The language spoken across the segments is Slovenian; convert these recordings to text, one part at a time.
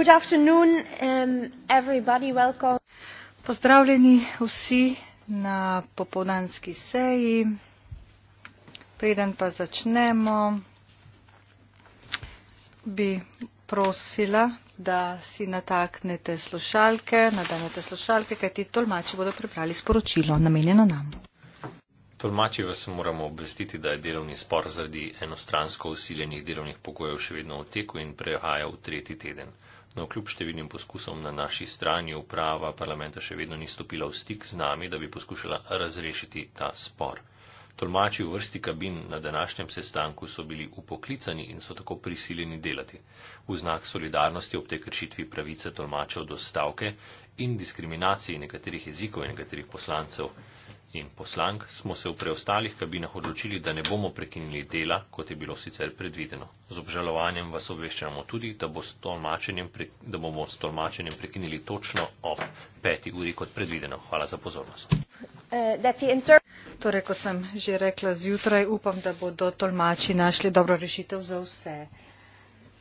Good afternoon, um, everybody. Welcome. Pozdravljeni vsi na popovdanski seji. Preden pa začnemo, bi prosila, da si nataknete slušalke, nadanete slušalke, kajti tolmači bodo prebrali sporočilo namenjeno nam. Tolmači vas moramo obvestiti, da je delovni spor zaradi enostransko usiljenih delovnih pogojev še vedno v teku in prehaja v tretji teden. No, kljub številnim poskusom na naši strani uprava parlamenta še vedno ni stopila v stik z nami, da bi poskušala razrešiti ta spor. Tolmači v vrsti kabin na današnjem sestanku so bili upoklicani in so tako prisiljeni delati. V znak solidarnosti ob tej kršitvi pravice tolmačev do stavke in diskriminaciji nekaterih jezikov in nekaterih poslancev in poslank smo se v preostalih kabinah odločili, da ne bomo prekinili dela, kot je bilo sicer predvideno. Z obžalovanjem vas obveščamo tudi, da, bo s pre, da bomo s tolmačenjem prekinili točno ob peti uri, kot predvideno. Hvala za pozornost. Eh, torej, kot sem že rekla zjutraj, upam, da bodo tolmači našli dobro rešitev za vse.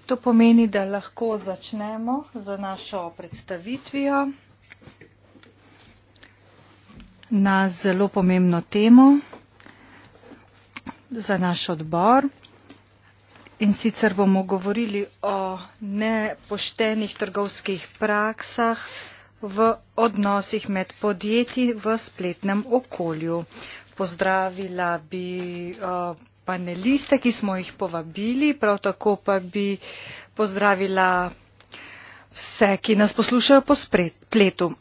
To pomeni, da lahko začnemo z našo predstavitvijo na zelo pomembno temo za naš odbor. In sicer bomo govorili o nepoštenih trgovskih praksah v odnosih med podjetji v spletnem okolju. Pozdravila bi uh, paneliste, ki smo jih povabili, prav tako pa bi pozdravila vse, ki nas poslušajo po spletu.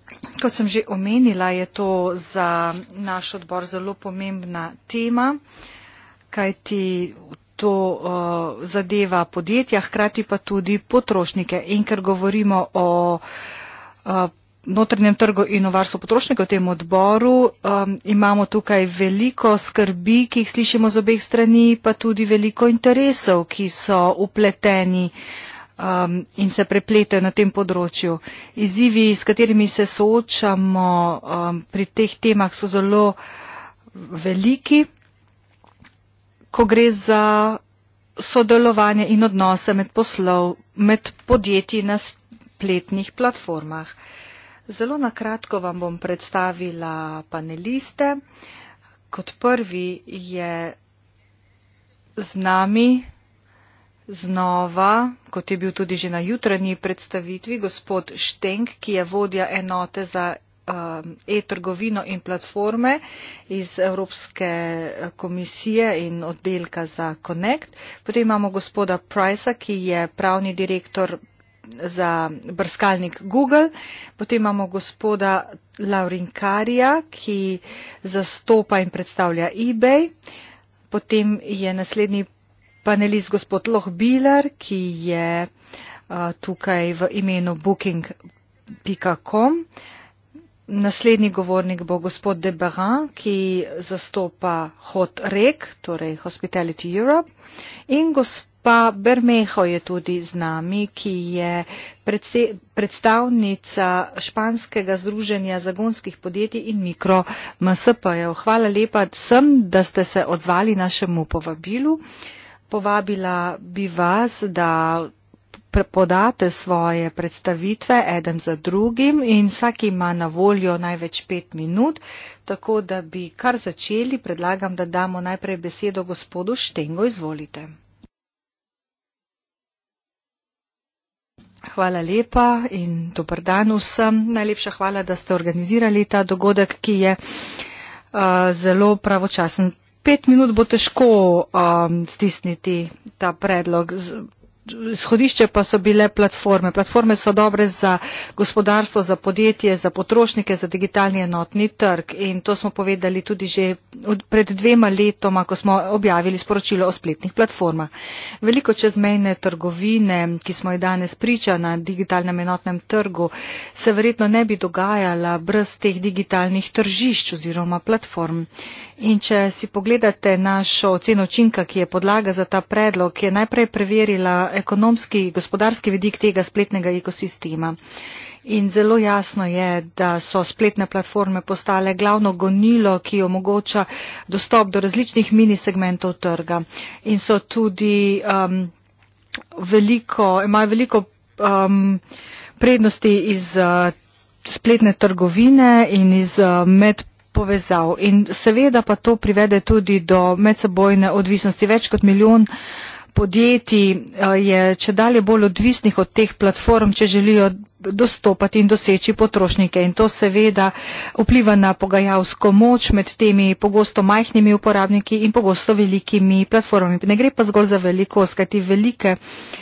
Kot sem že omenila, je to za naš odbor zelo pomembna tema, kajti to uh, zadeva podjetja, hkrati pa tudi potrošnike. In ker govorimo o uh, eh, notrnem trgu in o varstvu potrošnikov v tem odboru, um, imamo tukaj veliko skrbi, ki jih slišimo z obeh strani, pa tudi veliko interesov, ki so upleteni. Uh, um, in se prepletajo na tem področju. Izzivi, s katerimi se soočamo um, pri teh temah, so zelo veliki, ko gre za sodelovanje in odnose med poslov, med podjetji na spletnih platformah. Zelo na kratko vam bom predstavila paneliste. Kot prvi je z nami Znova, kot je bil tudi že na jutranji predstavitvi, gospod Štenk, ki je vodja enote za um, e-trgovino in platforme iz Evropske eh, komisije in oddelka za Connect. Potem imamo gospoda Price, ki je pravni direktor za brskalnik Google. Potem imamo gospoda Laurin Karija, ki zastopa in predstavlja eBay. Potem je naslednji panelist gospod Loh Bilar, ki je tukaj v imenu booking.com. Naslednji govornik bo gospod De Barin, ki zastopa Hot Rek, torej Hospitality Europe. In gospa Bermejo je tudi z nami, ki je predstavnica Španskega združenja zagonskih podjetij in mikro MSP-jev. Hvala lepa vsem, da ste se odzvali našemu povabilu. Uh, Povabila bi vas, da podate svoje predstavitve eden za drugim in vsak ima na voljo največ pet minut, tako da bi kar začeli. Predlagam, da damo najprej besedo gospodu Štengo. Izvolite. Hvala lepa in dober dan vsem. Najlepša hvala, da ste organizirali ta dogodek, ki je uh, zelo pravočasen pet minut bo težko um, stisniti ta predlog. Izhodišče pa so bile platforme. Platforme so dobre za gospodarstvo, za podjetje, za potrošnike, za digitalni enotni trg. In to smo povedali tudi že pred dvema letoma, ko smo objavili sporočilo o spletnih platformah. Veliko čezmejne trgovine, ki smo jih danes priča na digitalnem enotnem trgu, se verjetno ne bi dogajala brez teh digitalnih tržišč oziroma platform. In če si pogledate našo oceno učinka, ki je podlaga za ta predlog, je najprej preverila ekonomski, gospodarski vidik tega spletnega ekosistema. In zelo jasno je, da so spletne platforme postale glavno gonilo, ki omogoča dostop do različnih mini segmentov trga. In so tudi um, veliko, imajo veliko um, prednosti iz uh, spletne trgovine in iz uh, medpodnosti povezav. In seveda pa to privede tudi do medsebojne odvisnosti. Več kot milijon podjetij eh, je če dalje bolj odvisnih od teh platform, če želijo dostopati in doseči potrošnike. In to seveda vpliva na pogajalsko moč med temi pogosto majhnimi uporabniki in pogosto velikimi platformami. Ne gre pa zgolj za velikost, kajti velike uh,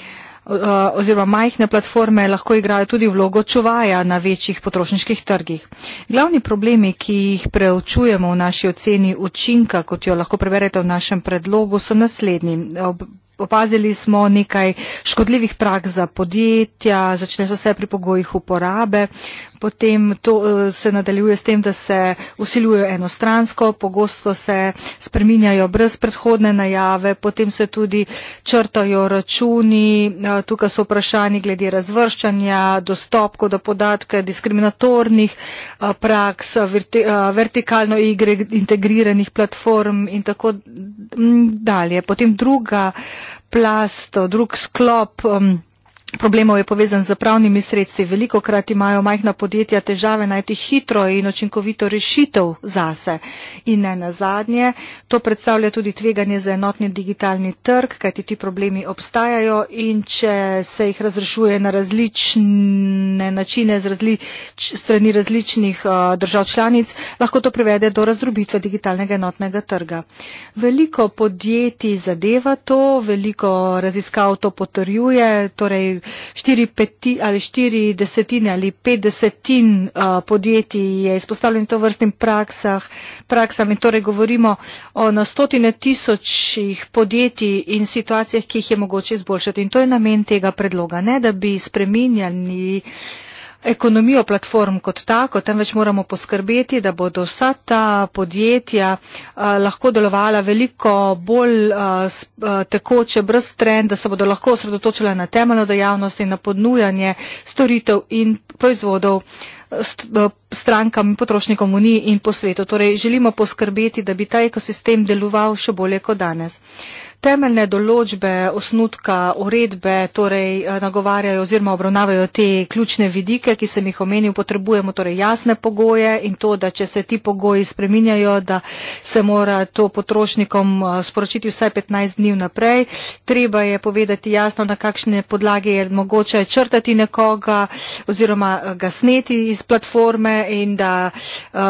Eh, oziroma majhne platforme lahko igrajo tudi vlogo čuvaja na večjih potrošniških trgih. Glavni problemi, ki jih preučujemo v naši oceni učinka, kot jo lahko preberete v našem predlogu, so naslednji. Opazili smo nekaj škodljivih praks za podjetja, začne so se pri pogojih uporabe, Potem to eh, se nadaljuje s tem, da se usiljujejo enostransko, pogosto se spreminjajo brez predhodne najave, potem se tudi črtajo računi, eh, tukaj so vprašanje glede razvrščanja, dostop do podatka, diskriminatornih eh, praks, vertikalno igre, integriranih platform in tako dalje. Potem druga plast, drug sklop problemov je povezan z pravnimi sredstvi. Veliko krat imajo majhna podjetja težave najti hitro in očinkovito rešitev zase. In ne na zadnje, to predstavlja tudi tveganje za enotni digitalni trg, kajti ti problemi obstajajo in če se jih razrešuje na različne načine z razli, strani različnih uh, držav članic, lahko to privede do razdrobitve digitalnega enotnega trga. Veliko podjetij zadeva to, veliko raziskav to potrjuje, torej štiri peti ali štiri desetine ali pet desetin uh, podjetij je izpostavljen to vrstnim praksah, praksami. Torej govorimo o na stotine tisočih podjetij in situacijah, ki jih je mogoče izboljšati. In to je namen tega predloga. Ne, da bi spreminjali ekonomijo platform kot tako, temveč moramo poskrbeti, da bodo vsa ta podjetja eh, lahko delovala veliko bolj eh, eh, tekoče, brez trend, da se bodo lahko osredotočila na temeljno dejavnost in na podnujanje storitev in proizvodov strankam in potrošnikom v Uniji in po svetu. Torej želimo poskrbeti, da bi ta ekosistem deloval še bolje kot danes temeljne določbe osnutka uredbe torej eh, nagovarjajo oziroma obravnavajo te ključne vidike, ki sem jih omenil, potrebujemo torej jasne pogoje in to, da če se ti pogoji spreminjajo, da se mora to potrošnikom eh, sporočiti vsaj 15 dni naprej. Treba je povedati jasno, na kakšne podlage je mogoče črtati nekoga oziroma eh, ga sneti iz platforme in da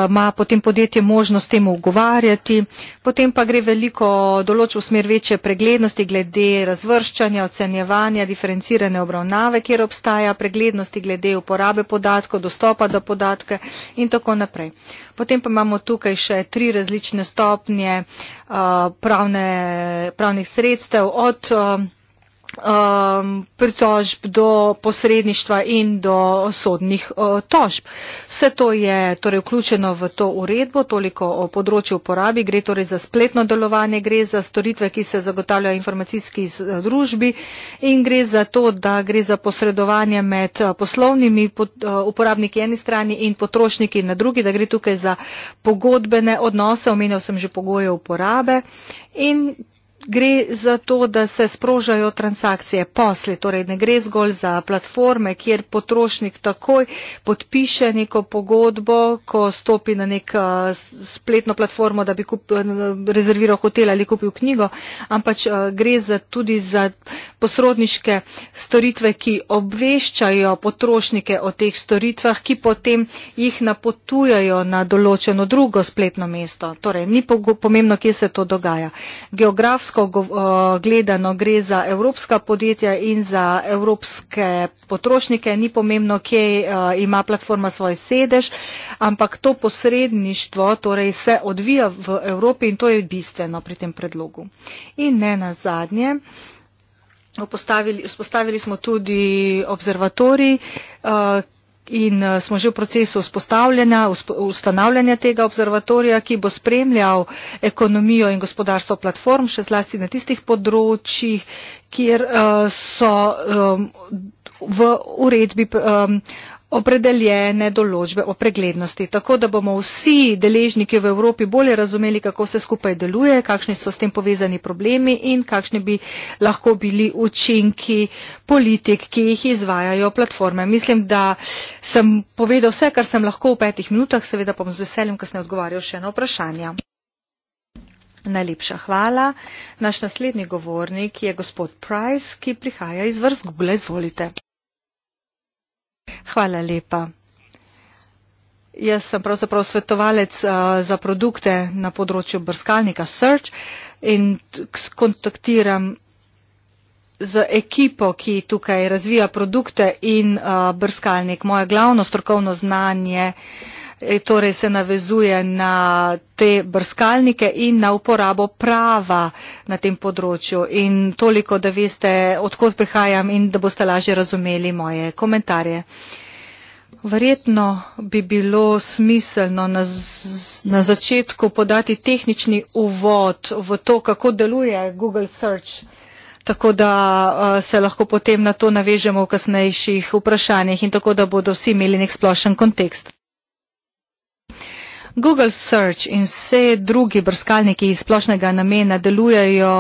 ima potem podjetje možnost temu ugovarjati. Potem pa gre veliko določ v smer večje preglednosti glede razvrščanja, ocenjevanja, diferencirane obravnave, kjer obstaja preglednosti glede uporabe podatkov, dostopa do podatke in tako naprej. Potem pa imamo tukaj še tri različne stopnje uh, pravne, pravnih sredstev od uh, um, pritožb do posredništva in do sodnih uh, tožb. Vse to je torej vključeno v to uredbo, toliko o področju uporabi, gre torej za spletno delovanje, gre za storitve, ki se zagotavljajo informacijski družbi in gre za to, da gre za posredovanje med uh, poslovnimi pot, uh, uporabniki eni strani in potrošniki na drugi, da gre tukaj za pogodbene odnose, omenjal sem že pogoje uporabe. In gre za to, da se sprožajo transakcije posli, torej ne gre zgolj za platforme, kjer potrošnik takoj podpiše neko pogodbo, ko stopi na nek eh, spletno platformo, da bi kup, eh, rezerviral hotel ali kupil knjigo, ampak eh, gre za, tudi za posrodniške storitve, ki obveščajo potrošnike o teh storitvah, ki potem jih napotujajo na določeno drugo spletno mesto. Torej, ni pomembno, kje se to dogaja. Geografsko evropsko eh, gledano gre za evropska podjetja in za evropske potrošnike, ni pomembno, kje eh, ima platforma svoj sedež, ampak to posredništvo torej, se odvija v Evropi in to je bistveno pri tem predlogu. In ne na zadnje. Vzpostavili smo tudi observatori, eh, in eh, smo že v procesu ustanavljanja tega observatorija, ki bo spremljal ekonomijo in gospodarstvo platform, še zlasti na tistih področjih, kjer eh, so eh, v uredbi opredeljene določbe o preglednosti, tako da bomo vsi deležniki v Evropi bolje razumeli, kako se skupaj deluje, kakšni so s tem povezani problemi in kakšni bi lahko bili učinki politik, ki jih izvajajo platforme. Mislim, da sem povedal vse, kar sem lahko v petih minutah, seveda bom z veseljem kasneje odgovarjal še na vprašanja. Najlepša hvala. Naš naslednji govornik je gospod Price, ki prihaja iz vrst Google. Izvolite. Hvala lepa. Jaz sem pravzaprav svetovalec uh, za produkte na področju brskalnika Search in kontaktiram z ekipo, ki tukaj razvija produkte in uh, brskalnik. Moje glavno strokovno znanje uh, E, torej se navezuje na te brskalnike in na uporabo prava na tem področju. In toliko, da veste, odkot prihajam in da boste lažje razumeli moje komentarje. Verjetno bi bilo smiselno na, na začetku podati tehnični uvod v to, kako deluje Google Search, tako da uh, se lahko potem na to navežemo v kasnejših vprašanjih in tako da bodo vsi imeli nek splošen kontekst. Google Search in vse drugi brskalniki iz splošnega namena delujejo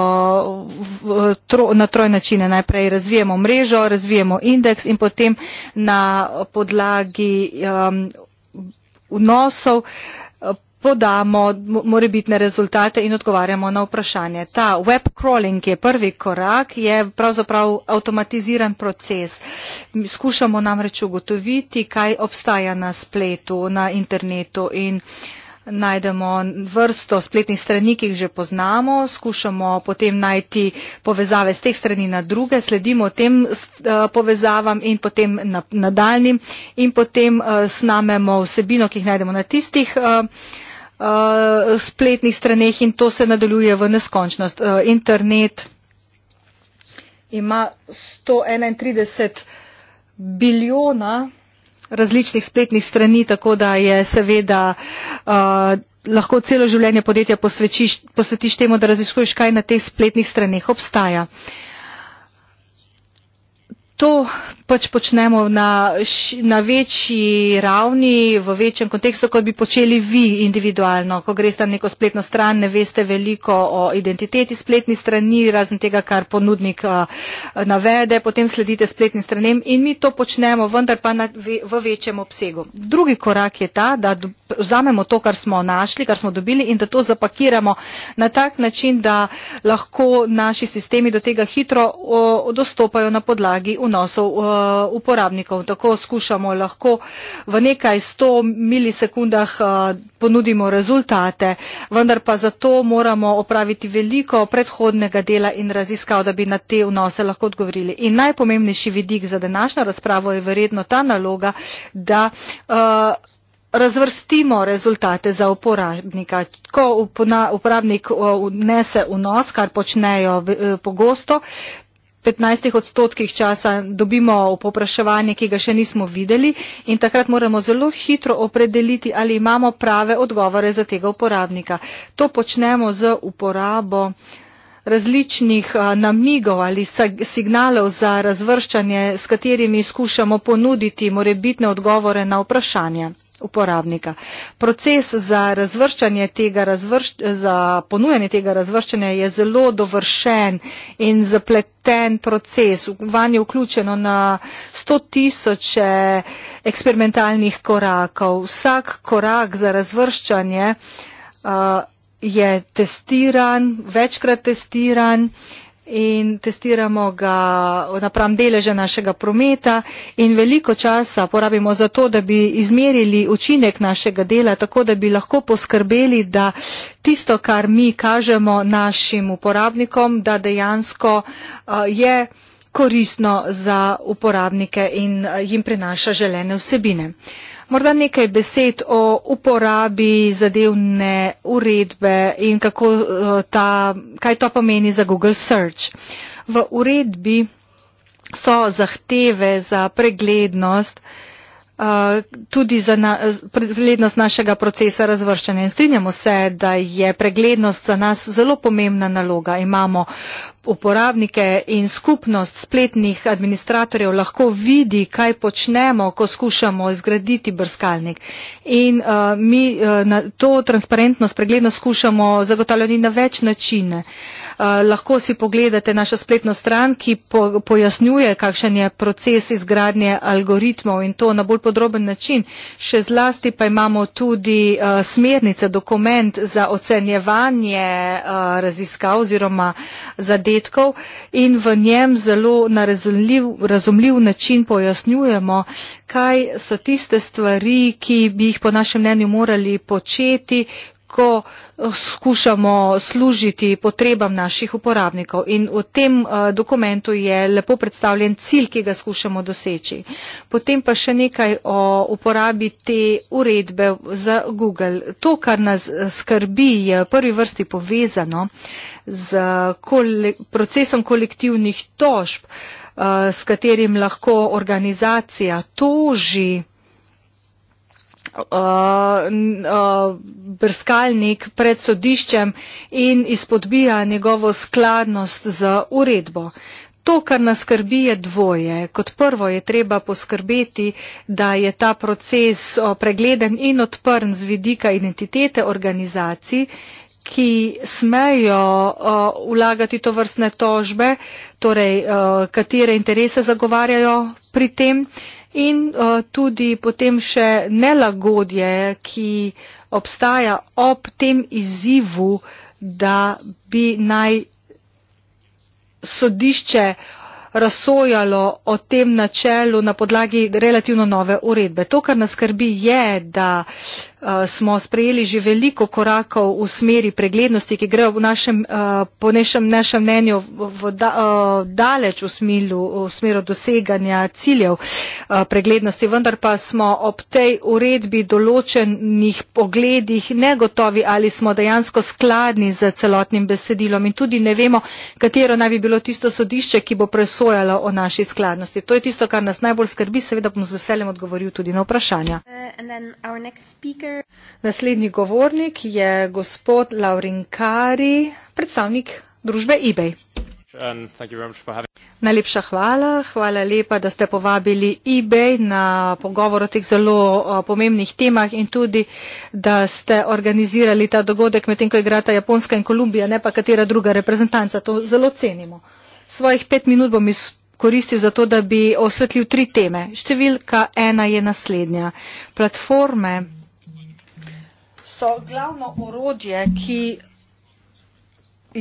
tro, na troj načine. Najprej razvijemo mrežo, razvijemo indeks in potem na podlagi um, vnosov podamo morebitne rezultate in odgovarjamo na vprašanje. Ta web crawling je prvi korak, je pravzaprav avtomatiziran proces. Skušamo namreč ugotoviti, kaj obstaja na spletu, na internetu in najdemo vrsto spletnih strani, ki jih že poznamo, skušamo potem najti povezave z teh strani na druge, sledimo tem eh, povezavam in potem nadaljnim in potem eh, snamemo vsebino, ki jih najdemo na tistih eh, uh, spletnih straneh in to se nadaljuje v neskončnost. Uh, internet ima 131 biliona različnih spletnih strani, tako da je seveda uh, lahko celo življenje podjetja posvetiš temu, da raziskuješ, kaj na teh spletnih straneh obstaja. Uh, to pač počnemo na, na večji ravni, v večjem kontekstu, kot bi počeli vi individualno. Ko greste na neko spletno stran, ne veste veliko o identiteti spletni strani, razen tega, kar ponudnik navede, potem sledite spletnim stranem in mi to počnemo, vendar pa na, v večjem obsegu. Drugi korak je ta, da vzamemo to, kar smo našli, kar smo dobili in da to zapakiramo na tak način, da lahko naši sistemi do tega hitro o, dostopajo na podlagi vnosov uh, uporabnikov. Tako skušamo lahko v nekaj 100 milisekundah uh, ponuditi rezultate, vendar pa zato moramo opraviti veliko predhodnega dela in raziskav, da bi na te vnose lahko odgovorili. In najpomembnejši vidik za današnjo razpravo je verjetno ta naloga, da. Uh, Razvrstimo rezultate za uporabnika. Ko uporabnik uh, vnese vnos, kar počnejo uh, pogosto, 15 odstotkih časa dobimo popraševanje, ki ga še nismo videli in takrat moramo zelo hitro opredeliti, ali imamo prave odgovore za tega uporabnika. To počnemo z uporabo različnih namigov ali signalov za razvrščanje, s katerimi skušamo ponuditi morebitne odgovore na vprašanje uporabnika. Proces za, razvrščanje tega, razvršč, za ponujanje tega razvrščanja je zelo dovršen in zapleten proces. Vanje je vključeno na sto tisoče eksperimentalnih korakov. Vsak korak za razvrščanje uh, je testiran, večkrat testiran. Uh, in testiramo ga napram deleže našega prometa in veliko časa porabimo za to, da bi izmerili učinek našega dela, tako da bi lahko poskrbeli, da tisto, kar mi kažemo našim uporabnikom, da dejansko je koristno za uporabnike in jim prinaša želene vsebine. Morda nekaj besed o uporabi zadevne uredbe in kako eh, ta, kaj to pomeni za Google Search. V uredbi so zahteve za preglednost uh, tudi za na, preglednost našega procesa razvrščanja. In strinjamo se, da je preglednost za nas zelo pomembna naloga. Imamo uporabnike in skupnost spletnih administratorjev lahko vidi, kaj počnemo, ko skušamo zgraditi brskalnik. In uh, mi uh, na, to transparentnost, preglednost skušamo zagotavljati na več načine. Uh, Eh, lahko si pogledate našo spletno stran, ki po, pojasnjuje, kakšen je proces izgradnje algoritmov in to na bolj podroben način. Še zlasti pa imamo tudi uh, smernice, dokument za ocenjevanje uh, raziskav oziroma zadetkov in v njem zelo na razumljiv, razumljiv način pojasnjujemo, kaj so tiste stvari, ki bi jih po našem mnenju morali početi, ko eh, skušamo služiti potrebam naših uporabnikov. In v tem eh, dokumentu je lepo predstavljen cilj, ki ga skušamo doseči. Potem pa še nekaj o uporabi te uredbe za Google. To, kar nas eh, skrbi, je v prvi vrsti povezano z kole procesom kolektivnih tožb, s katerim lahko organizacija toži uh, uh, brskalnik pred sodiščem in izpodbija njegovo skladnost z uredbo. To, kar nas skrbi, je dvoje. Kot prvo je treba poskrbeti, da je ta proces uh, pregleden in odprn z vidika identitete organizacij, ki smejo uh, vlagati uh, to vrstne tožbe, torej uh, katere interese zagovarjajo pri tem. Uh, in uh, tudi potem še nelagodje, ki obstaja ob tem izzivu, da bi naj sodišče razsojalo o tem načelu na podlagi relativno nove uredbe. To, kar nas skrbi, je, da uh, Eh, smo sprejeli že veliko korakov v smeri preglednosti, ki grejo v našem, eh, po našem, našem mnenju v da, eh, daleč v, smilu, v smeru doseganja ciljev preglednosti, vendar pa smo ob tej uredbi določenih pogledih negotovi, ali smo dejansko skladni z celotnim besedilom in tudi ne vemo, katero naj bi bilo tisto sodišče, ki bo presojalo o naši skladnosti. To je tisto, kar nas najbolj skrbi, seveda bom z veseljem odgovoril tudi na vprašanja. Uh, Naslednji govornik je gospod Laurin Kari, predstavnik družbe eBay. Najlepša hvala, hvala lepa, da ste povabili eBay na pogovor o teh zelo uh, pomembnih temah in tudi, da ste organizirali ta dogodek medtem, ko igrata Japonska in Kolumbija, ne pa katera druga reprezentanca. To zelo cenimo. Svojih pet minut bom izkoristil za to, da bi osvetlil tri teme. Številka ena je naslednja. Platforme. Mm -hmm so glavno orodje, ki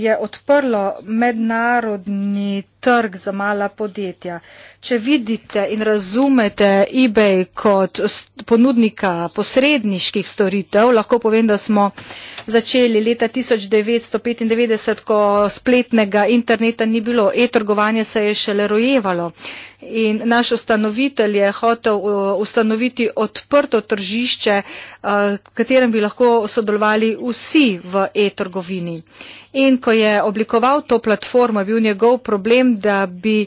je odprlo mednarodni trg za mala podjetja. Če vidite in razumete eBay kot ponudnika posredniških storitev, lahko povem, da smo začeli leta 1995, ko spletnega interneta ni bilo, e-trgovanje se je šele rojevalo. In naš ustanovitelj je hotel uh, ustanoviti odprto tržišče, uh, v katerem bi lahko sodelovali vsi v e-trgovini. In ko je oblikoval to platformo, je bil njegov problem, da bi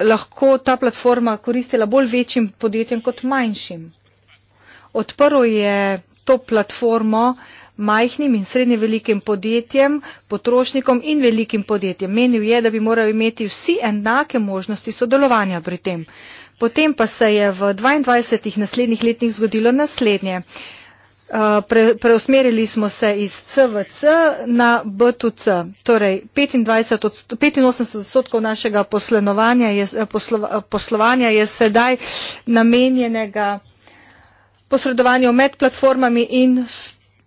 lahko ta platforma koristila bolj večjim podjetjem kot manjšim. Odprl je to platformo majhnim in srednje velikim podjetjem, potrošnikom in velikim podjetjem. Menil je, da bi morali imeti vsi enake možnosti sodelovanja pri tem. Potem pa se je v 22 naslednjih letih zgodilo naslednje. Uh, Eh, pre, preusmerili smo se iz CVC na BTC. Torej, 25 odst 85 odstotkov našega poslovanja je, eh, poslo poslovanja je sedaj namenjenega posredovanju med platformami in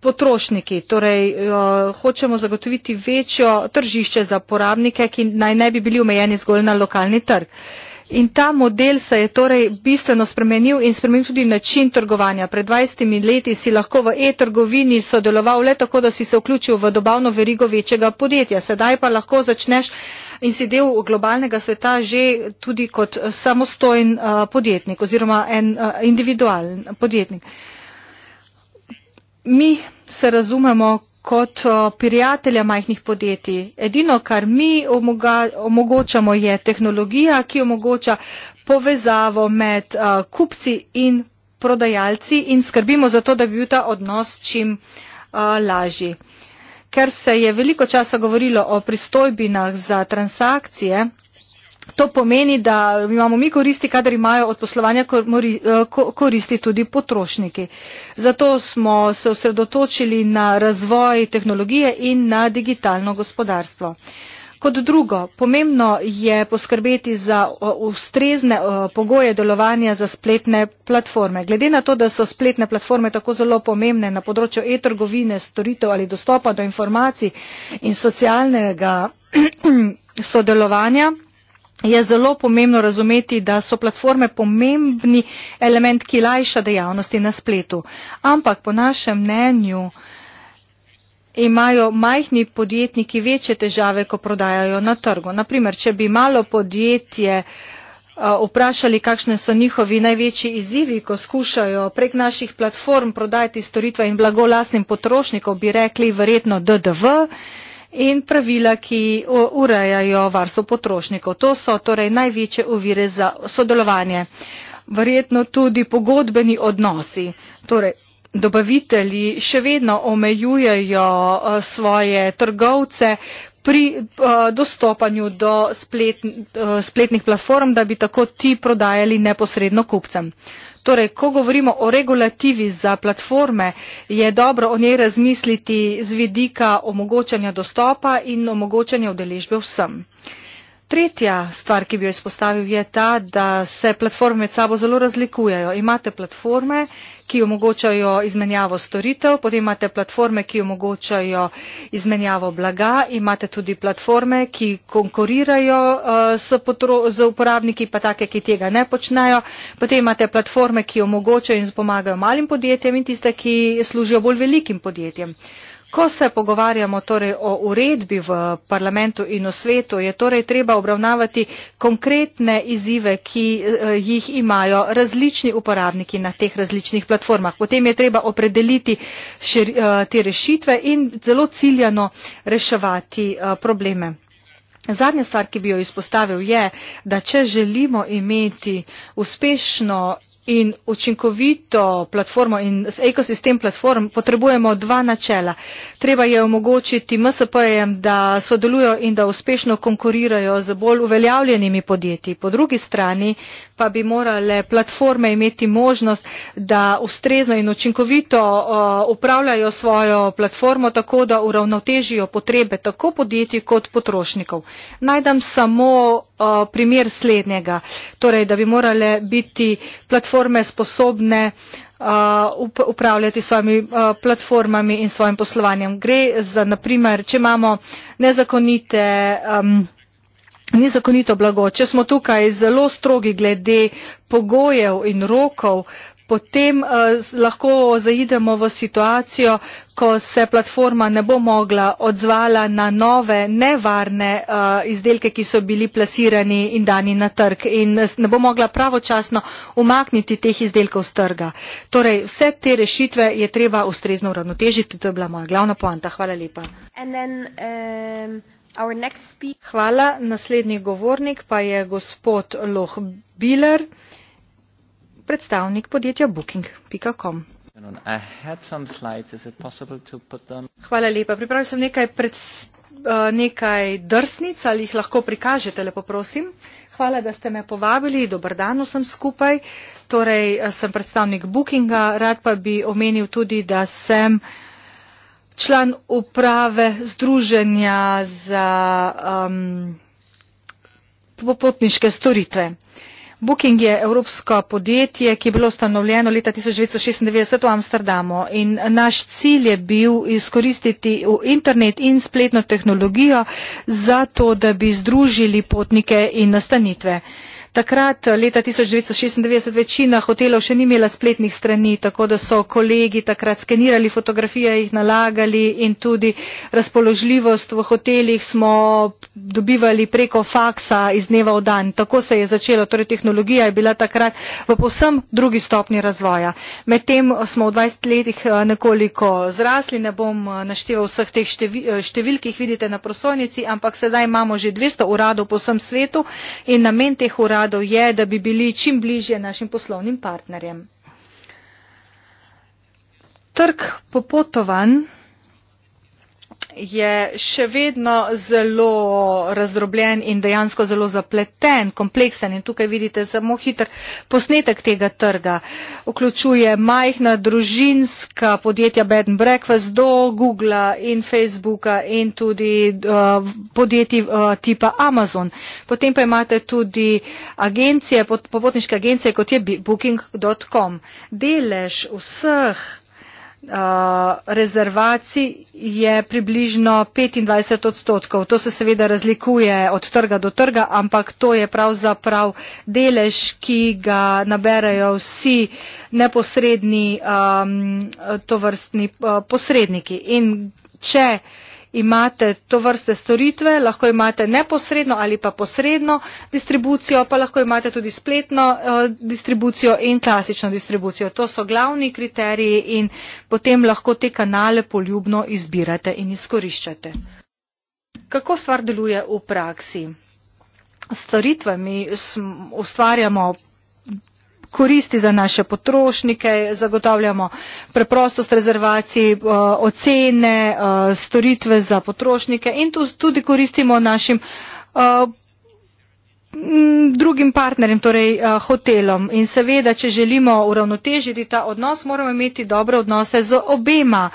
potrošniki. Torej, uh, hočemo zagotoviti večjo tržišče za porabnike, ki naj ne bi bili omejeni zgolj na lokalni trg. Uh, In ta model se je torej bistveno spremenil in spremenil tudi način trgovanja. Pred 20 leti si lahko v e-trgovini sodeloval le tako, da si se vključil v dobavno verigo večjega podjetja. Sedaj pa lahko začneš in si del globalnega sveta že tudi kot samostojen uh, podjetnik oziroma en uh, individualen podjetnik. Mi se razumemo kot prijatelja majhnih podjetij. Edino, kar mi omogočamo, je tehnologija, ki omogoča povezavo med kupci in prodajalci in skrbimo za to, da bi bil ta odnos čim lažji. Ker se je veliko časa govorilo o pristojbinah za transakcije, To pomeni, da imamo mi koristi, kadar imajo od poslovanja eh, koristi tudi potrošniki. Zato smo se osredotočili na razvoj tehnologije in na digitalno gospodarstvo. Kot drugo, pomembno je poskrbeti za eh, ustrezne eh, pogoje delovanja za spletne platforme. Glede na to, da so spletne platforme tako zelo pomembne na področju e-trgovine, storitev ali dostopa do informacij in socialnega sodelovanja, je zelo pomembno razumeti, da so platforme pomembni element, ki lajša dejavnosti na spletu. Ampak po našem mnenju imajo majhni podjetniki večje težave, ko prodajajo na trgu. Naprimer, če bi malo podjetje vprašali, kakšne so njihovi največji izzivi, ko skušajo prek naših platform prodajati storitve in blago lasnim potrošnikom, bi rekli verjetno DDV in pravila, ki urejajo varstvo potrošnikov. To so torej največje ovire za sodelovanje. Verjetno tudi pogodbeni odnosi. Torej, dobavitelji še vedno omejujejo eh, svoje trgovce pri eh, dostopanju do eh, spletnih platform, da bi tako ti prodajali neposredno kupcem. Torej, ko govorimo o regulativi za platforme, je dobro o njej razmisliti z vidika omogočanja dostopa in omogočanja udeležbe vsem. Tretja stvar, ki bi jo izpostavil, je ta, da se platforme med sabo zelo razlikujejo. Imate platforme, ki omogočajo izmenjavo storitev, potem imate platforme, ki omogočajo izmenjavo blaga, imate tudi platforme, ki konkurirajo uh, s, potro, z uporabniki, pa take, ki tega ne počnejo, potem imate platforme, ki omogočajo in pomagajo malim podjetjem in tiste, ki služijo bolj velikim podjetjem. Ko se pogovarjamo torej o uredbi v parlamentu in v svetu, je torej treba obravnavati konkretne izzive, ki eh, jih imajo različni uporabniki na teh različnih platformah. Potem je treba opredeliti šir, eh, te rešitve in zelo ciljano reševati eh, probleme. Zadnja stvar, ki bi jo izpostavil, je, da če želimo imeti uspešno in učinkovito platformo in ekosistem platform potrebujemo dva načela. Treba je omogočiti MSP-jem, da sodelujo in da uspešno konkurirajo z bolj uveljavljenimi podjetji. Po drugi strani pa bi morale platforme imeti možnost, da ustrezno in učinkovito upravljajo svojo platformo tako, da uravnotežijo potrebe tako podjetij kot potrošnikov. Najdem samo primer slednjega. Torej, da bi morale biti platforme sposobne upravljati svojimi platformami in svojim poslovanjem. Gre za, naprimer, če imamo nezakonite Nezakonito blago. Če smo tukaj zelo strogi glede pogojev in rokov, potem uh, lahko zaidemo v situacijo, ko se platforma ne bo mogla odzvala na nove nevarne uh, izdelke, ki so bili plasirani in dani na trg in ne bo mogla pravočasno umakniti teh izdelkov z trga. Torej, vse te rešitve je treba ustrezno uravnotežiti, to je bila moja glavna poanta. Hvala lepa. Um, Hvala. Naslednji govornik pa je gospod Loh Biller predstavnik podjetja booking.com. Hvala lepa. Pripravil sem nekaj, pred, eh, nekaj drsnic, ali jih lahko prikažete, lepo prosim. Hvala, da ste me povabili. Dobar dan vsem skupaj. Torej, eh, sem predstavnik Bookinga. Rad pa bi omenil tudi, da sem član uprave Združenja za um, popotniške storitve. Booking je evropsko podjetje, ki je bilo ustanovljeno leta 1996 v Amsterdamu in naš cilj je bil izkoristiti internet in spletno tehnologijo za to, da bi združili potnike in nastanitve. Takrat, leta 1996, večina hotelov še ni imela spletnih strani, tako da so kolegi takrat skenirali fotografije, jih nalagali in tudi razpoložljivost v hotelih smo dobivali preko faksa iz dneva v dan. Tako se je začelo, torej tehnologija je bila takrat v povsem drugi stopni razvoja. Medtem smo v 20 letih eh, nekoliko zrasli, ne bom eh, našteval vseh teh eh, številk, ki jih vidite na prosojnici, ampak sedaj imamo že 200 uradov po vsem svetu in namen teh uradov skladov je, da bi bili čim bližje našim poslovnim partnerjem. Trg popotovanj je še vedno zelo razdrobljen in dejansko zelo zapleten, kompleksen in tukaj vidite samo hiter posnetek tega trga. Vključuje majhna družinska podjetja Bed and Breakfast do Googlea in Facebooka in tudi uh, podjetij uh, tipa Amazon. Potem pa imate tudi agencije, popotniške agencije, kot je booking.com. Delež vseh Eh, rezervacij je približno 25 odstotkov. To se seveda razlikuje od trga do trga, ampak to je pravzaprav delež, ki ga naberajo vsi neposredni um, tovrstni uh, posredniki. In če uh, imate to vrste storitve, lahko imate neposredno ali pa posredno distribucijo, pa lahko imate tudi spletno eh, distribucijo in klasično distribucijo. To so glavni kriteriji in potem lahko te kanale poljubno izbirate in izkoriščate. Kako stvar deluje v praksi? S storitvami ustvarjamo koristi za naše potrošnike, zagotavljamo preprostost rezervacij, eh, ocene, eh, storitve za potrošnike in tudi koristimo našim eh, drugim partnerjem, torej hotelom. In seveda, če želimo uravnotežiti ta odnos, moramo imeti dobre odnose z obema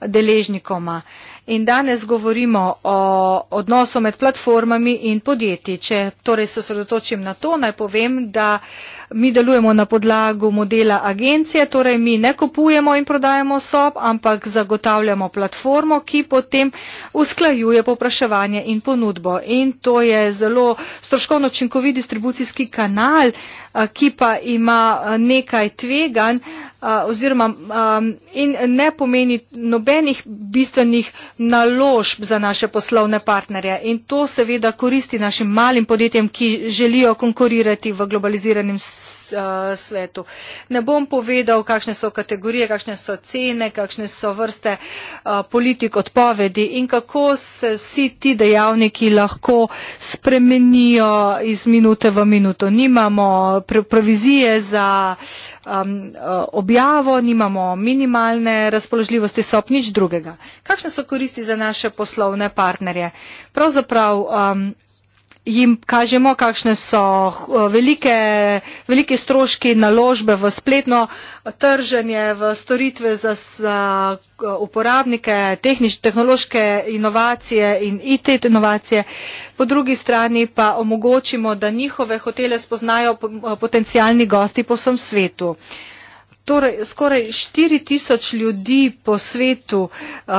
deležnikoma. In danes govorimo o odnosu med platformami in podjetji. Če torej se osredotočim na to, naj povem, da uh, mi delujemo na podlagu modela agencije, torej mi ne kupujemo in prodajamo sob, ampak zagotavljamo platformo, ki potem usklajuje popraševanje in ponudbo. In to je zelo stroškovno činkovi distribucijski kanal, ki pa ima nekaj tveganj oziroma in ne pomeni nobenih bistvenih naložb za naše poslovne partnerje. In to seveda koristi našim malim podjetjem, ki želijo konkurirati v globaliziranem svetu Eh, svetu. Ne bom povedal, kakšne so kategorije, kakšne so cene, kakšne so vrste eh, politik odpovedi in kako se vsi ti dejavniki lahko spremenijo iz minute v minuto. Nimamo provizije za eh, objavo, nimamo minimalne razpoložljivosti, so nič drugega. Kakšne so koristi za naše poslovne partnerje? Pravzaprav jim kažemo, kakšne so eh, velike, velike stroški naložbe v spletno trženje, v storitve za eh, uporabnike, tehnične, tehnološke inovacije in IT inovacije. Po drugi strani pa omogočimo, da njihove hotele spoznajo eh, potencijalni gosti po vsem svetu. Uh, Torej, skoraj 4000 ljudi po svetu uh,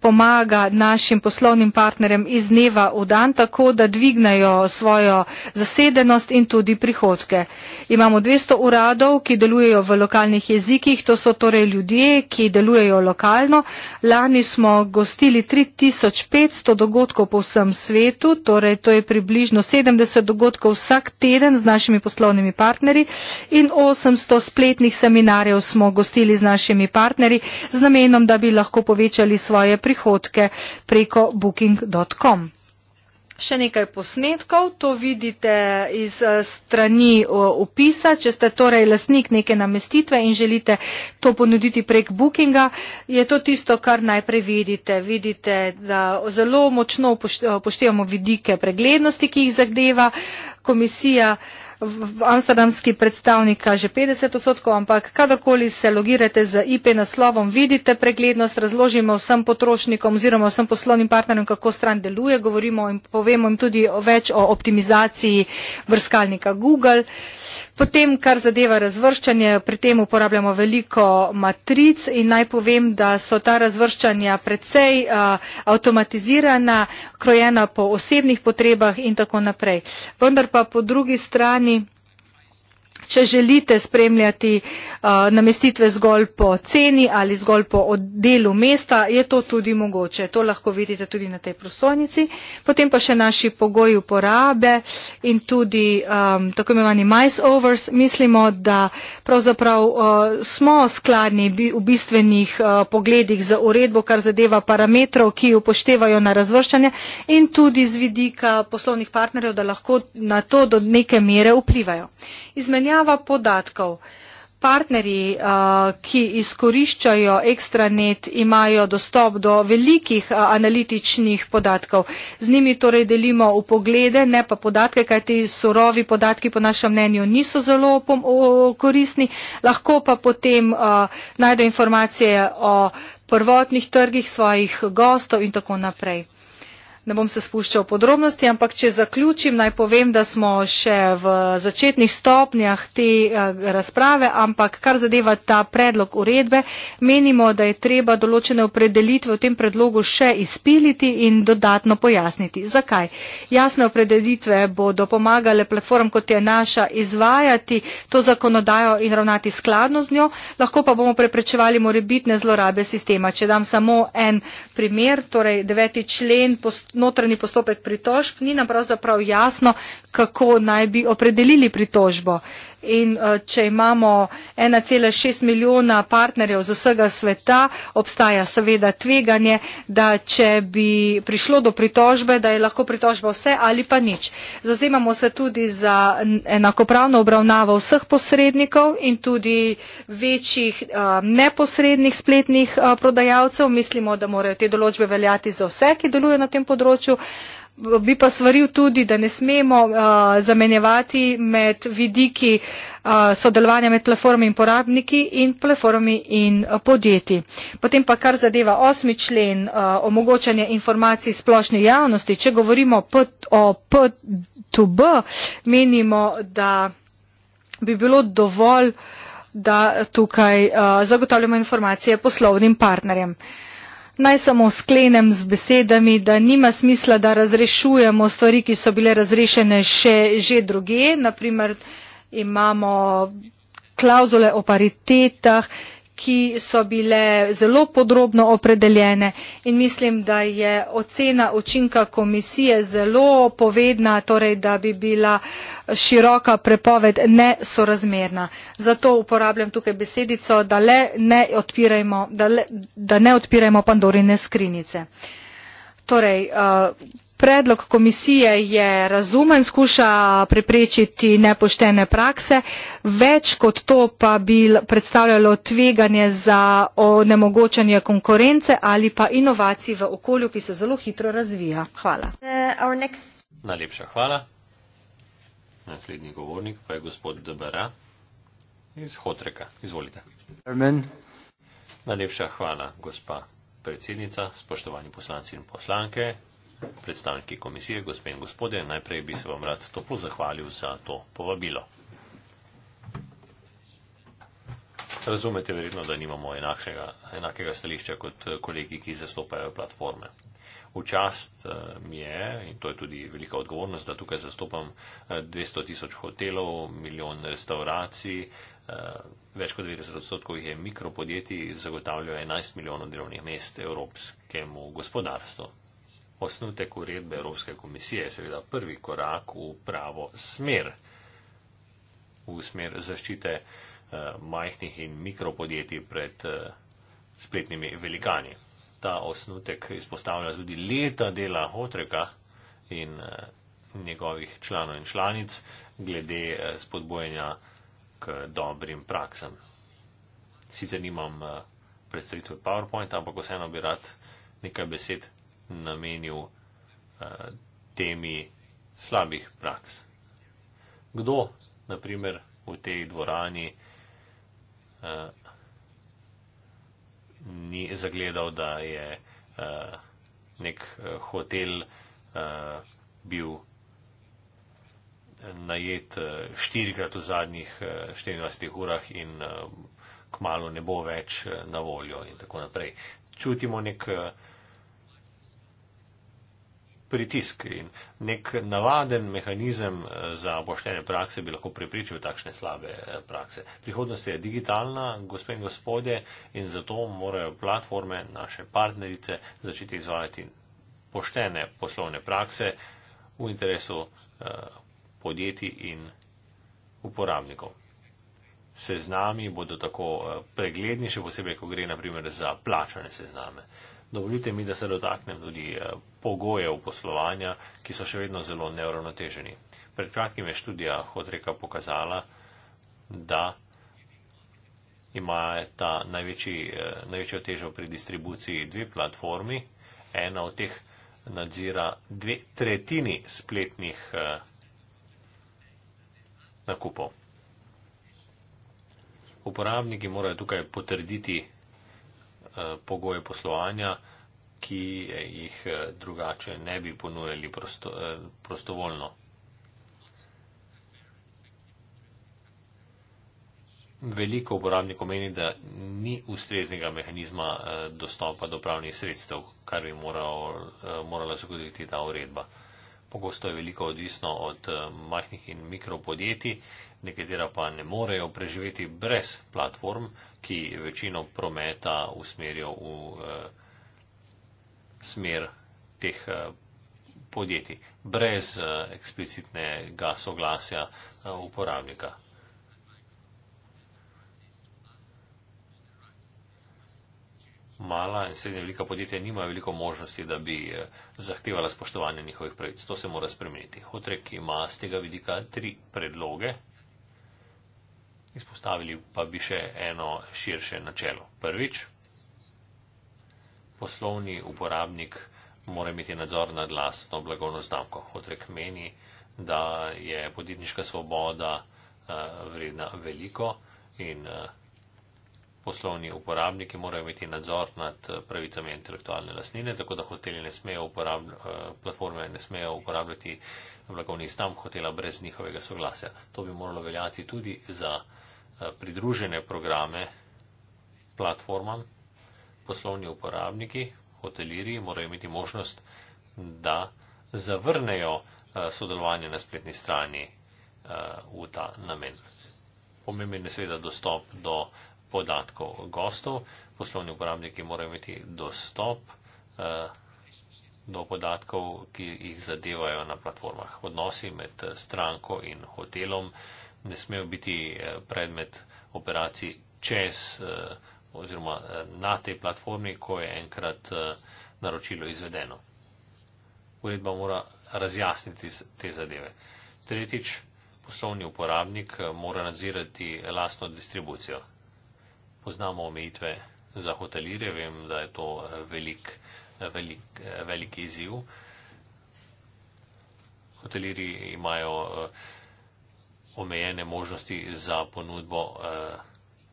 pomaga našim poslovnim partnerjem iz dneva v dan, tako da dvignajo svojo zasedenost in tudi prihodke. Imamo 200 uradov, ki delujejo v lokalnih jezikih, to so torej ljudje, ki delujejo lokalno. Lani smo gostili 3500 dogodkov po vsem svetu, torej to je približno 70 dogodkov vsak teden z našimi poslovnimi partnerji in 800 spletnih seminarjev dolarjev smo gostili z našimi partnerji z namenom, da bi lahko povečali svoje prihodke preko booking.com. Še nekaj posnetkov, to vidite iz eh, strani eh, opisa. Če ste torej lasnik neke namestitve in želite to ponuditi prek Bookinga, je to tisto, kar najprej vidite. Vidite, da zelo močno upoštevamo vidike preglednosti, ki jih zahdeva komisija amsterdamski predstavnik kaže 50 odstotkov, ampak kadarkoli se logirate z IP naslovom, vidite preglednost, razložimo vsem potrošnikom oziroma vsem poslovnim partnerjem, kako stran deluje, govorimo in povemo jim tudi več o optimizaciji vrskalnika Google. Potem, kar zadeva razvrščanje, pri tem uporabljamo veliko matric in naj povem, da so ta razvrščanja precej uh, avtomatizirana, krojena po osebnih potrebah in tako naprej. Vendar pa po drugi strani Če želite spremljati uh, namestitve zgolj po ceni ali zgolj po delu mesta, je to tudi mogoče. To lahko vidite tudi na tej prosojnici. Potem pa še naši pogoji uporabe in tudi um, tako imenovani mice overs. Mislimo, da pravzaprav uh, smo skladni v bistvenih uh, pogledih za uredbo, kar zadeva parametrov, ki upoštevajo na razvrščanje in tudi z vidika poslovnih partnerjev, da lahko na to do neke mere vplivajo izmenjava podatkov. Partnerji, uh, ki izkoriščajo ekstranet, imajo dostop do velikih uh, analitičnih podatkov. Z njimi torej delimo upoglede, ne pa podatke, kajti surovi podatki po našem mnenju niso zelo koristni, lahko pa potem uh, najdejo informacije o prvotnih trgih svojih gostov in tako naprej. Ne bom se spuščal v podrobnosti, ampak če zaključim, naj povem, da smo še v začetnih stopnjah te eh, razprave, ampak kar zadeva ta predlog uredbe, menimo, da je treba določene opredelitve v tem predlogu še izpiliti in dodatno pojasniti. Zakaj? Jasne opredelitve bodo pomagale platform, kot je naša, izvajati to zakonodajo in ravnati skladno z njo, lahko pa bomo preprečevali morebitne zlorabe sistema. Če dam samo en primer, torej deveti člen postopka, notranji postopek pritožb, ni nam pravzaprav jasno, kako naj bi opredelili pritožbo. Uh, in eh, če imamo 1,6 milijona partnerjev z vsega sveta, obstaja seveda tveganje, da če bi prišlo do pritožbe, da je lahko pritožba vse ali pa nič. Zazemamo se tudi za enakopravno obravnavo vseh posrednikov in tudi večjih eh, neposrednih spletnih eh, prodajalcev. Mislimo, da morajo te določbe veljati za vse, ki delujejo na tem področju bi pa svaril tudi, da ne smemo uh, zamenjevati med vidiki uh, sodelovanja med platformami in porabniki in platformami in uh, podjetji. Potem pa kar zadeva osmi člen uh, omogočanje informacij splošni javnosti. Če govorimo pot, o P2B, menimo, da bi bilo dovolj, da tukaj uh, zagotavljamo informacije poslovnim partnerjem. Uh, Naj samo sklenem z besedami, da nima smisla, da razrešujemo stvari, ki so bile razrešene še, že druge. Naprimer, imamo klauzule o paritetah, ki so bile zelo podrobno opredeljene in mislim, da je ocena učinka komisije zelo povedna, torej da bi bila široka prepoved nesorazmerna. Zato uporabljam tukaj besedico, da, le ne, odpirajmo, da, le, da ne odpirajmo Pandorine skrinice. Torej, uh, Predlog komisije je razumen, skuša preprečiti nepoštene prakse, več kot to pa bi predstavljalo tveganje za onemogočanje konkurence ali pa inovacij v okolju, ki se zelo hitro razvija. Hvala. Uh, next... Najlepša hvala. Naslednji govornik pa je gospod Debera iz Hotreka. Izvolite. Amen. Najlepša hvala, gospa predsednica, spoštovani poslanci in poslanke predstavniki komisije, gospe in gospodje, najprej bi se vam rad toplo zahvalil za to povabilo. Razumete verjetno, da nimamo enakšega, enakega stališča kot eh, kolegi, ki zastopajo platforme. Včast eh, mi je, in to je tudi velika odgovornost, da tukaj zastopam 200 eh, tisoč hotelov, milijon restauracij, več kot 90 odstotkov jih je mikropodjetij, zagotavljajo 11 milijonov delovnih mest evropskemu gospodarstvu osnutek uredbe Evropske komisije je seveda prvi korak v pravo smer, v smer zaščite eh, majhnih in mikropodjetij pred eh, spletnimi velikani. Ta osnutek izpostavlja tudi leta dela Hotreka in eh, njegovih članov in članic glede spodbojanja k dobrim praksam. Sicer nimam predstavitve PowerPoint, ampak vseeno bi rad nekaj besed namenil uh, temi slabih praks. Kdo, na primer, v tej dvorani uh, ni zagledal, da je uh, nek uh, hotel uh, bil najet uh, štirikrat v zadnjih uh, 24 urah in uh, kmalo ne bo več uh, na voljo in tako naprej. Čutimo nek uh, pritisk in nek navaden mehanizem eh, za poštene prakse bi lahko prepričal takšne slabe eh, prakse. Prihodnost je digitalna, gospe in gospodje, in zato morajo platforme, naše partnerice, začeti izvajati poštene poslovne prakse v interesu eh, podjetij in uporabnikov. Seznami bodo tako pregledni, še posebej, ko gre naprimer za plačane sezname. Dovolite mi, da se dotaknem tudi eh, pogojev poslovanja, ki so še vedno zelo neuravnoteženi. Pred kratkim je študija Hodreka pokazala, da ima ta največji, eh, največjo težo pri distribuciji dve platformi. Ena od teh nadzira dve tretjini spletnih eh, nakupov. Uporabniki morajo tukaj potrditi Eh, pogoje poslovanja, ki jih eh, drugače ne bi ponujali prosto, eh, prostovoljno. Veliko uporabnikov meni, da ni ustreznega mehanizma dostopa do pravnih sredstev, kar bi moral, morala zagotoviti ta uredba. Pogosto je veliko odvisno od majhnih in mikropodjetij, nekatera pa ne morejo preživeti brez platform, ki večino prometa usmerijo v eh, smer teh eh, podjetij, brez eh, eksplicitnega soglasja eh, uporabnika. Mala in srednje velika podjetja nimajo veliko možnosti, da bi eh, zahtevala spoštovanje njihovih pravic. To se mora spremeniti. Hotrek ima z tega vidika tri predloge. Izpostavili pa bi še eno širše načelo. Prvič, poslovni uporabnik mora imeti nadzor nad lastno blagovno znamko. Hotrek meni, da je podjetniška svoboda eh, vredna veliko in eh, poslovni uporabniki morajo imeti nadzor nad eh, pravicami intelektualne lastnine, tako da hoteli ne smejo uporabljati, platforme ne smejo uporabljati blagovnih znamk hotela brez njihovega soglasja. To bi moralo veljati tudi za. Eh, pridružene programe platformam, poslovni uporabniki, hoteliri morajo imeti možnost, da zavrnejo eh, sodelovanje na spletni strani eh, v ta namen. Pomemben je seveda dostop do podatkov gostov. Poslovni uporabniki morajo imeti dostop do podatkov, ki jih zadevajo na platformah. Odnosi med stranko in hotelom ne smejo biti eh, predmet operacij čez eh, oziroma eh, na tej platformi, ko je enkrat naročilo izvedeno. Uredba mora razjasniti te zadeve. Tretjič, poslovni uporabnik mora nadzirati lastno distribucijo. Poznamo omejitve za hotelirje, vem, da je to velik, velik, velik izziv. Hotelirji imajo omejene možnosti za ponudbo eh,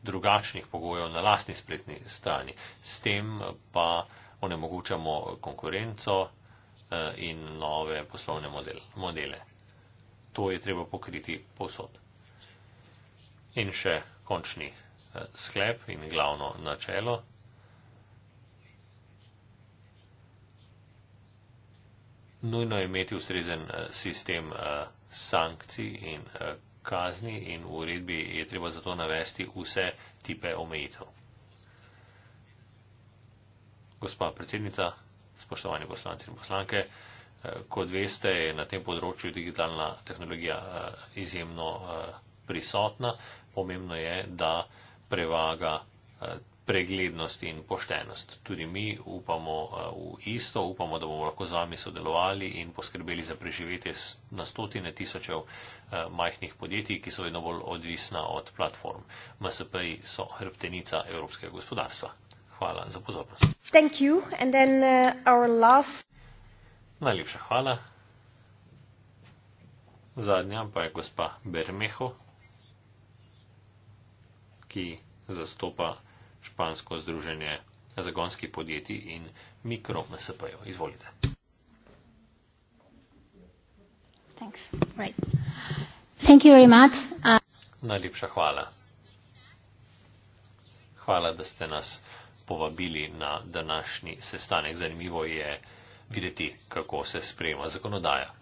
drugačnih pogojev na lastni spletni strani. S tem pa onemogočamo konkurenco eh, in nove poslovne modele. To je treba pokriti posod. In še končni eh, sklep in glavno načelo. Nujno je imeti ustrezen sistem sankcij in kazni in v uredbi je treba zato navesti vse tipe omejitev. Gospa predsednica, spoštovani poslanci in poslanke, eh, kot veste, je na tem področju digitalna tehnologija eh, izjemno eh, prisotna. Pomembno je, da prevaga preglednost in poštenost. Tudi mi upamo eh, v isto, upamo, da bomo lahko z vami sodelovali in poskrbeli za preživetje na stotine tisočev eh, majhnih podjetij, ki so vedno bolj odvisna od platform. MSP-ji so hrbtenica evropskega gospodarstva. Hvala za pozornost. Thank you. And then, uh, our last... Najlepša hvala. Zadnja pa je gospa Bermeho, ki zastopa špansko združenje zagonskih podjetij in mikro MSP-jo. Izvolite. Right. Uh, Najlepša hvala. Hvala, da ste nas povabili na današnji sestanek. Zanimivo je videti, kako se sprejema zakonodaja.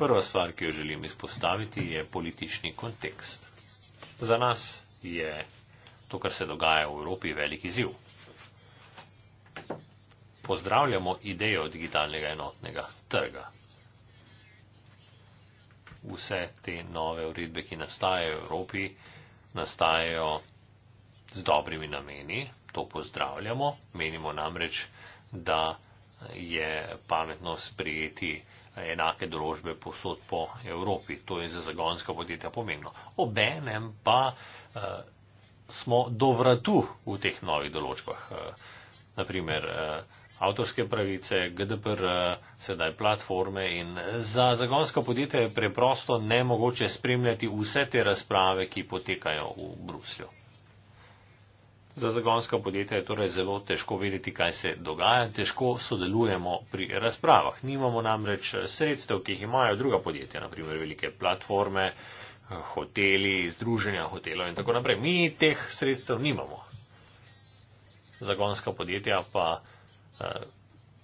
Prva stvar, ki jo želim izpostaviti, je politični kontekst. Za nas je to, kar se dogaja v Evropi, velik izziv. Pozdravljamo idejo digitalnega enotnega trga. Vse te nove uredbe, ki nastajajo v Evropi, nastajajo z dobrimi nameni, to pozdravljamo. Menimo namreč, da je pametno sprejeti enake drožbe posod po Evropi. To je za zagonska podjetja pomembno. Obenem pa eh, smo do vratu v teh novih določbah. Eh, naprimer, eh, avtorske pravice, GDPR, eh, sedaj platforme in za zagonska podjetja je preprosto nemogoče spremljati vse te razprave, ki potekajo v Bruslju. Za zagonska podjetja je torej zelo težko vedeti, kaj se dogaja, težko sodelujemo pri razpravah. Nimamo namreč eh, sredstev, ki jih imajo druga podjetja, naprimer velike platforme, eh, hoteli, združenja hotelov in tako naprej. Mi teh sredstev nimamo. Zagonska podjetja pa eh,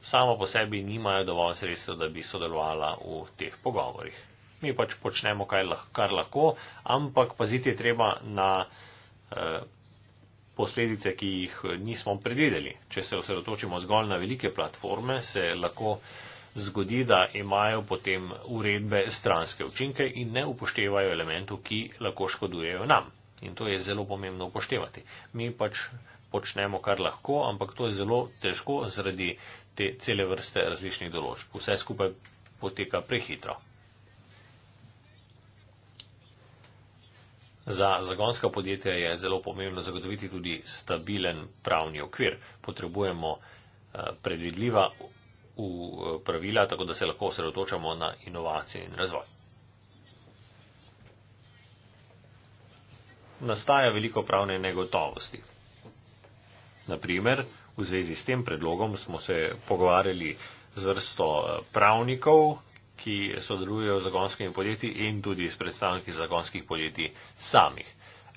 samo po sebi nimajo dovolj sredstev, da bi sodelovala v teh pogovorih. Mi pač počnemo, kar lahko, ampak paziti je treba na. Eh, posledice, ki jih eh, nismo predvideli. Če se osredotočimo zgolj na velike platforme, se lahko zgodi, da imajo potem uredbe stranske učinke in ne upoštevajo elementov, ki lahko škodujejo nam. In to je zelo pomembno upoštevati. Mi pač počnemo, kar lahko, ampak to je zelo težko zaradi te cele vrste različnih določb. Vse skupaj poteka prehitro. Za zagonska podjetja je zelo pomembno zagotoviti tudi stabilen pravni okvir. Potrebujemo eh, predvidljiva eh, pravila, tako da se lahko osredotočamo na inovacije in razvoj. Nastaja veliko pravne negotovosti. Naprimer, v zvezi s tem predlogom smo se pogovarjali z vrsto eh, pravnikov, ki sodelujejo z zagonskimi podjetji in tudi s predstavniki zagonskih podjetij samih.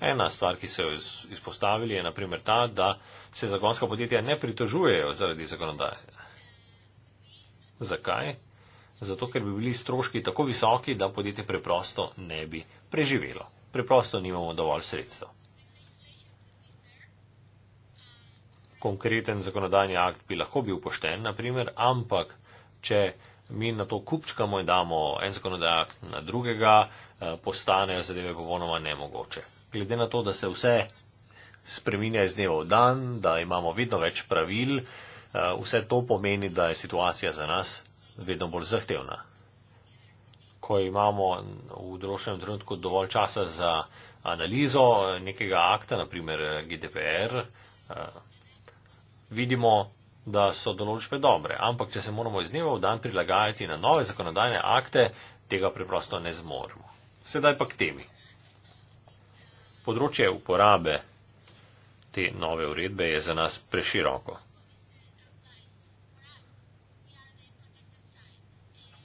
Ena stvar, ki so jo izpostavili, je naprimer ta, da se zagonska podjetja ne pritožujejo zaradi zakonodaje. Zakaj? Zato, ker bi bili stroški tako visoki, da podjetje preprosto ne bi preživelo. Preprosto nimamo dovolj sredstev. Konkreten zakonodajni akt bi lahko bil pošten, naprimer, ampak če mi na to kupčkamo in damo en zakonodaj akt na drugega, eh, postanejo zadeve popolnoma nemogoče. Glede na to, da se vse spreminja iz dneva v dan, da imamo vedno več pravil, eh, vse to pomeni, da je situacija za nas vedno bolj zahtevna. Ko imamo v določenem trenutku dovolj časa za analizo nekega akta, naprimer GDPR, eh, vidimo, da so določbe dobre, ampak če se moramo iz dneva v dan prilagajati na nove zakonodajne akte, tega preprosto ne zmoremo. Sedaj pa k temi. Področje uporabe te nove uredbe je za nas preširoko.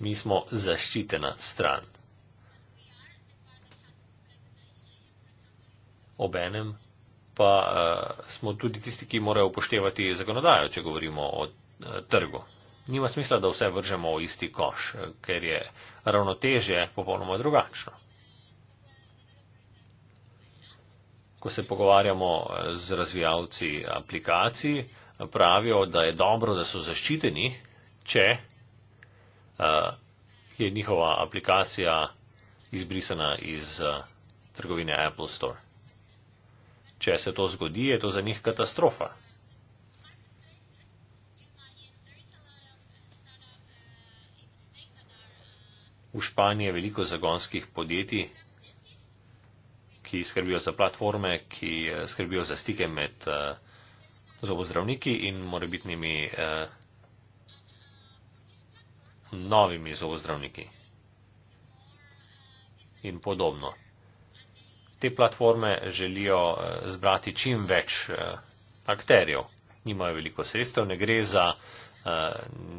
Mi smo zaščitena stran. Obenem pa uh, smo tudi tisti, ki morajo upoštevati zakonodajo, če govorimo o uh, trgu. Nima smisla, da vse vržemo v isti koš, eh, ker je ravnoteže popolnoma drugačno. Ko se pogovarjamo z razvijalci aplikacij, pravijo, da je dobro, da so zaščiteni, če uh, je njihova aplikacija izbrisana iz uh, trgovine Apple Store. Če se to zgodi, je to za njih katastrofa. V Španiji je veliko zagonskih podjetij, ki skrbijo za platforme, ki eh, skrbijo za stike med eh, zobozdravniki in morebitnimi eh, novimi zobozdravniki in podobno te platforme želijo eh, zbrati čim več eh, akterjev. Nimajo veliko sredstev, ne gre za eh,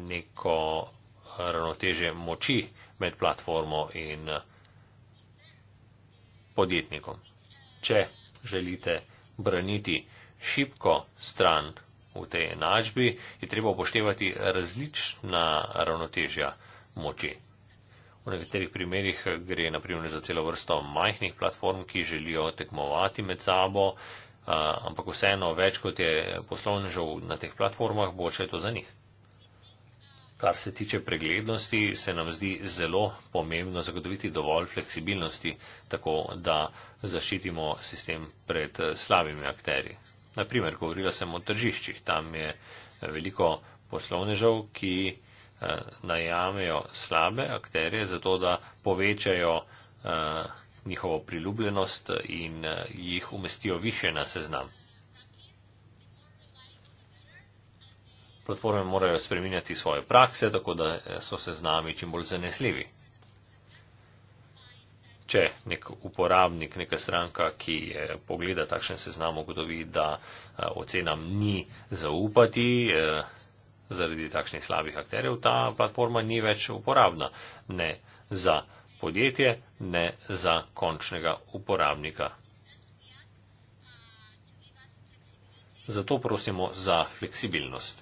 neko ravnoteže moči med platformo in podjetnikom. Če želite braniti šipko stran v tej enačbi, je treba upoštevati različna ravnotežja moči. V nekaterih primerjih eh, gre naprimer za celo vrsto majhnih platform, ki želijo tekmovati med sabo, eh, ampak vseeno več kot je poslovnežev na teh platformah, bo še to za njih. Kar se tiče preglednosti, se nam zdi zelo pomembno zagotoviti dovolj fleksibilnosti, tako da zaščitimo sistem pred eh, slabimi akteri. Naprimer, govorila sem o tržiščih, tam je veliko poslovnežev, ki. Eh, najamejo slabe akterje, zato da povečajo eh, njihovo priljubljenost in eh, jih umestijo više na seznam. Platforme morajo spreminjati svoje prakse, tako da so seznami čim bolj zanesljivi. Če nek uporabnik, neka stranka, ki pogleda takšen seznam, ugotovi, da ocenam ni zaupati, zaradi takšnih slabih akterjev, ta platforma ni več uporabna ne za podjetje, ne za končnega uporabnika. Zato prosimo za fleksibilnost.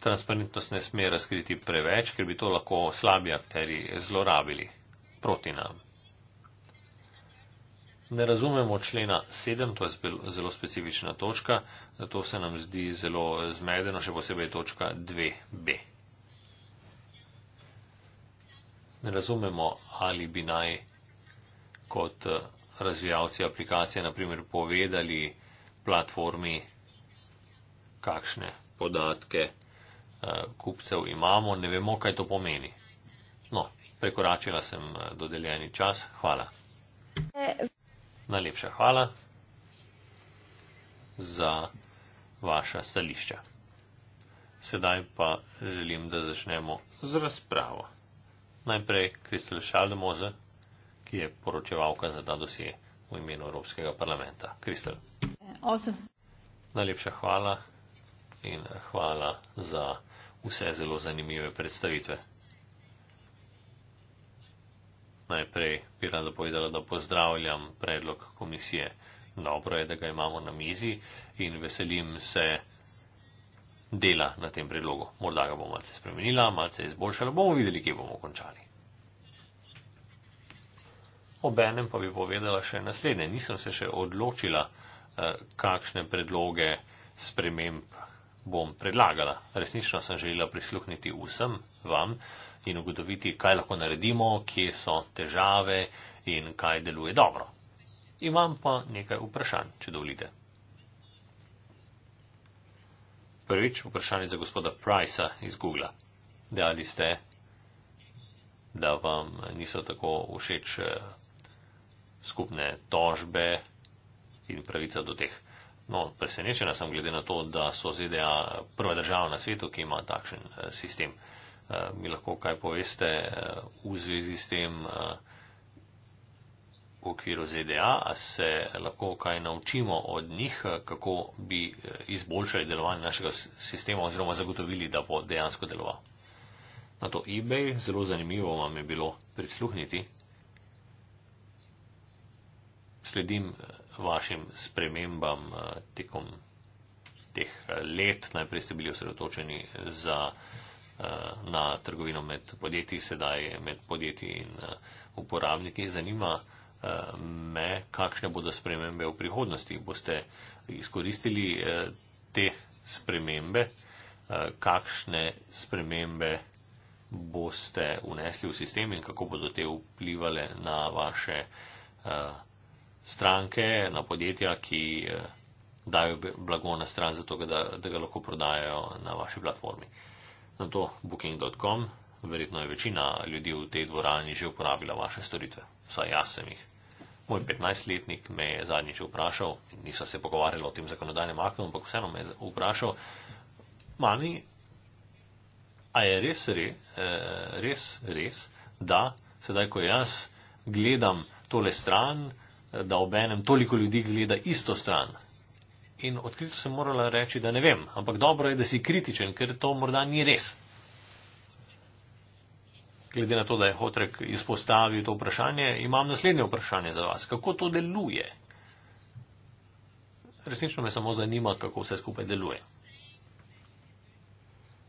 Transparentnost ne sme razkriti preveč, ker bi to lahko slabi akteri zlorabili proti nam ne razumemo člena 7, to je zelo specifična točka, zato se nam zdi zelo zmedeno, še posebej točka 2b. Ne razumemo, ali bi naj kot eh, razvijalci aplikacije, naprimer, povedali platformi, kakšne podatke eh, kupcev imamo, ne vemo, kaj to pomeni. No, prekoračila sem eh, dodeljeni čas. Hvala najlepša hvala za vaša stališča. Sedaj pa želim, da začnemo z razpravo. Najprej Kristel Šaldemoze, ki je poročevalka za ta dosje v imenu Evropskega parlamenta. Kristel. Awesome. Najlepša hvala in hvala za vse zelo zanimive predstavitve. Najprej bi rada povedala, da pozdravljam predlog komisije. Dobro je, da ga imamo na mizi in veselim se dela na tem predlogu. Morda ga bomo malce spremenila, malce izboljšala, bomo videli, kje bomo končali. Obenem pa bi povedala še naslednje. Nisem se še odločila, eh, kakšne predloge sprememb bom predlagala. Resnično sem želela prisluhniti vsem vam, in ugotoviti, kaj lahko naredimo, kje so težave in kaj deluje dobro. Imam pa nekaj vprašanj, če dovolite. Prvič vprašanje za gospoda Price iz Google. Dejali ste, da vam niso tako všeč eh, skupne tožbe in pravica do teh. No, presenečena sem glede na to, da so ZDA prva država na svetu, ki ima takšen eh, sistem. Eh, mi lahko kaj poveste eh, v zvezi s tem eh, v okviru ZDA, a se lahko kaj naučimo od njih, kako bi izboljšali delovanje našega sistema oziroma zagotovili, da bo dejansko deloval. Na to eBay, zelo zanimivo vam je bilo prisluhniti. Sledim vašim spremembam tekom teh let. Najprej ste bili osredotočeni za. Eh, na trgovino med podjetji, sedaj med podjetji in eh, uporabniki. Zanima eh, me, kakšne bodo spremembe v prihodnosti. Boste izkoristili te spremembe? Kakšne spremembe boste vnesli v sistem in kako bodo te vplivali na vaše stranke, na podjetja, ki dajo blago na stran, zato da, da ga lahko prodajo na vaši platformi? Uh, na to booking.com. Verjetno je večina ljudi v tej dvorani že uporabila vaše storitve, vsaj jaz sem jih. Moj 15-letnik me je zadnjič vprašal, nisva se pogovarjala o tem zakonodajnem aktu, ampak vseeno me je vprašal, mami, a je res, re, e, res, res, da sedaj, ko jaz gledam tole stran, da obenem toliko ljudi gleda isto stran, in odkrito sem morala reči, da ne vem, ampak dobro je, da si kritičen, ker to morda ni res. Glede na to, da je Hotrek izpostavil to vprašanje, imam naslednje vprašanje za vas. Kako to deluje? Resnično me samo zanima, kako vse skupaj deluje.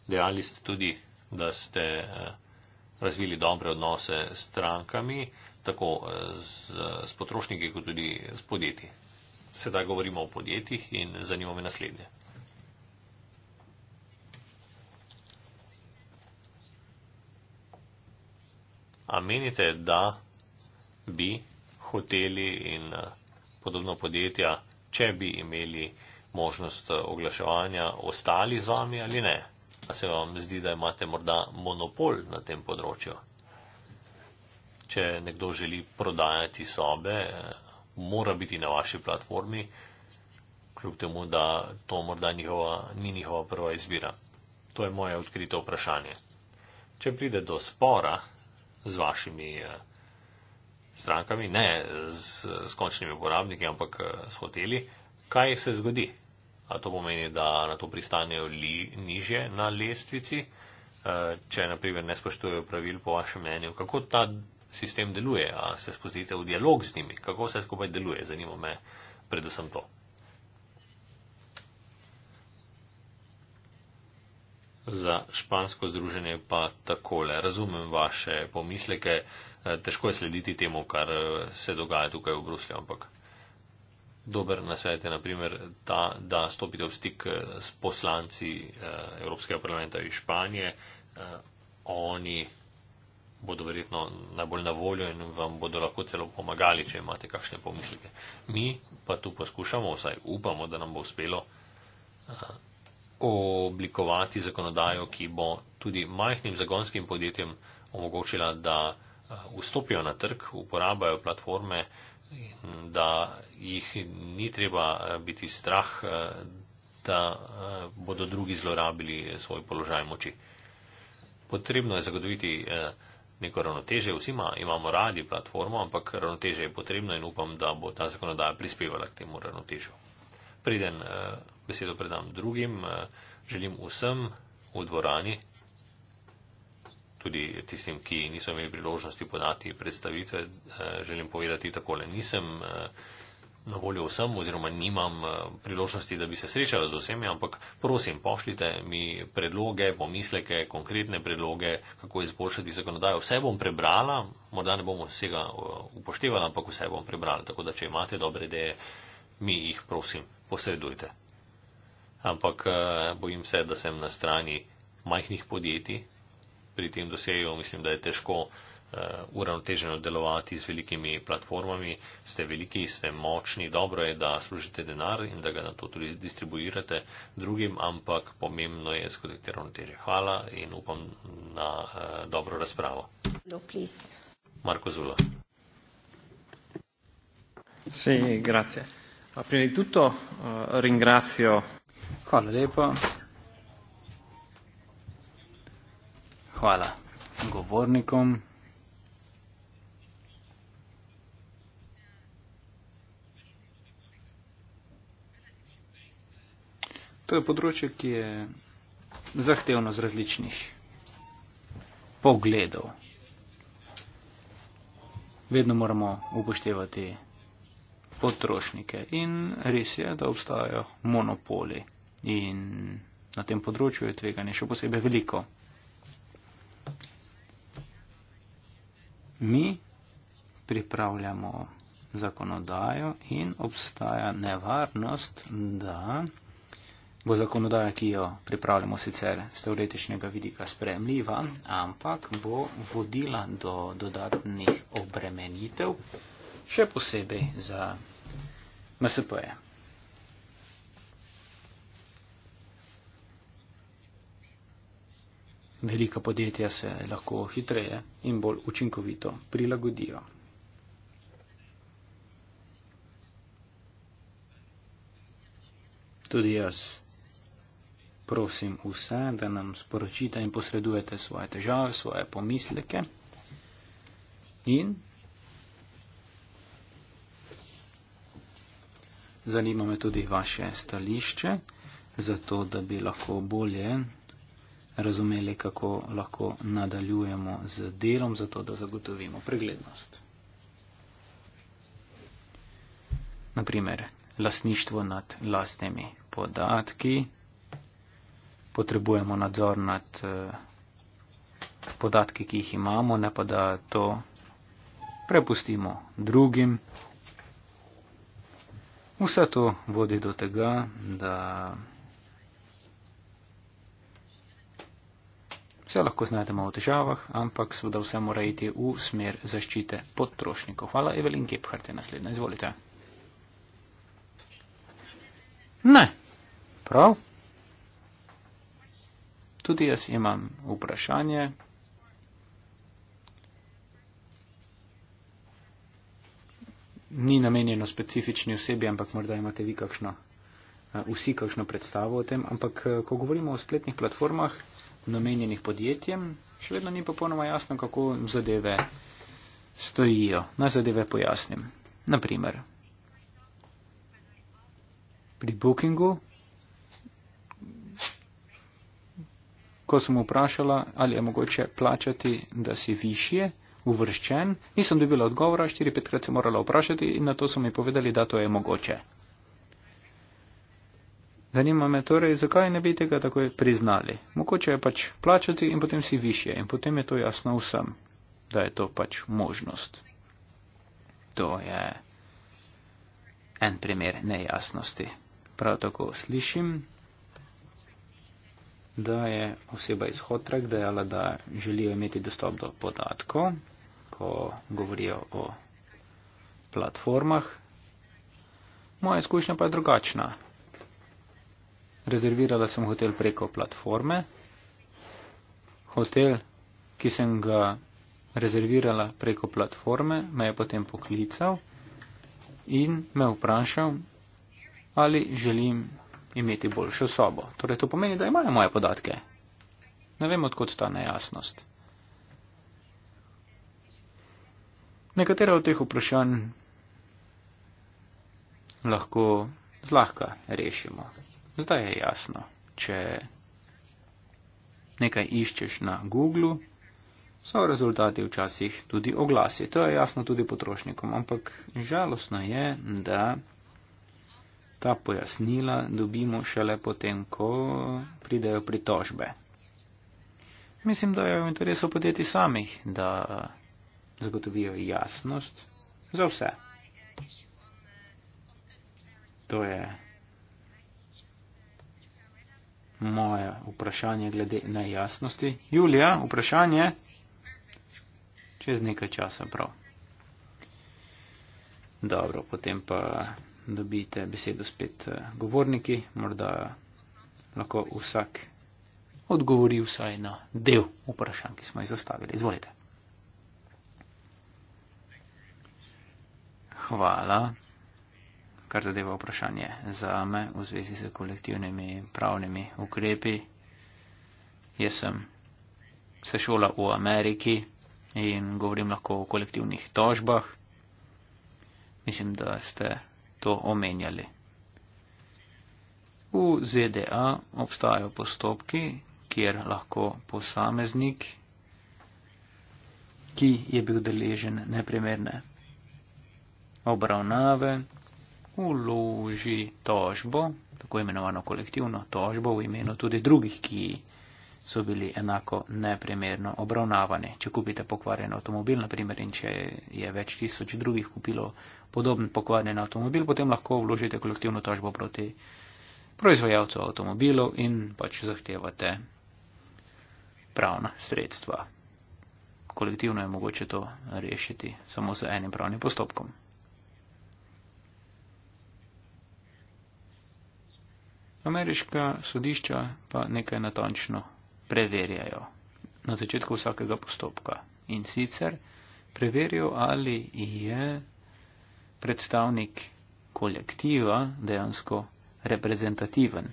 Dejali ste tudi, da ste eh, razvili dobre odnose s strankami, tako eh, z, z potrošniki, kot tudi s podjetji sedaj govorimo o podjetjih in zanima me naslednje. A menite, da bi hoteli in eh, podobno podjetja, če bi imeli možnost eh, oglaševanja, ostali z vami ali ne? A se vam zdi, da imate morda monopol na tem področju? Če nekdo želi prodajati sobe eh, mora biti na vaši platformi, kljub temu, da to morda njihova, ni njihova prva izbira. To je moje odkrito vprašanje. Če pride do spora z vašimi eh, strankami, ne z, z končnimi uporabniki, ampak eh, s hoteli, kaj se zgodi? A to pomeni, da na to pristanejo li, niže na lestvici, eh, če naprimer ne spoštujejo pravil po vašem mnenju? Kako ta sistem deluje, a se spustite v dialog z njimi, kako vse skupaj deluje, zanima me predvsem to. Za špansko združenje pa takole. Razumem vaše pomisleke, eh, težko je slediti temu, kar eh, se dogaja tukaj v Bruslju, ampak dober nasvet je naprimer ta, da stopite v stik eh, s poslanci Evropskega parlamenta iz Španije. Oni bodo verjetno najbolj na voljo in vam bodo lahko celo pomagali, če imate kakšne pomislike. Mi pa tu poskušamo, vsaj upamo, da nam bo uspelo eh, oblikovati zakonodajo, ki bo tudi majhnim zagonskim podjetjem omogočila, da eh, vstopijo na trg, uporabljajo platforme in da jih ni treba eh, biti strah, da bodo drugi zlorabili svoj položaj moči. Potrebno je zagotoviti eh, neko ravnoteže, vsi ima, imamo radi platformo, ampak ravnoteže je potrebno in upam, da bo ta zakonodaja prispevala k temu ravnotežu. Preden eh, besedo predam drugim, eh, želim vsem v dvorani, tudi tistim, ki niso imeli priložnosti podati predstavitve, eh, želim povedati takole. Nisem, eh, na voljo vsem, oziroma nimam eh, priložnosti, da bi se srečala z vsemi, ampak prosim, pošljite mi predloge, pomisleke, konkretne predloge, kako izboljšati zakonodajo. Vse bom prebrala, morda ne bom vsega eh, upoštevala, ampak vse bom prebrala. Tako da, če imate dobre ideje, mi jih prosim posredujte. Ampak eh, bojim se, da sem na strani majhnih podjetij pri tem dosegu, mislim, da je težko. Eh, uravnoteženo delovati z velikimi platformami, ste veliki, ste močni, dobro je, da služite denar in da ga na to tudi distribuirate drugim, ampak pomembno je skoditi te ravnoteže. Hvala in upam na uh, dobro razpravo. No, Marko Zula. Sì, grazie. Ma prima di tutto uh, ringrazio. Hvala lepo. Hvala govornikom. To je področje, ki je zahtevno z različnih pogledov. Vedno moramo upoštevati potrošnike in res je, da obstajajo monopoli in na tem področju je tveganje še posebej veliko. Mi pripravljamo zakonodajo in obstaja nevarnost, da bo zakonodaja, ki jo pripravljamo, sicer z teoretičnega vidika spremljiva, ampak bo vodila do dodatnih obremenitev, še posebej za MSP-je. Velika podjetja se lahko hitreje in bolj učinkovito prilagodijo. Tudi jaz prosim vse, da nam sporočite in posredujete svoje težave, svoje pomisleke. In zanima me tudi vaše stališče, zato da bi lahko bolje razumeli, kako lahko nadaljujemo z delom, zato da zagotovimo preglednost. Naprimer, lasništvo nad lastnimi podatki potrebujemo nadzor nad eh, podatki, ki jih imamo, ne pa da to prepustimo drugim. Vse to vodi do tega, da se lahko znajdemo v težavah, ampak seveda vse mora iti v smer zaščite potrošnikov. Hvala, Evelin Gephardt je naslednja. Izvolite. Ne. Prav. Tudi jaz imam vprašanje. Ni namenjeno specifični osebi, ampak morda imate vi kakšno, eh, vsi kakšno predstavo o tem. Ampak eh, ko govorimo o spletnih platformah, namenjenih podjetjem, še vedno ni popolnoma jasno, kako zadeve stojijo. Na zadeve pojasnim. Naprimer, pri bookingu ko sem vprašala, ali je mogoče plačati, da si višje uvrščen, nisem dobila odgovora, štiri, petkrat sem morala vprašati in na to so mi povedali, da to je mogoče. Zanima me torej, zakaj ne bi tega takoj priznali. Mogoče je pač plačati in potem si više in potem je to jasno vsem, da je to pač možnost. To je en primer nejasnosti. Prav tako slišim, da je oseba iz Hotrak dejala, da želijo imeti dostop do podatkov, ko govorijo o platformah. Moja izkušnja pa je drugačna. Rezervirala sem hotel preko platforme. Hotel, ki sem ga rezervirala preko platforme, me je potem poklical in me vprašal, ali želim imeti boljšo sobo. Torej to pomeni, da imajo moje podatke. Ne vem, odkot ta nejasnost. Nekatera od teh vprašanj lahko zlahka rešimo. Zdaj je jasno, če nekaj iščeš na Google, so rezultati včasih tudi oglasi. To je jasno tudi potrošnikom, ampak žalostno je, da ta pojasnila dobimo šele potem, ko pridejo pritožbe. Mislim, da je v interesu podjetij samih, da zagotovijo jasnost za vse. To je moje vprašanje glede nejasnosti. Julija, vprašanje čez nekaj časa prav. Dobro, potem pa dobite besedo spet eh, govorniki, morda lahko vsak odgovori vsaj na del vprašanj, ki smo jih zastavili. Izvolite. Hvala, kar zadeva vprašanje za me v zvezi z kolektivnimi pravnimi ukrepi. Jaz sem se šola v Ameriki in govorim lahko o kolektivnih tožbah. Mislim, da ste to omenjali. V ZDA obstajajo postopki, kjer lahko posameznik, ki je bil deležen neprimerne obravnave, vloži tožbo, tako imenovano kolektivno tožbo v imenu tudi drugih, ki so bili enako neprimerno obravnavani. Če kupite pokvarjen avtomobil, naprimer, in če je več tisoč drugih kupilo podoben pokvarjen avtomobil, potem lahko vložite kolektivno tožbo proti proizvajalcu avtomobilov in pač zahtevate pravna sredstva. Kolektivno je mogoče to rešiti samo z enim pravnim postopkom. Ameriška sodišča pa nekaj natančno preverjajo na začetku vsakega postopka. In sicer preverijo, ali je predstavnik kolektiva dejansko reprezentativen,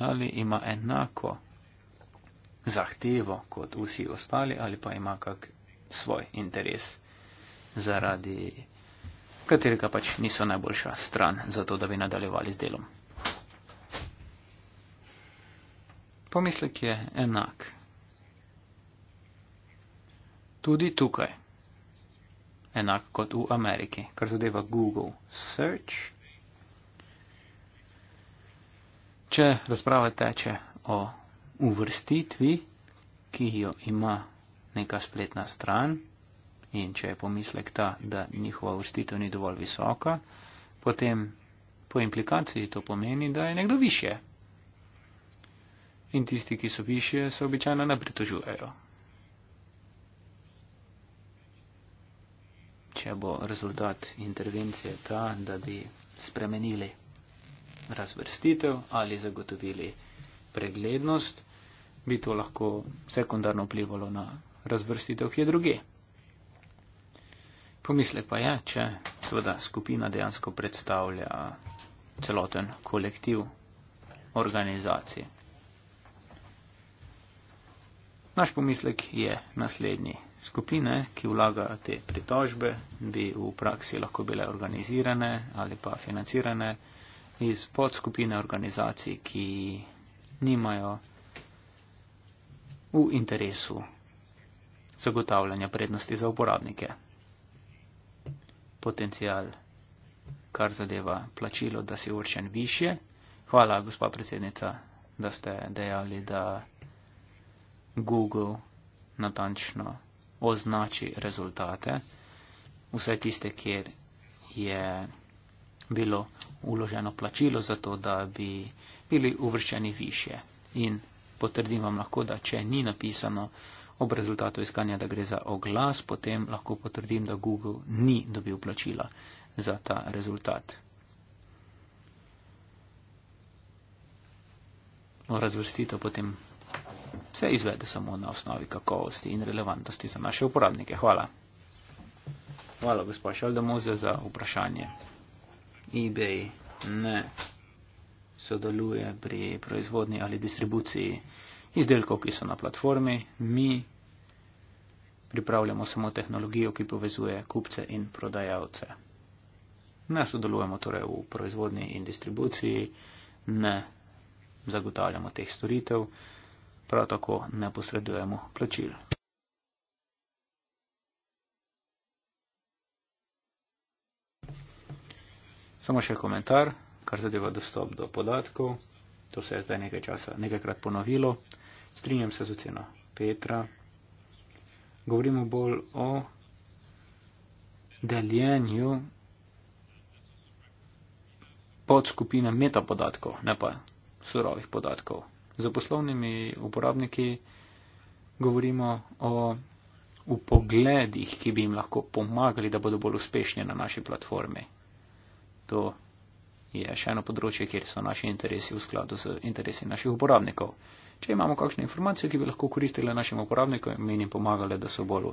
ali ima enako zahtevo kot vsi ostali, ali pa ima kak svoj interes zaradi katerega pač niso najboljša stran za to, da bi nadaljevali z delom. Pomislek je enak. Tudi tukaj. Enak kot v Ameriki, kar zadeva Google Search. Če razprava teče o uvrstitvi, ki jo ima neka spletna stran, in če je pomislek ta, da njihova uvrstitev ni dovolj visoka, potem po implikaciji to pomeni, da je nekdo više in tisti, ki so više, se običajno ne pritožujejo. Če bo rezultat intervencije ta, da bi spremenili razvrstitev ali zagotovili preglednost, bi to lahko sekundarno vplivalo na razvrstitev, ki je druge. Pomislek pa je, če seveda skupina dejansko predstavlja celoten kolektiv organizacije. Naš pomislek je naslednji. Skupine, ki vlagajo te pritožbe, bi v praksi lahko bile organizirane ali pa financirane iz podskupine organizacij, ki nimajo v interesu zagotavljanja prednosti za uporabnike. Potencijal, kar zadeva plačilo, da si uročen više. Hvala, gospa predsednica, da ste dejali, da. Google natančno označi rezultate, vse tiste, kjer je bilo uloženo plačilo za to, da bi bili uvrščeni više. In potrdim vam lahko, da če ni napisano ob rezultatu iskanja, da gre za oglas, potem lahko potrdim, da Google ni dobil plačila za ta rezultat. O no, razvrstitev potem se izvede samo na osnovi kakovosti in relevantnosti za naše uporabnike. Hvala. Hvala, gospod Šaldemoze, za vprašanje. eBay ne sodeluje pri proizvodni ali distribuciji izdelkov, ki so na platformi. Mi pripravljamo samo tehnologijo, ki povezuje kupce in prodajalce. Ne sodelujemo torej v proizvodni in distribuciji, ne zagotavljamo teh storitev prav tako ne posredujemo plačil. Samo še komentar, kar zadeva dostop do podatkov. To se je zdaj nekaj časa nekajkrat ponovilo. Strinjam se z oceno Petra. Govorimo bolj o deljenju podskupine metapodatkov, ne pa surovih podatkov za poslovnimi uporabniki govorimo o upogledih, ki bi jim lahko pomagali, da bodo bolj uspešni na naši platformi. To je še eno področje, kjer so naši interesi v skladu z interesi naših uporabnikov. Če imamo kakšne informacije, ki bi lahko koristile našim uporabnikom in jim pomagale, da so bolj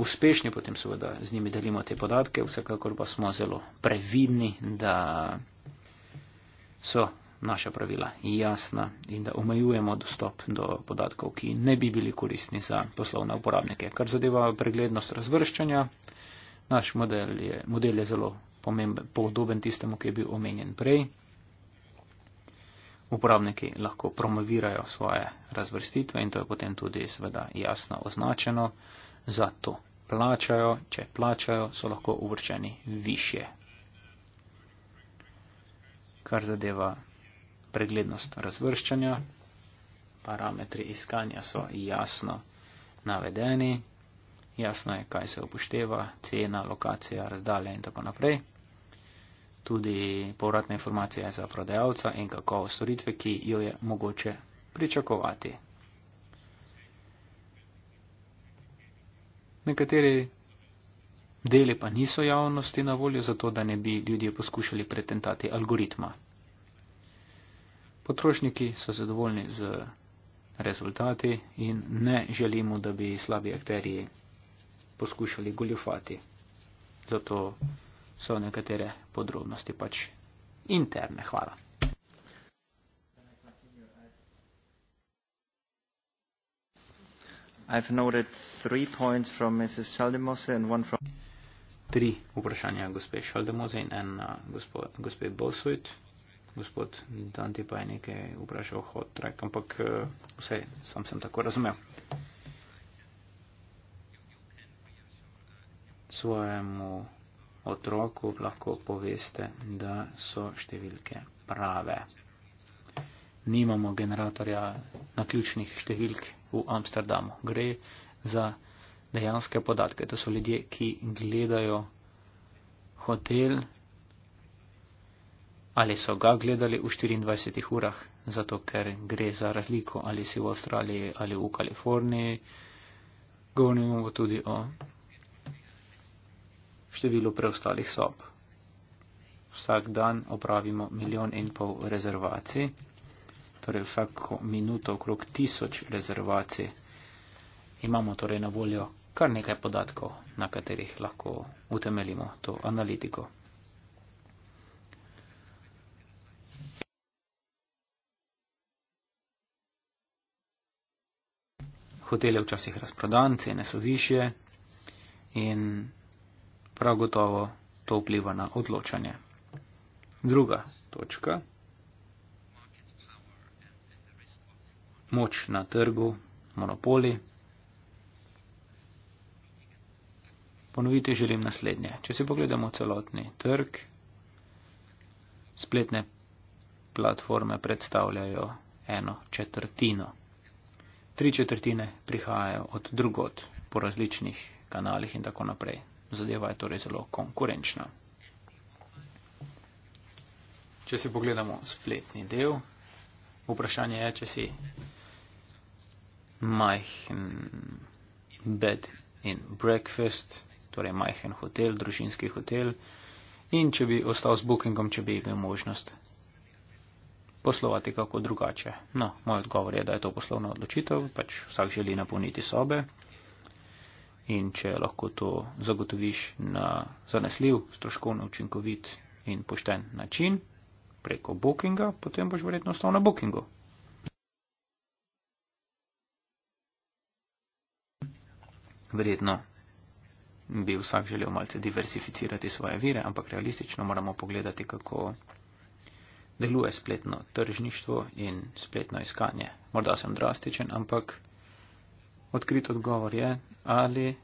uspešni, potem seveda z njimi delimo te podatke, vsekakor pa smo zelo previdni, da so naša pravila jasna in da omejujemo dostop do podatkov, ki ne bi bili koristni za poslovne uporabnike. Kar zadeva preglednost razvrščanja, naš model je, model je zelo pomemben, podoben tistemu, ki je bil omenjen prej. Uporabniki lahko promovirajo svoje razvrstitve in to je potem tudi seveda jasno označeno. Zato plačajo, če plačajo, so lahko uvrščeni više. Kar zadeva preglednost razvrščanja, parametri iskanja so jasno navedeni, jasno je, kaj se upošteva, cena, lokacija, razdalja in tako naprej. Tudi povratna informacija za prodajalca in kako storitve, ki jo je mogoče pričakovati. Nekateri deli pa niso javnosti na voljo, zato da ne bi ljudje poskušali pretentati algoritma. Potrošniki so zadovoljni z rezultati in ne želimo, da bi slabi akteriji poskušali goljufati. Zato so nekatere podrobnosti pač interne. Hvala. I've noted three points from Mrs. Schaldemose and one from... Tri vprašanja gospe Schaldemose in ena gospe Bolsuit gospod Dante pa je nekaj vprašal o trajku, ampak eh, vse, sam sem tako razumel. Svojemu otroku lahko poveste, da so številke prave. Nimamo generatorja naključnih številk v Amsterdamu. Gre za dejanske podatke. To so ljudje, ki gledajo hotel, ali so ga gledali v 24 urah, zato ker gre za razliko, ali si v Avstraliji ali v Kaliforniji. Govorimo tudi o številu preostalih sob. Vsak dan opravimo milijon in pol rezervacij, torej vsako minuto okrog tisoč rezervacij. Imamo torej na voljo kar nekaj podatkov, na katerih lahko utemeljimo to analitiko. hotel je včasih razprodan, cene so više in prav gotovo to vpliva na odločanje. Druga točka. Moč na trgu, monopoli. Ponoviti želim naslednje. Če si pogledamo celotni trg, spletne platforme predstavljajo eno četrtino tri četrtine prihajajo od drugot po različnih kanalih in tako naprej. Zadeva je torej zelo konkurenčna. Če si pogledamo spletni del, vprašanje je, če si majhen bed in breakfast, torej majhen hotel, družinski hotel, in če bi ostal z bookingom, če bi imel možnost poslovati kako drugače. No, moj odgovor je, da je to poslovna odločitev, pač vsak želi napolniti sobe in če lahko to zagotoviš na zanesljiv, stroškovno učinkovit in pošten način preko bookinga, potem boš verjetno ostal na bookingu. Verjetno bi vsak želel malce diversificirati svoje vire, ampak realistično moramo pogledati, kako deluje spletno tržništvo in spletno iskanje. Morda sem drastičen, ampak odkrit odgovor je, ali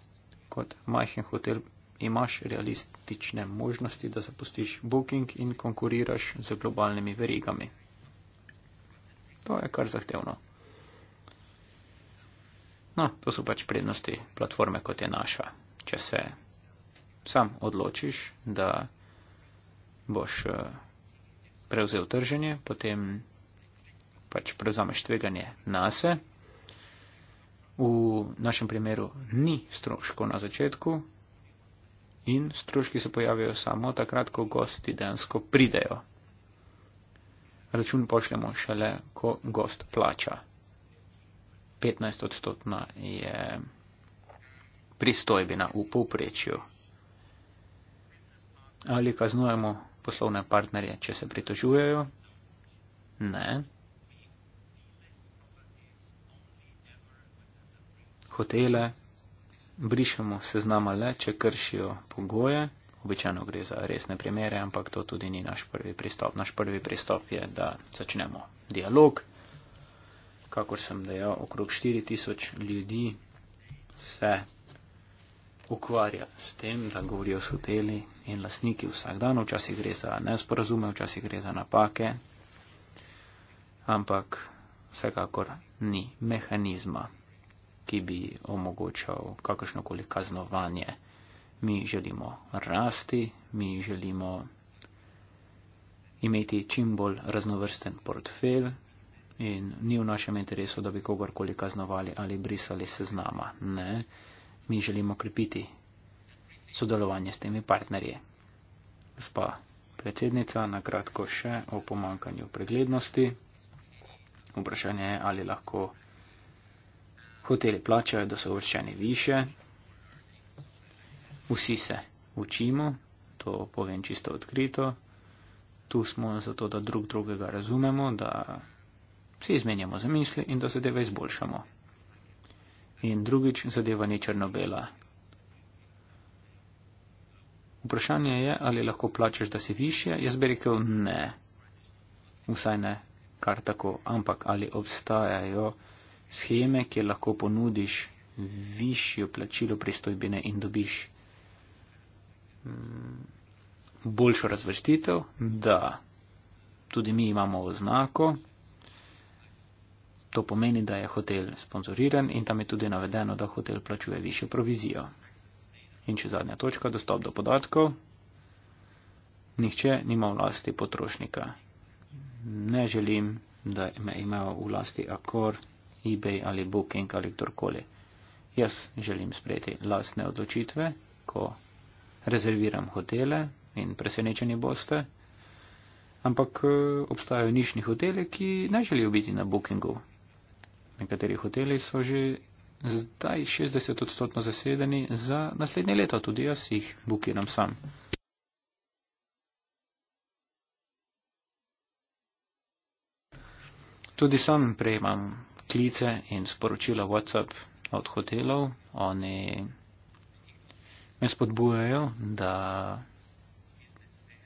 kot majhen hotel imaš realistične možnosti, da zapustiš booking in konkuriraš z globalnimi verigami. To je kar zahtevno. No, to so pač prednosti platforme, kot je naša. Če se sam odločiš, da boš. Uh, prevzel trženje, potem pač prevzameš tveganje na se. V našem primeru ni stroškov na začetku in stroški se pojavijo samo takrat, ko gosti dejansko pridejo. Račun pošljemo šele, ko gost plača. 15 odstotna je pristojbina v povprečju. Ali kaznujemo poslovne partnerje, če se pritožujejo? Ne. Hotele brišemo seznama le, če kršijo pogoje. Običajno gre za resne primere, ampak to tudi ni naš prvi pristop. Naš prvi pristop je, da začnemo dialog. Kakor sem dejal, okrog 4000 ljudi se ukvarja s tem, da govorijo s hoteli, in lastniki vsak dan, včasih gre za nesporazume, včasih gre za napake, ampak vsekakor ni mehanizma, ki bi omogočal kakršnokoli kaznovanje. Mi želimo rasti, mi želimo imeti čim bolj raznovrsten portfelj in ni v našem interesu, da bi kogarkoli kaznovali ali brisali seznama. Ne, mi želimo krepiti sodelovanje s temi partnerji. Gospa predsednica, na kratko še o pomankanju preglednosti. Vprašanje je, ali lahko hoteli plačajo, da so vrščeni više. Vsi se učimo, to povem čisto odkrito. Tu smo zato, da drug drugega razumemo, da si izmenjamo zamisli in da zadeve izboljšamo. In drugič, zadeva ni črno-bela. Vprašanje je, ali lahko plačeš, da si više. Jaz bi rekel ne. Vsaj ne kar tako, ampak ali obstajajo scheme, kjer lahko ponudiš višjo plačilo pristojbine in dobiš mm, boljšo razvrstitev, da tudi mi imamo oznako. To pomeni, da je hotel sponzoriran in tam je tudi navedeno, da hotel plačuje višjo provizijo. In če zadnja točka, dostop do podatkov. Nihče nima vlasti potrošnika. Ne želim, da me imajo vlasti Akor, eBay ali Booking ali kdorkoli. Jaz želim sprejeti lastne odločitve, ko rezerviram hotele in presenečeni boste. Ampak eh, obstajajo nišni hoteli, ki ne želijo biti na Bookingu. Nekateri hoteli so že zdaj 60 odstotno zasedeni za naslednje leto, tudi jaz jih bukiram sam. Tudi sam prejemam klice in sporočila WhatsApp od hotelov. Oni me spodbujajo, da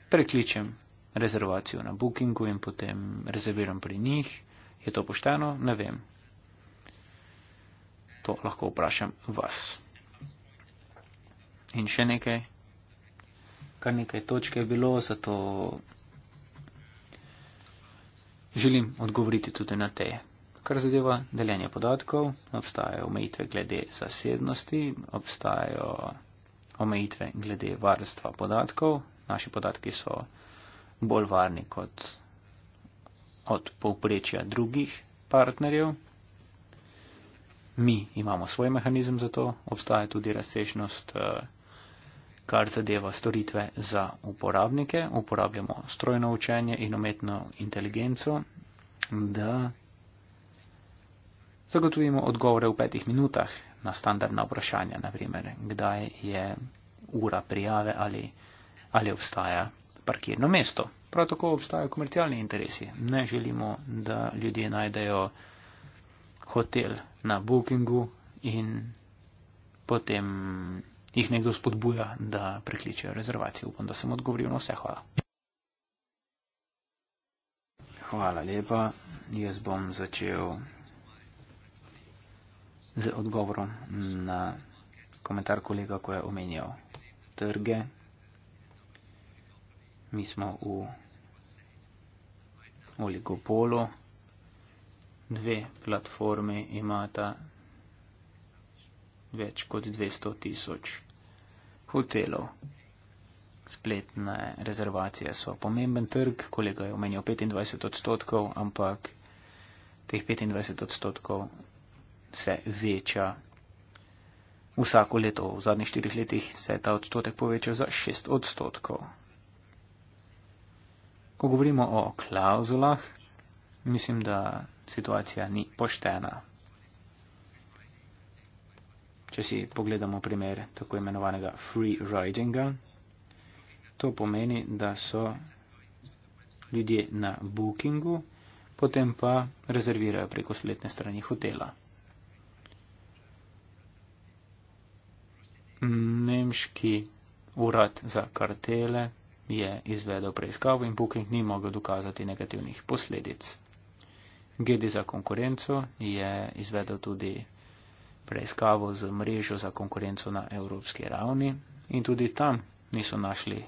prekličem rezervacijo na Bookingu in potem rezerviram pri njih. Je to pošteno? Ne vem to lahko vprašam vas. In še nekaj, kar nekaj točke je bilo, zato želim odgovoriti tudi na te. Kar zadeva deljenje podatkov, obstajajo omejitve glede zasebnosti, obstajajo omejitve glede varstva podatkov. Naši podatki so bolj varni kot od povprečja drugih partnerjev mi imamo svoj mehanizem za to, obstaja tudi razsežnost, eh, kar zadeva storitve za uporabnike, uporabljamo strojno učenje in umetno inteligenco, da zagotovimo odgovore v petih minutah na standardna vprašanja, naprimer, kdaj je ura prijave ali, ali obstaja parkirno mesto. Prav tako obstajajo komercialni interesi. Ne želimo, da ljudje najdejo hotel na Bookingu in potem jih nekdo spodbuja, da prekličejo rezervacijo. Upam, da sem odgovoril na vse. Hvala. Hvala lepa. Jaz bom začel z odgovorom na komentar kolega, ko je omenjal trge. Mi smo v oligopolu dve platformi imata več kot 200 tisoč hotelov. Spletne rezervacije so pomemben trg, kolega je omenil 25 odstotkov, ampak teh 25 odstotkov se veča. Vsako leto v zadnjih štirih letih se je ta odstotek povečal za 6 odstotkov. Ko govorimo o klauzulah, mislim, da situacija ni poštena. Če si pogledamo primer tako imenovanega free ridinga, to pomeni, da so ljudje na bookingu, potem pa rezervirajo preko spletne strani hotela. Nemški urad za kartele je izvedel preiskavo in booking ni mogel dokazati negativnih posledic. GD za konkurenco je izvedel tudi preiskavo z mrežo za konkurenco na evropski ravni in tudi tam niso našli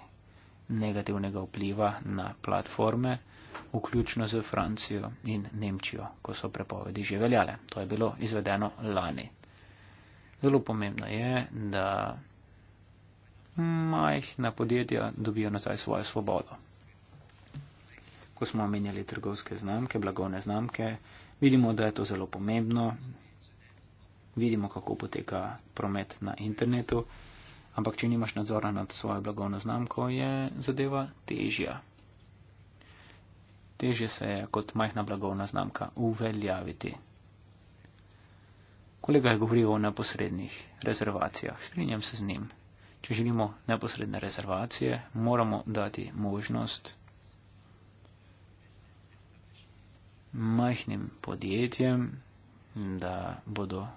negativnega vpliva na platforme, vključno z Francijo in Nemčijo, ko so prepovedi že veljale. To je bilo izvedeno lani. Zelo pomembno je, da majhna podjetja dobijo nazaj svojo svobodo ko smo omenjali trgovske znamke, blagovne znamke, vidimo, da je to zelo pomembno, vidimo, kako poteka promet na internetu, ampak če nimaš nadzora nad svojo blagovno znamko, je zadeva težja. Težje se je kot majhna blagovna znamka uveljaviti. Kolega je govoril o neposrednih rezervacijah, strinjam se z njim. Če želimo neposredne rezervacije, moramo dati možnost majhnim podjetjem, da bodo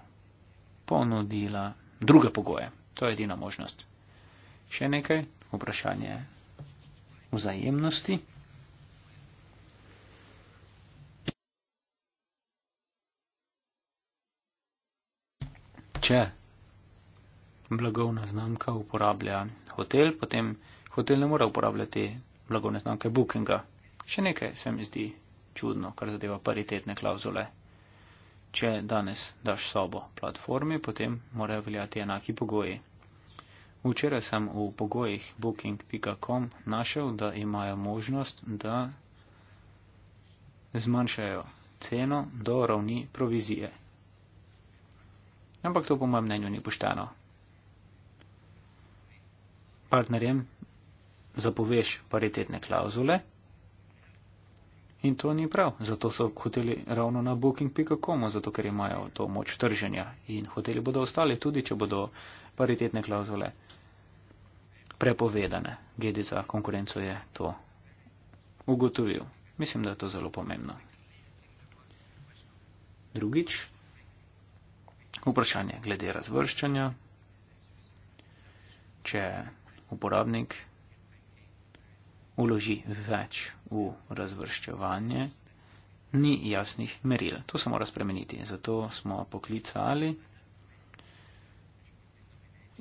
ponudila druge pogoje. To je edina možnost. Še nekaj vprašanje vzajemnosti. Če blagovna znamka uporablja hotel, potem hotel ne more uporabljati blagovne znamke Bookinga. Še nekaj se mi zdi čudno, kar zadeva paritetne klauzule. Če danes daš sobo platformi, potem morajo veljati enaki pogoji. Včeraj sem v pogojih booking.com našel, da imajo možnost, da zmanjšajo ceno do ravni provizije. Ampak to po mojem mnenju ni pošteno. Partnerjem zapoveš paritetne klauzule. In to ni prav, zato so hoteli ravno na booking.com, zato ker imajo to moč trženja in hoteli bodo ostali, tudi če bodo paritetne klauzule prepovedane. Gedi za konkurenco je to ugotovil. Mislim, da je to zelo pomembno. Drugič, vprašanje glede razvrščanja. Če uporabnik uloži več v razvrščevanje, ni jasnih meril. To se mora spremeniti. Zato smo poklicali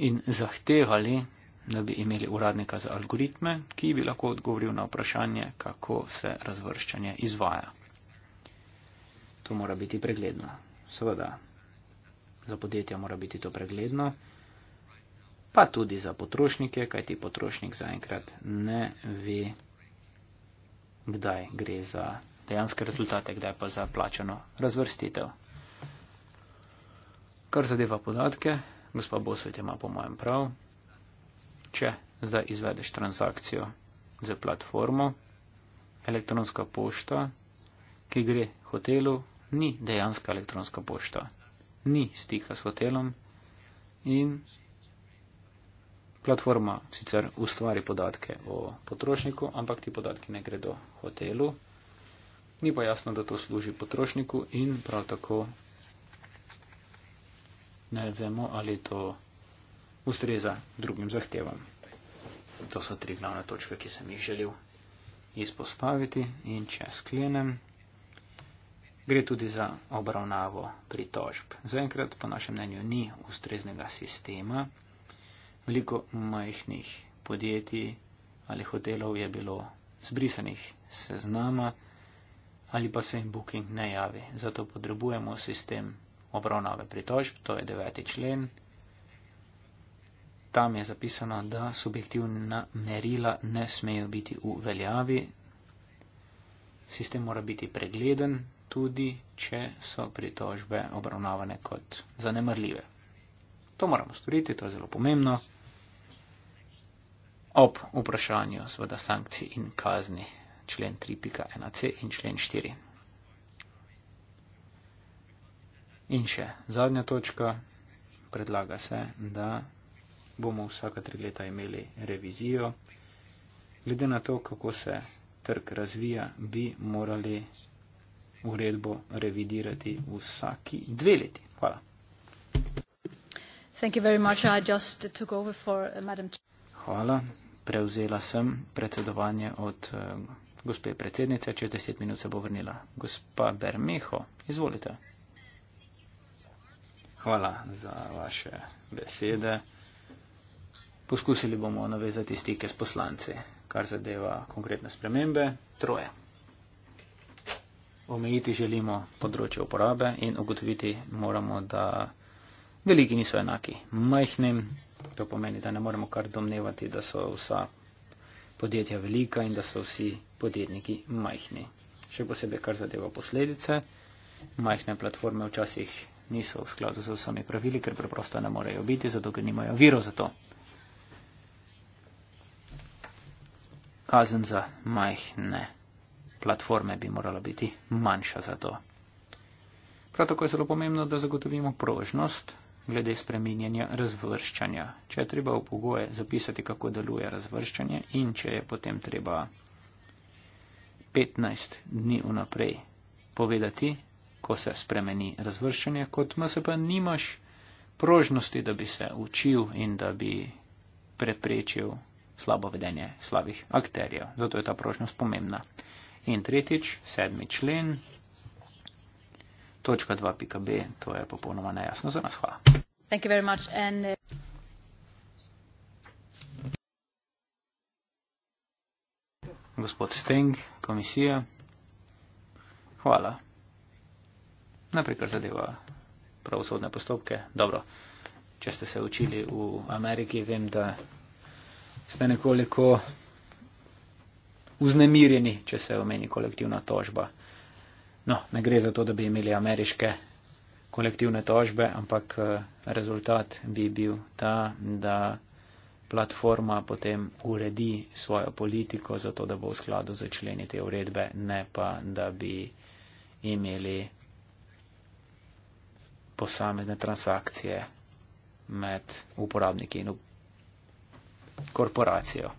in zahtevali, da bi imeli uradnika za algoritme, ki bi lahko odgovoril na vprašanje, kako se razvrščanje izvaja. To mora biti pregledno. Seveda, za podjetja mora biti to pregledno, pa tudi za potrošnike, kajti potrošnik zaenkrat ne ve, kdaj gre za dejanske rezultate, kdaj pa za plačano razvrstitev. Kar zadeva podatke, gospa Bosvet ima po mojem prav, če zdaj izvedeš transakcijo za platformo, elektronska pošta, ki gre hotelu, ni dejanska elektronska pošta, ni stika s hotelom in platforma sicer ustvari podatke o potrošniku, ampak ti podatki ne gredo hotelu. Ni pa jasno, da to služi potrošniku in prav tako ne vemo, ali to ustreza drugim zahtevam. To so tri glavne točke, ki sem jih želel izpostaviti in če sklenem. Gre tudi za obravnavo pritožb. Zaenkrat po našem mnenju ni ustreznega sistema, veliko majhnih podjetij ali hotelov je bilo zbrisanih seznama ali pa se jim booking ne javi. Zato potrebujemo sistem obravnave pritožb, to je deveti člen. Tam je zapisano, da subjektivna merila ne smejo biti v veljavi. Sistem mora biti pregleden, tudi če so pritožbe obravnavane kot zanemrljive. To moramo storiti, to je zelo pomembno ob vprašanju seveda sankcij in kazni člen 3.1c in člen 4. In še zadnja točka, predlaga se, da bomo vsaka tri leta imeli revizijo. Glede na to, kako se trg razvija, bi morali uredbo revidirati vsaki dve leti. Hvala. Thank you very much. I just took over for uh, Madam Chair. Hvala. Prevzela sem predsedovanje od eh, gospe predsednice. Čez deset minut se bo vrnila. Gospa Bermeho, izvolite. Hvala za vaše besede. Poskusili bomo navezati stike s poslanci, kar zadeva konkretne spremembe. Troje. Omejiti želimo področje uporabe in ugotoviti moramo, da. Veliki niso enaki majhnim, to pomeni, da ne moremo kar domnevati, da so vsa podjetja velika in da so vsi podjetniki majhni. Še posebej, kar zadeva posledice, majhne platforme včasih niso v skladu z vsemi pravili, ker preprosto ne morejo biti, zato ker nimajo viro za to. Kazen za majhne platforme bi morala biti manjša za to. Prav tako je zelo pomembno, da zagotovimo prožnost glede spreminjanja razvrščanja. Če je treba v pogoje zapisati, kako deluje razvrščanje in če je potem treba 15 dni vnaprej povedati, ko se spremeni razvrščanje, kot ma se pa nimaš prožnosti, da bi se učil in da bi preprečil slabo vedenje slabih akterjev. Zato je ta prožnost pomembna. In tretjič, sedmi člen, točka 2.b, to je popolnoma nejasno za nas. Hvala. Uh, Gospod Steng, komisija. Hvala. Najprej, kar zadeva pravosodne postopke. Dobro, če ste se učili v Ameriki, vem, da ste nekoliko vznemirjeni, če se omeni kolektivna tožba. No, ne gre za to, da bi imeli ameriške kolektivne tožbe, ampak eh, rezultat bi bil ta, da platforma potem uredi svojo politiko za to, da bo v skladu za členi te uredbe, ne pa, da bi imeli posamezne transakcije med uporabniki in korporacijo.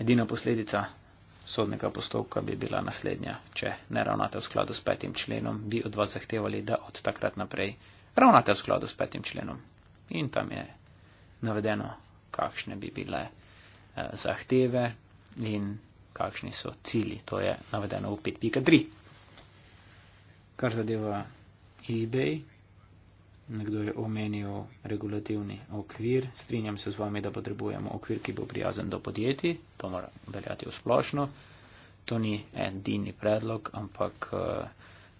Edina posledica sodnega postopka bi bila naslednja. Če ne ravnate v skladu s petim členom, bi od vas zahtevali, da od takrat naprej ravnate v skladu s petim členom. In tam je navedeno, kakšne bi bile eh, zahteve in kakšni so cili. To je navedeno v 5.3. Kar zadeva eBay, Nekdo je omenil regulativni okvir. Strinjam se z vami, da potrebujemo okvir, ki bo prijazen do podjetij. To mora veljati v splošno. To ni edini predlog, ampak eh,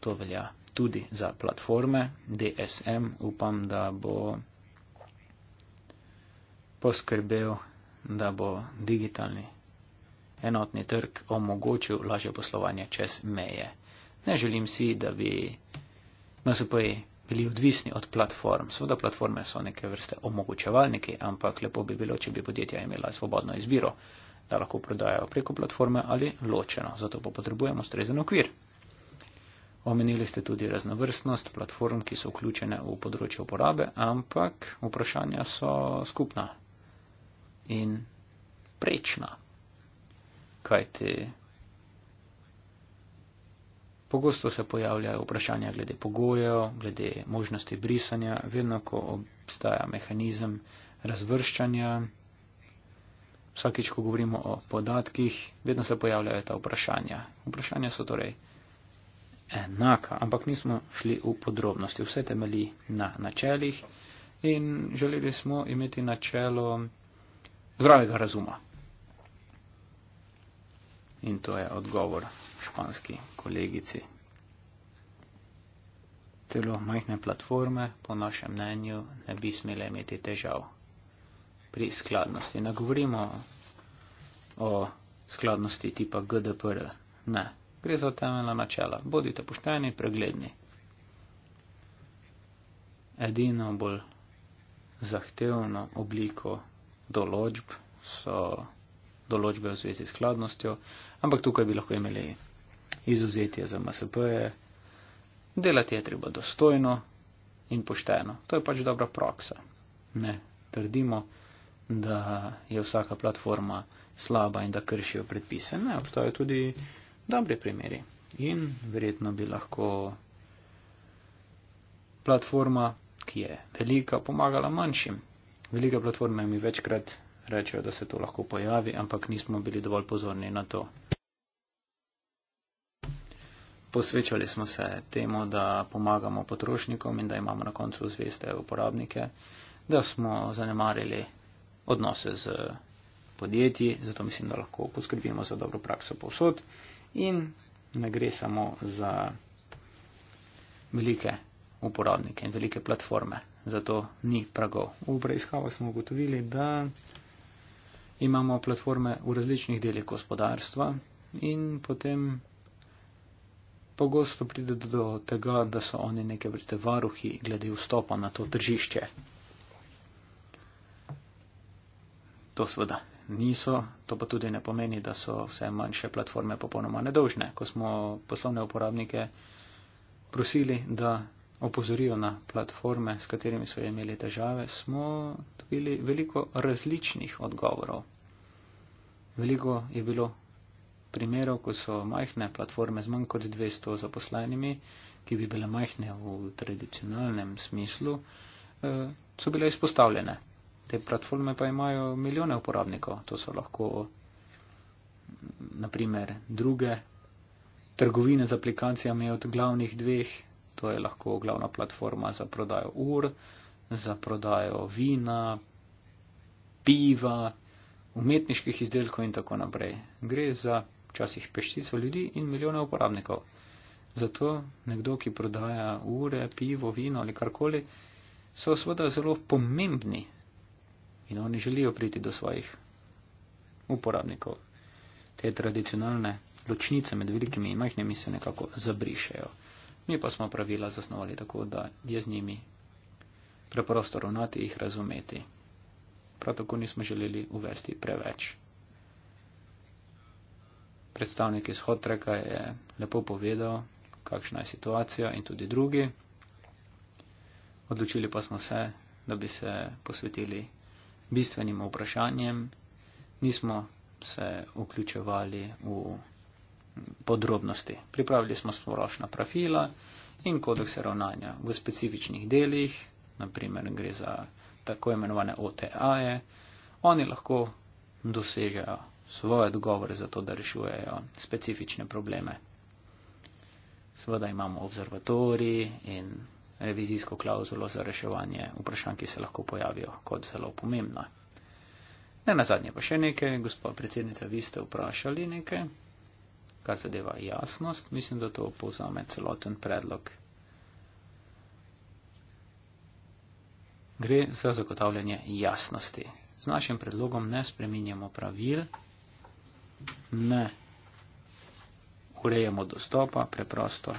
to velja tudi za platforme. DSM upam, da bo poskrbel, da bo digitalni enotni trg omogočil lažje poslovanje čez meje. Ne želim si, da bi MSP bili odvisni od platform. Sveda platforme so neke vrste omogočevalniki, ampak lepo bi bilo, če bi podjetja imela svobodno izbiro, da lahko prodajajo preko platforme ali ločeno. Zato pa potrebujemo strezen okvir. Omenili ste tudi raznovrstnost platform, ki so vključene v področje uporabe, ampak vprašanja so skupna in prečna. Kaj ti Pogosto se pojavljajo vprašanja glede pogojev, glede možnosti brisanja, vedno ko obstaja mehanizem razvrščanja. Vsakič, ko govorimo o podatkih, vedno se pojavljajo ta vprašanja. Vprašanja so torej enaka, ampak nismo šli v podrobnosti. Vse temeli na načelih in želeli smo imeti načelo zdravega razuma. In to je odgovor španski kolegici. Telo majhne platforme po našem mnenju ne bi smele imeti težav pri skladnosti. Ne govorimo o skladnosti tipa GDPR. Ne, gre za temeljna načela. Bodite pošteni, pregledni. Edino bolj zahtevno obliko določb so določbe v zvezi s skladnostjo, ampak tukaj bi lahko imeli izuzetje za MSP-je. Delati je treba dostojno in pošteno. To je pač dobra proksa. Ne trdimo, da je vsaka platforma slaba in da kršijo predpise. Ne, obstajajo tudi dobri primeri. In verjetno bi lahko platforma, ki je velika, pomagala manjšim. Velike platforme mi večkrat rečejo, da se to lahko pojavi, ampak nismo bili dovolj pozorni na to posvečali smo se temu, da pomagamo potrošnikom in da imamo na koncu zveste uporabnike, da smo zanemarili odnose z podjetji, zato mislim, da lahko poskrbimo za dobro prakso povsod in ne gre samo za velike uporabnike in velike platforme, zato ni pragov. V preiskavo smo ugotovili, da imamo platforme v različnih delih gospodarstva in potem pogosto pride do tega, da so oni neke vrste varuhi glede vstopa na to tržišče. To seveda niso, to pa tudi ne pomeni, da so vse manjše platforme popolnoma nedolžne. Ko smo poslovne uporabnike prosili, da opozorijo na platforme, s katerimi so imeli težave, smo dobili veliko različnih odgovorov. Veliko je bilo primerov, ko so majhne platforme z manj kot 200 zaposlenimi, ki bi bile majhne v tradicionalnem smislu, eh, so bile izpostavljene. Te platforme pa imajo milijone uporabnikov. To so lahko naprimer druge trgovine z aplikacijami od glavnih dveh. To je lahko glavna platforma za prodajo ur, za prodajo vina, piva, umetniških izdelkov in tako naprej. Gre za včasih peščico ljudi in milijone uporabnikov. Zato nekdo, ki prodaja ure, pivo, vino ali karkoli, so seveda zelo pomembni in oni želijo priti do svojih uporabnikov. Te tradicionalne ločnice med velikimi in majhnimi se nekako zabrišejo. Mi pa smo pravila zasnovali tako, da je z njimi preprosto ravnati, jih razumeti. Prav tako nismo želeli uvesti preveč predstavnik iz Hotreka je lepo povedal, kakšna je situacija in tudi drugi. Odločili pa smo se, da bi se posvetili bistvenim vprašanjem. Nismo se vključevali v podrobnosti. Pripravili smo splošna profila in kodekse ravnanja v specifičnih delih, naprimer gre za tako imenovane OTA-je. Oni lahko dosežejo svoje odgovore za to, da rešujejo specifične probleme. Sveda imamo observatori in revizijsko klauzulo za reševanje vprašanj, ki se lahko pojavijo kot zelo pomembna. Ne na zadnje pa še nekaj, gospod predsednica, vi ste vprašali nekaj, kar zadeva jasnost. Mislim, da to povzame celoten predlog. Gre za zagotavljanje jasnosti. Z našim predlogom ne spreminjamo pravil, ne urejamo dostopa, preprosto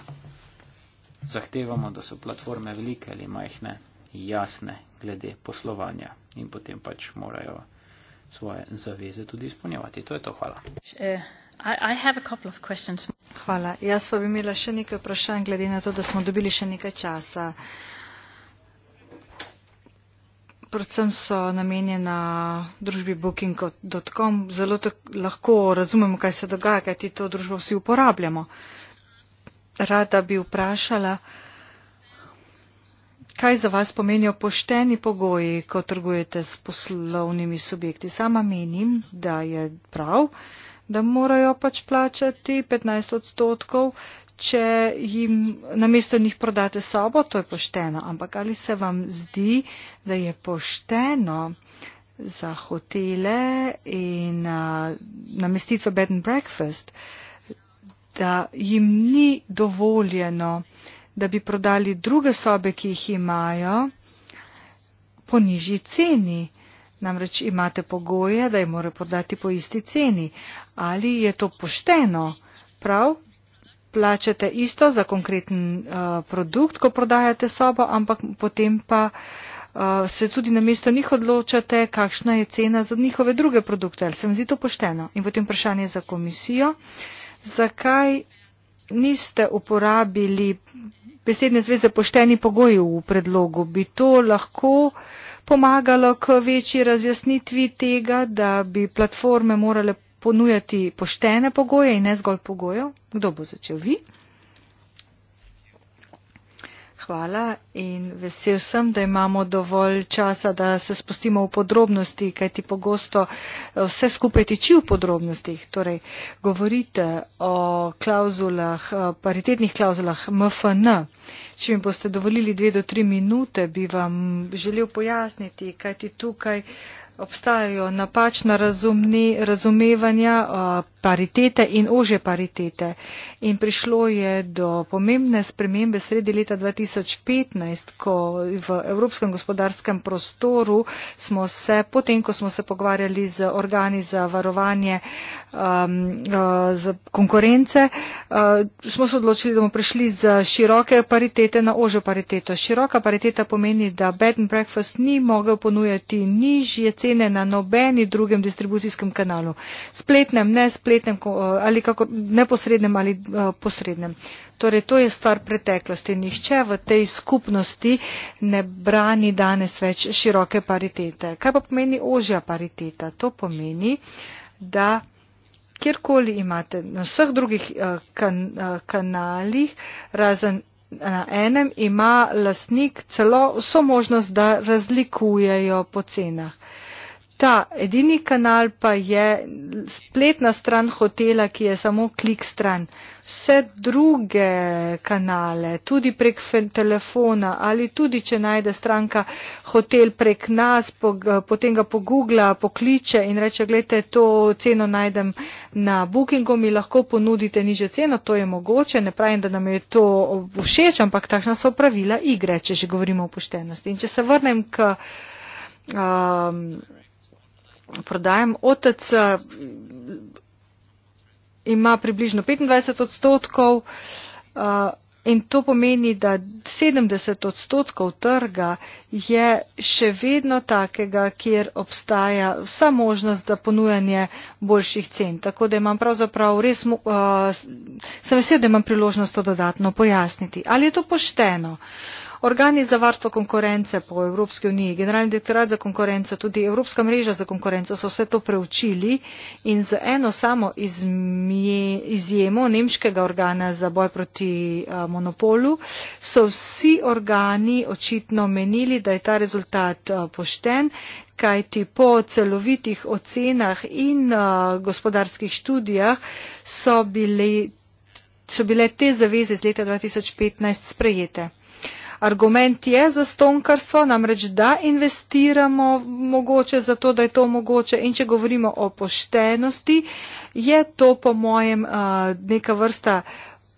zahtevamo, da so platforme velike ali majhne, jasne glede poslovanja in potem pač morajo svoje zaveze tudi izpolnjevati. To je to, hvala. Eh, hvala. Jaz pa bi imela še nekaj vprašanj, glede na to, da smo dobili še nekaj časa predvsem so namenjena družbi booking.com. Zelo lahko razumemo, kaj se dogaja, kaj ti to družbo vsi uporabljamo. Rada bi vprašala, kaj za vas pomenijo pošteni pogoji, ko trgujete s poslovnimi subjekti. Sama menim, da je prav, da morajo pač plačati 15 odstotkov če jim namesto njih prodate sobo, to je pošteno. Ampak ali se vam zdi, da je pošteno za hotele in uh, namestitve bed and breakfast, da jim ni dovoljeno, da bi prodali druge sobe, ki jih imajo, po nižji ceni? Namreč imate pogoje, da jih morajo prodati po isti ceni. Ali je to pošteno? Prav, plačate isto za konkreten uh, produkt, ko prodajate sobo, ampak potem pa uh, se tudi na mesto njih odločate, kakšna je cena za njihove druge produkte. Ali se mi zdi to pošteno? In potem vprašanje za komisijo. Zakaj niste uporabili besedne zveze pošteni pogoji v predlogu? Bi to lahko pomagalo k večji razjasnitvi tega, da bi platforme morale ponujati poštene pogoje in ne zgolj pogojev. Kdo bo začel? Vi? Hvala in vesel sem, da imamo dovolj časa, da se spustimo v podrobnosti, kajti pogosto eh, vse skupaj tiči v podrobnostih. Torej, govorite o klauzulah, eh, paritetnih klauzulah MFN. Če mi boste dovolili dve do tri minute, bi vam želel pojasniti, kajti tukaj. Uh, obstajajo napačna razumni, razumevanja paritete in ože paritete. In prišlo je do pomembne spremembe sredi leta 2015, ko v evropskem gospodarskem prostoru smo se, potem ko smo se pogovarjali z organi za varovanje uh, um, uh, konkurence, uh, smo se odločili, da bomo prišli z široke paritete na ožjo pariteto. Široka pariteta pomeni, da bed and breakfast ni mogel ponujati nižje cene na nobeni drugem distribucijskem kanalu, spletnem, ne spletnem uh, ali kako, neposrednem ali uh, posrednem. Torej, to je stvar preteklosti. Nihče v tej skupnosti ne brani danes več široke paritete. Kaj pa pomeni ožja pariteta? To pomeni, da kjerkoli imate, na vseh drugih eh, kan, eh, kanalih, razen na enem, ima lastnik celo vso možnost, da razlikujejo po cenah. Ta edini kanal pa je spletna stran hotela, ki je samo klik stran. Uh, vse druge kanale, tudi prek telefona ali tudi, če najde stranka hotel prek nas, po, eh, potem ga pogugla, pokliče in reče, gledajte, to ceno najdem na Bookingu, mi lahko ponudite nižjo ceno, to je mogoče, ne pravim, da nam je to všeč, ampak takšna so pravila igre, če že govorimo o poštenosti. In če se vrnem k. Um, Prodajam OTC, ima približno 25 odstotkov uh, in to pomeni, da 70 odstotkov trga je še vedno takega, kjer obstaja vsa možnost za ponujanje boljših cen. Tako da imam pravzaprav res, uh, sem vesel, da imam priložnost to dodatno pojasniti. Ali je to pošteno? Uh, organi za varstvo konkurence po Evropski uniji, Generalni direktorat za konkurenco, tudi Evropska mreža za konkurenco so vse to preučili in z eno samo izmje, izjemo nemškega organa za boj proti a, eh, monopolu so vsi organi očitno menili, da je ta rezultat a, eh, pošten kajti po celovitih ocenah in uh, gospodarskih študijah so, bili, so bile te zaveze z leta 2015 sprejete argument je za stonkarstvo, namreč da investiramo mogoče za to, da je to mogoče in če govorimo o poštenosti, je to po mojem neka vrsta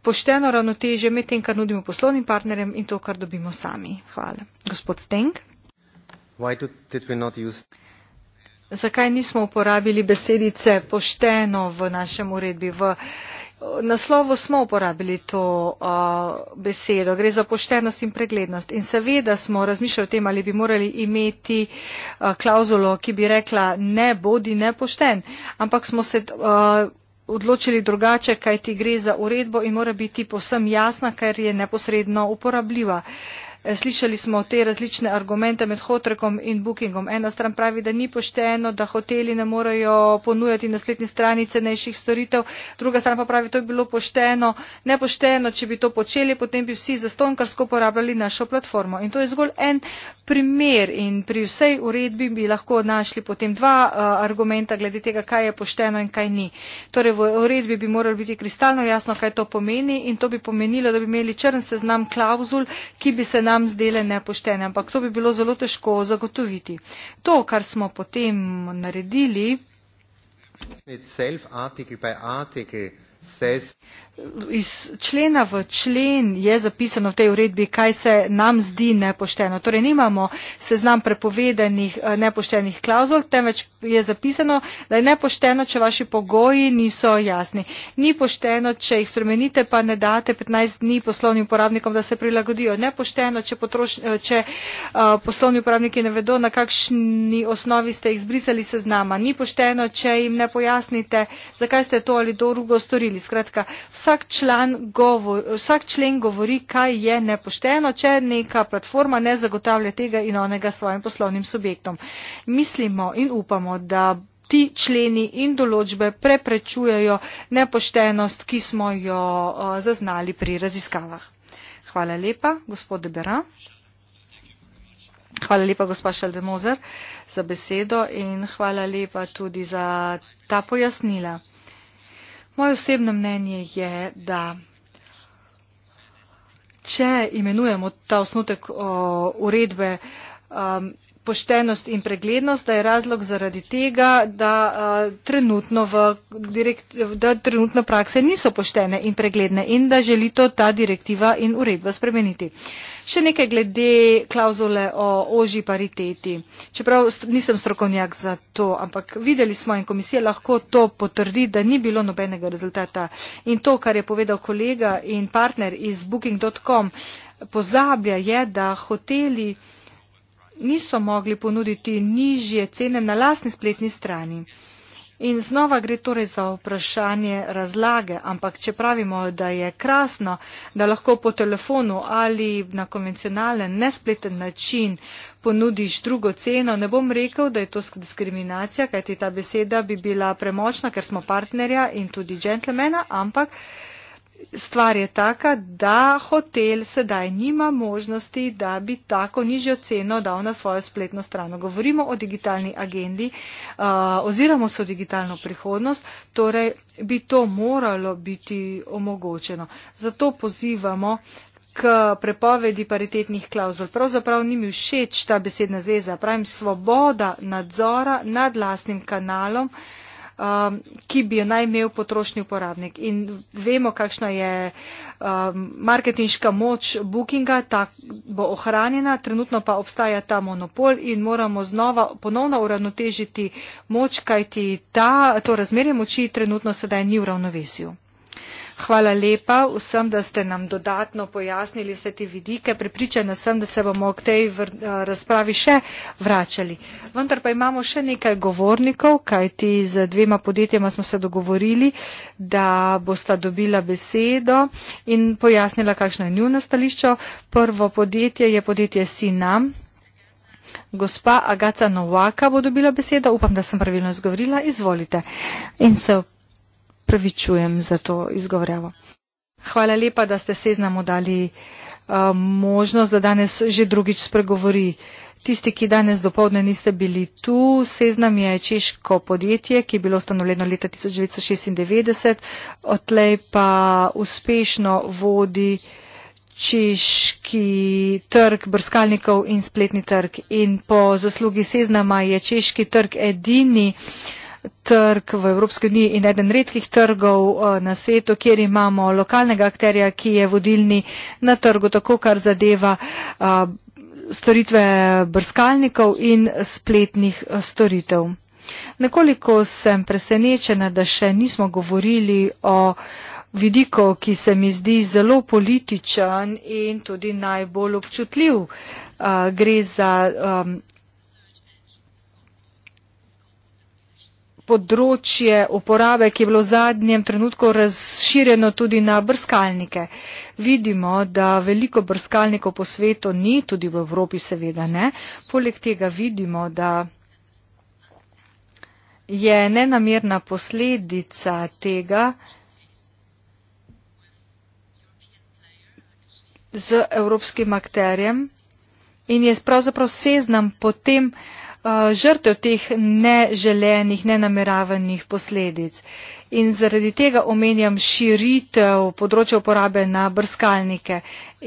pošteno ravnoteže med tem, kar nudimo poslovnim partnerjem in to, kar dobimo sami. Hvala. Gospod Steng. Zakaj nismo uporabili besedice pošteno v našem uredbi? V naslovu smo uporabili to uh, besedo, gre za poštenost in preglednost. In seveda smo razmišljali o tem, ali bi morali imeti uh, klauzulo, ki bi rekla ne bodi nepošten, ampak smo se. Uh, odločili drugače, kaj ti gre za uredbo in mora biti posem jasna, ker je neposredno uporabljiva. Uh, Eh, slišali smo te različne argumente med Hotrekom in Bookingom. Ena stran pravi, da ni pošteno, da hoteli ne morejo ponujati na spletni strani cenejših storitev. Druga stran pa pravi, to bi bilo pošteno, nepošteno, če bi to počeli, potem bi vsi zastonkarsko uporabljali našo platformo. In to je zgolj en primer in pri vsej uredbi bi lahko našli potem dva uh, argumenta glede tega, kaj je pošteno in kaj ni. Torej v uredbi bi moralo biti kristalno jasno, kaj to pomeni in to bi pomenilo, da bi imeli črn seznam klauzul, ki bi se nam nam zdele nepoštene, ampak to bi bilo zelo težko zagotoviti. To, kar smo potem naredili, Artikel artikel, ses... Iz člena v člen je zapisano v tej uredbi, kaj se nam zdi nepošteno. Torej, nimamo seznam prepovedanih eh, nepoštenih klauzul, temveč je zapisano, da je nepošteno, če vaši pogoji niso jasni. Ni pošteno, če jih spremenite, pa ne date 15 dni poslovnim uporabnikom, da se prilagodijo. Nepošteno, če, potroš, eh, če uh, poslovni uporabniki ne vedo, na kakšni osnovi ste jih zbrisali seznama. Ni pošteno, če jim ne pojasnite, zakaj ste to ali drugo storili. Skratka, vsak, član govor, vsak člen govori, kaj je nepošteno, če neka platforma ne zagotavlja tega in onega svojim poslovnim subjektom. Mislimo in upamo, da ti členi in določbe preprečujejo nepoštenost, ki smo jo zaznali pri raziskavah. Hvala lepa, gospod Debera. Hvala lepa, gospa Šaldemozer, za besedo in hvala lepa tudi za ta pojasnila. Moje osebno mnenje je, da če imenujemo ta osnutek uredbe, um, poštenost in preglednost, da je razlog zaradi tega, da, uh, trenutno v direkt, da trenutno prakse niso poštene in pregledne in da želi to ta direktiva in uredba spremeniti. Še nekaj glede klauzule o oži pariteti. Čeprav nisem strokovnjak za to, ampak videli smo in komisija lahko to potrdi, da ni bilo nobenega rezultata. In to, kar je povedal kolega in partner iz booking.com, pozablja je, da hoteli niso mogli ponuditi nižje cene na lasni spletni strani. In znova gre torej za vprašanje razlage, ampak če pravimo, da je krasno, da lahko po telefonu ali na konvencionalen, nespleten način ponudiš drugo ceno, ne bom rekel, da je to diskriminacija, kajti ta beseda bi bila premočna, ker smo partnerja in tudi džentlemena, ampak stvar je taka, da hotel sedaj nima možnosti, da bi tako nižjo ceno dal na svojo spletno stran. Govorimo o digitalni agendi eh, oziroma so digitalno prihodnost, torej bi to moralo biti omogočeno. Zato pozivamo k prepovedi paritetnih klauzul. Pravzaprav ni mi všeč ta besedna zveza. Pravim, svoboda nadzora nad lastnim kanalom uh, um, ki bi jo naj imel potrošni uporabnik. In vemo, kakšna je um, marketinška moč Bookinga, ta bo ohranjena, trenutno pa obstaja ta monopol in moramo znova ponovno uravnotežiti moč, kajti ta, to razmerje moči trenutno sedaj ni v ravnovesju. Hvala lepa vsem, da ste nam dodatno pojasnili vse te vidike. Pripričana sem, da se bomo k tej vr, eh, razpravi še vračali. Vendar pa imamo še nekaj govornikov, kajti z dvema podjetjama smo se dogovorili, da bosta dobila besedo in pojasnila, kakšno je njuno stališče. Prvo podjetje je podjetje Sinam. Gospa Agaca Novaka bo dobila besedo, upam, da sem pravilno izgovorila. Izvolite. In se opravičujem za to izgovorjavo. Hvala lepa, da ste se z nami dali uh, možnost, da danes že drugič spregovori. Tisti, ki danes dopovdne niste bili tu, seznam je češko podjetje, ki je bilo ustanovljeno leta 1996, odtlej pa uspešno vodi češki trg brskalnikov in spletni trg. In po zaslugi seznama je češki trg edini uh, trg v Evropski uniji in eden redkih trgov eh, na svetu, kjer imamo lokalnega akterja, ki je vodilni na trgu, tako kar zadeva eh, storitve brskalnikov in spletnih eh, storitev. Nekoliko sem presenečena, da še nismo govorili o vidiku, ki se mi zdi zelo političen in tudi najbolj občutljiv. Gre za področje uporabe, ki je bilo v zadnjem trenutku razširjeno tudi na brskalnike. Vidimo, da veliko brskalnikov po svetu ni, tudi v Evropi seveda ne. Poleg tega vidimo, da je nenamerna posledica tega z evropskim akterjem in je pravzaprav seznam potem, Eh, žrtev teh neželenih, nenameravanih posledic. In zaradi tega omenjam širitev področja uporabe na brskalnike.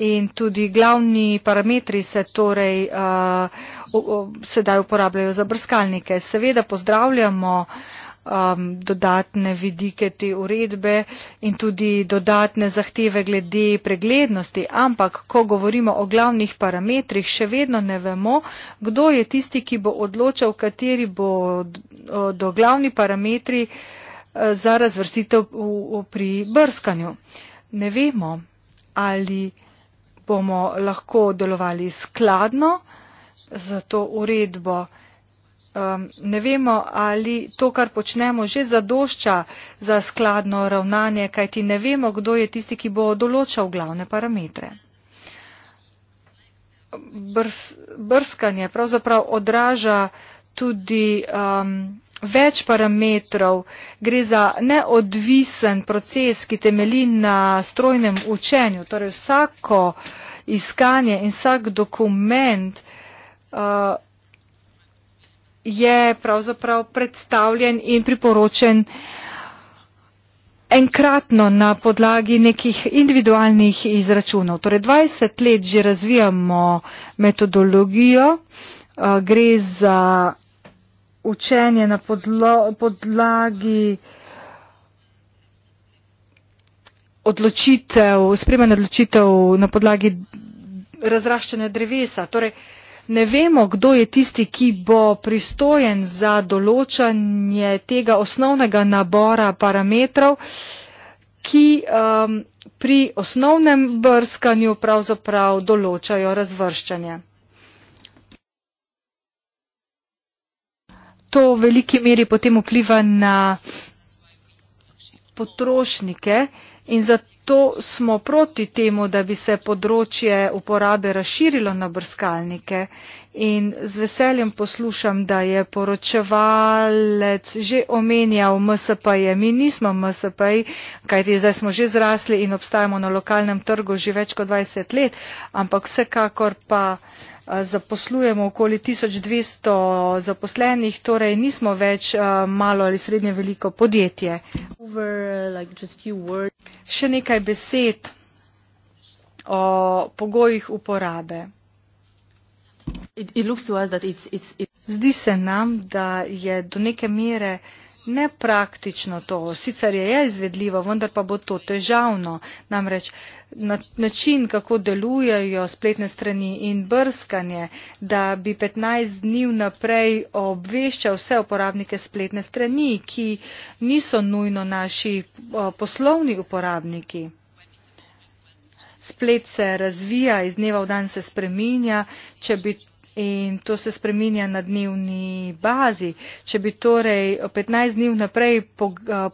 In tudi glavni parametri se torej uh, o, o, sedaj uporabljajo za brskalnike. Seveda pozdravljamo uh, um, dodatne vidike te uredbe in tudi dodatne zahteve glede preglednosti, ampak ko govorimo o glavnih parametrih, še vedno ne vemo, kdo je tisti, ki bo odločal, kateri bo do glavni parametri eh, za razvrstitev pri brskanju. Ne vemo, ali bomo lahko delovali skladno za to uredbo um, ne vemo, ali to, kar počnemo, že zadošča za skladno ravnanje, kajti ne vemo, kdo je tisti, ki bo določal glavne parametre. Brs, brskanje pravzaprav odraža tudi um, več parametrov. Gre za neodvisen proces, ki temeli na strojnem učenju. Torej vsako iskanje in vsak dokument uh, je pravzaprav predstavljen in priporočen enkratno na podlagi nekih individualnih izračunov. Torej 20 let že razvijamo metodologijo, eh, gre za učenje na podlagi odločitev, spremljanje odločitev na podlagi razraščanja drevesa. Torej, ne vemo, kdo je tisti, ki bo pristojen za določanje tega osnovnega nabora parametrov, ki um, pri osnovnem brskanju pravzaprav določajo razvrščanje. To v veliki meri potem vpliva na potrošnike, uh, In zato smo proti temu, da bi se področje uporabe razširilo na brskalnike. In z veseljem poslušam, da je poročevalec že omenjal MSP-je. -je. Mi nismo MSP-ji, kajti zdaj smo že zrasli in obstajamo na lokalnem trgu že več kot 20 let, ampak vsekakor pa. Eh, zaposlujemo okoli 1200 zaposlenih, torej nismo več eh, malo ali srednje veliko podjetje. Eh, Še nekaj besed o pogojih uporabe. Zdi se nam, da je do neke mere vsega, nepraktično to. Sicer je, je izvedljivo, vendar pa bo to težavno. Namreč na, način, kako delujejo spletne strani in brskanje, da bi 15 dni vnaprej obveščal vse uporabnike spletne strani, ki niso nujno naši o, poslovni uporabniki. Splet se razvija, iz dneva v dan se spreminja. Če bi in to se spreminja na dnevni bazi. Če bi torej 15 dni vnaprej eh,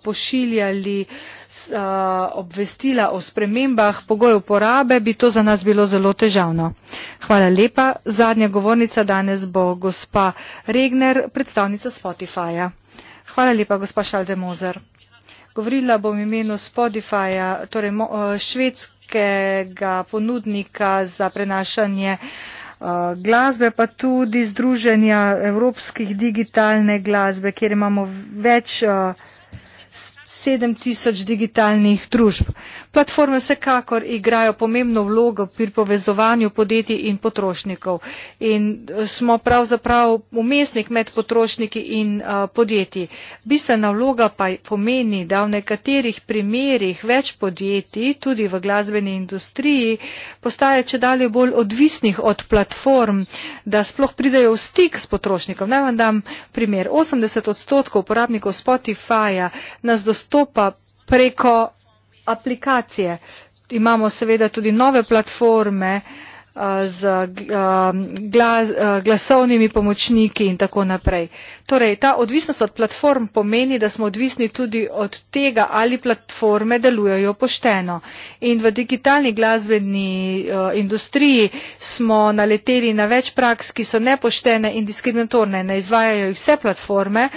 pošiljali eh, obvestila o spremembah pogojev porabe, bi to za nas bilo zelo težavno. Hvala lepa. Zadnja govornica danes bo gospa Regner, predstavnica Spotifyja. Hvala lepa, gospa Šaldemozer. Govorila bom imenu Spotifyja, torej eh, švedskega ponudnika za prenašanje uh, Eh, glasbe, pa tudi združenja evropskih digitalne glasbe, kjer imamo več uh, sedem tisoč digitalnih družb. Platforme vsekakor igrajo pomembno vlogo pri povezovanju podjetij in potrošnikov in eh, smo pravzaprav umestnik med potrošniki in eh, podjetji. Bistvena vloga pa pomeni, da v nekaterih primerjih več podjetij, tudi v glasbeni industriji, postaje če dalje bolj odvisnih od platform, da sploh pridejo v stik s potrošnikom. Naj vam dam primer. 80 odstotkov uporabnikov Spotifyja nas dostopa dostopa preko aplikacije. Imamo seveda tudi nove platforme eh, z eh, eh, glasovnimi pomočniki in tako naprej. Torej, ta odvisnost od platform pomeni, da smo odvisni tudi od tega, ali platforme delujejo pošteno. In v digitalni glasbeni industriji smo naleteli na več praks, ki so nepoštene in diskriminatorne. Ne izvajajo jih vse platforme,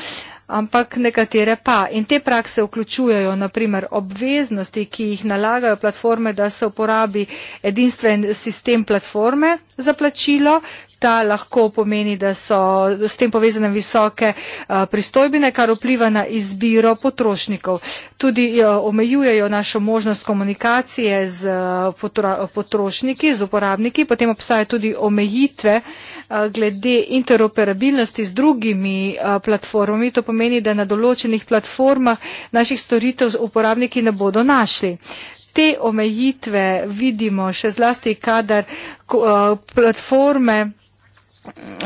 ampak nekatere pa. In te prakse vključujejo naprimer obveznosti, ki jih nalagajo platforme, da se uporabi edinstven sistem platforme za plačilo, ta lahko pomeni, da so s tem povezane visoke pristojbine, kar vpliva na izbiro potrošnikov. Tudi omejujejo našo možnost komunikacije z potrošniki, z uporabniki, potem obstaja tudi omejitve glede interoperabilnosti z drugimi platformami. To pomeni, da na določenih platformah naših storitev uporabniki ne bodo našli. Te omejitve vidimo še zlasti, kadar platforme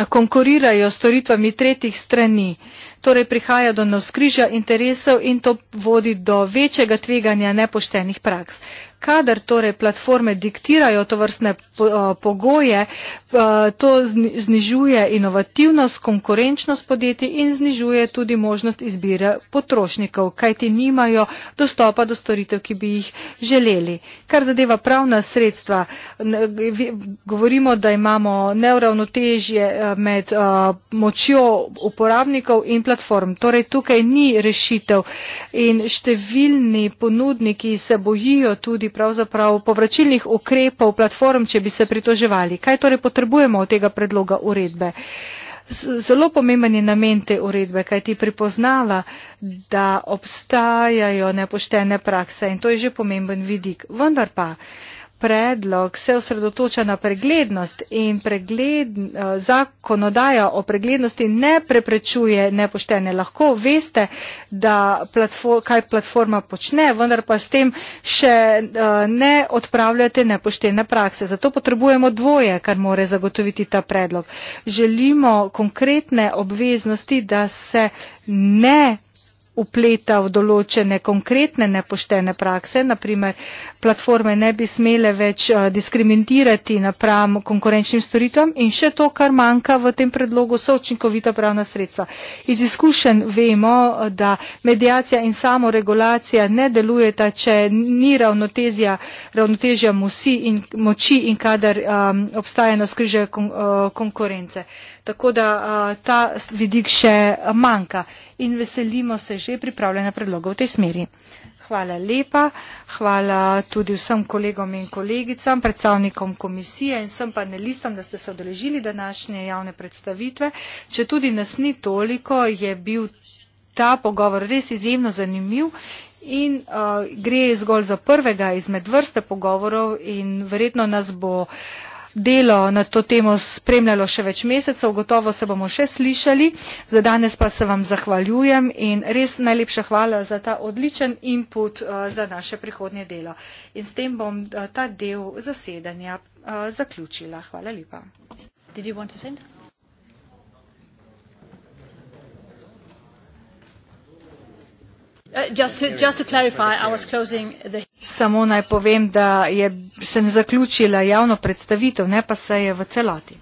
konkurirajo storitvami tretjih strani. Torej prihaja do navskrižja interesov in to vodi do večjega tveganja nepoštenih praks kadar torej platforme diktirajo eh, eh, to vrstne pogoje, to znižuje inovativnost, konkurenčnost podjetij in znižuje tudi možnost izbire potrošnikov, kajti nimajo dostopa do storitev, ki bi jih želeli. Kar zadeva pravna sredstva, govorimo, da imamo neuravnotežje eh, med močjo uporabnikov in platform. Torej tukaj ni rešitev in številni ponudniki se bojijo tudi pravzaprav povračilnih ukrepov platform, če bi se pritoževali. Kaj torej potrebujemo od tega predloga uredbe? Zelo pomemben je namen te uredbe, kaj ti pripoznava, da obstajajo nepoštene prakse in to je že pomemben vidik. Vendar pa, predlog se osredotoča na preglednost in pregled, eh, zakonodaja o preglednosti ne preprečuje nepoštene. Lahko veste, da platfor, kaj platforma počne, vendar pa s tem še eh, ne odpravljate nepoštene prakse. Zato potrebujemo dvoje, kar more zagotoviti ta predlog. Želimo konkretne obveznosti, da se ne upleta v določene konkretne nepoštene prakse, naprimer platforme ne bi smele več eh, diskriminirati napram konkurenčnim storitvam in še to, kar manjka v tem predlogu, so učinkovita pravna sredstva. Iz izkušenj vemo, eh, da medijacija in samoregulacija ne delujeta, če ni ravnotežja, ravnotežja musi in moči in kadar um, obstaja na skriže kon, uh, konkurence. Tako da uh, ta vidik še manjka in veselimo se že pripravljena predloga v tej smeri. Hvala lepa, hvala tudi vsem kolegom in kolegicam, predstavnikom komisije in vsem panelistom, da ste se odrežili današnje javne predstavitve. Če tudi nas ni toliko, je bil ta pogovor res izjemno zanimiv in uh, gre zgolj za prvega izmed vrste pogovorov in verjetno nas bo uh, delo na to temo spremljalo še več mesecev, gotovo se bomo še slišali. Za danes pa se vam zahvaljujem in res najlepša hvala za ta odličen input eh, za naše prihodnje delo. In s tem bom eh, ta del zasedanja eh, zaključila. Hvala lepa. Did you want to send? Uh, Samo naj povem, da je, sem zaključila javno predstavitev, ne pa se je v celoti.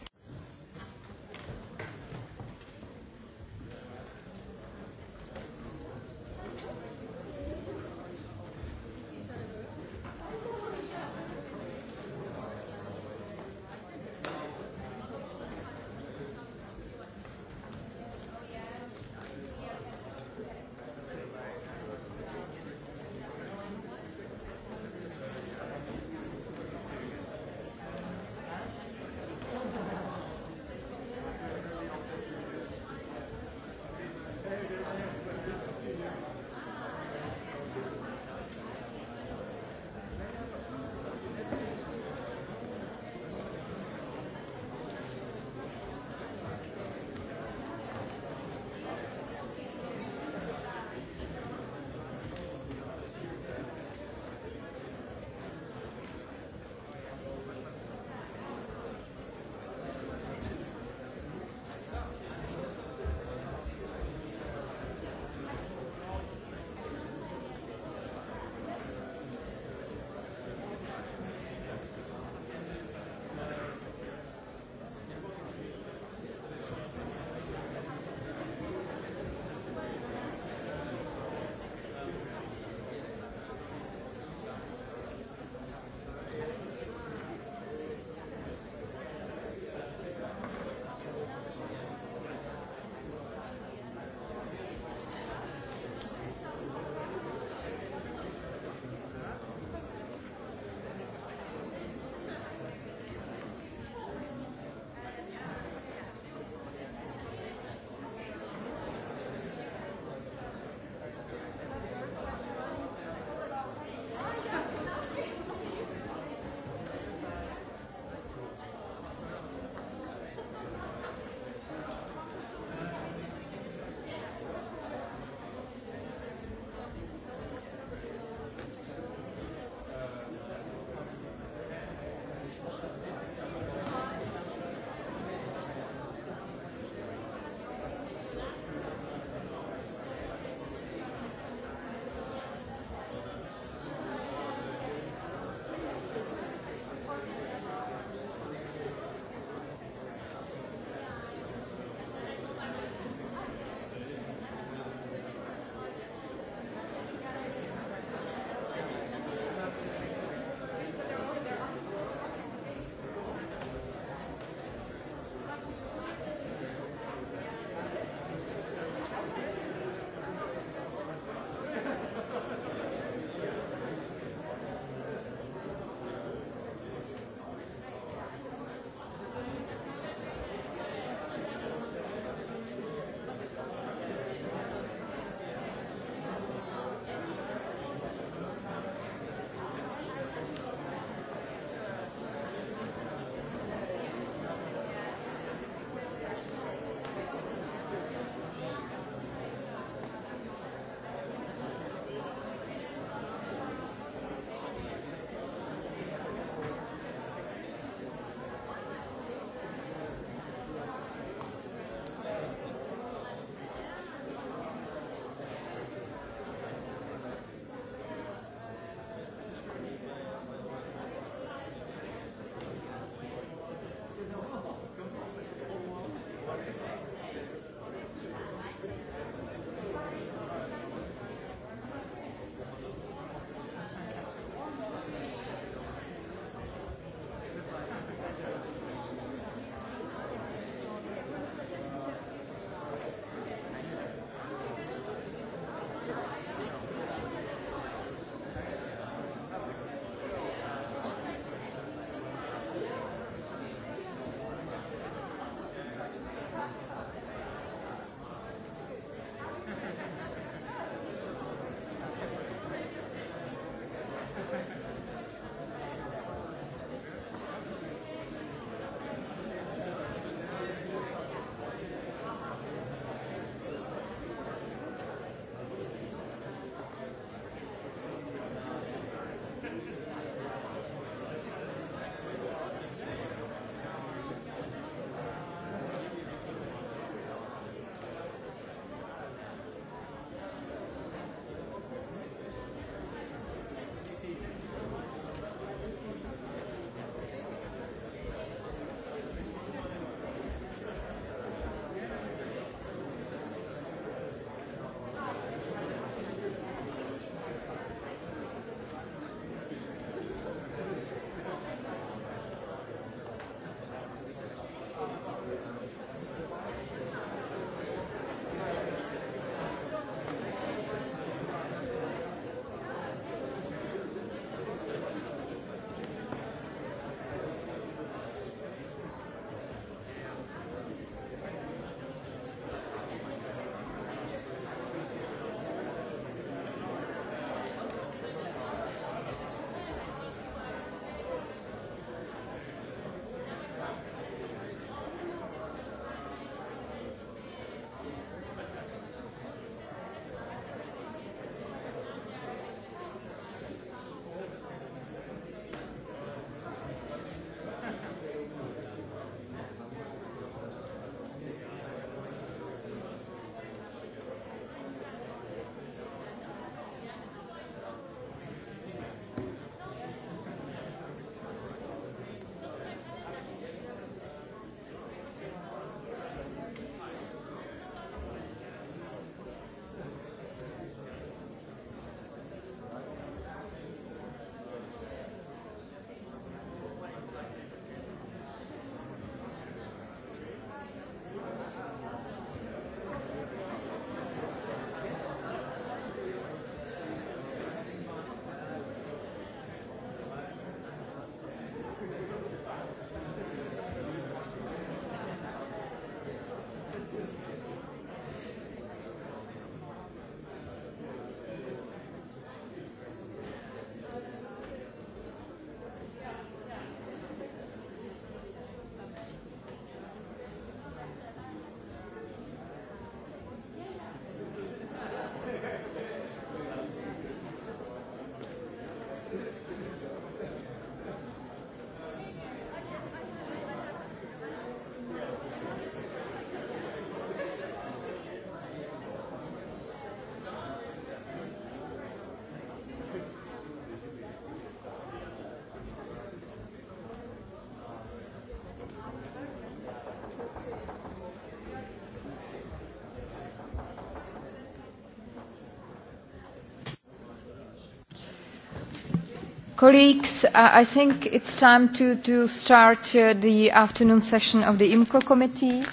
Colleagues, uh, I think it's time to, to start uh, the afternoon session of the IMCO committee.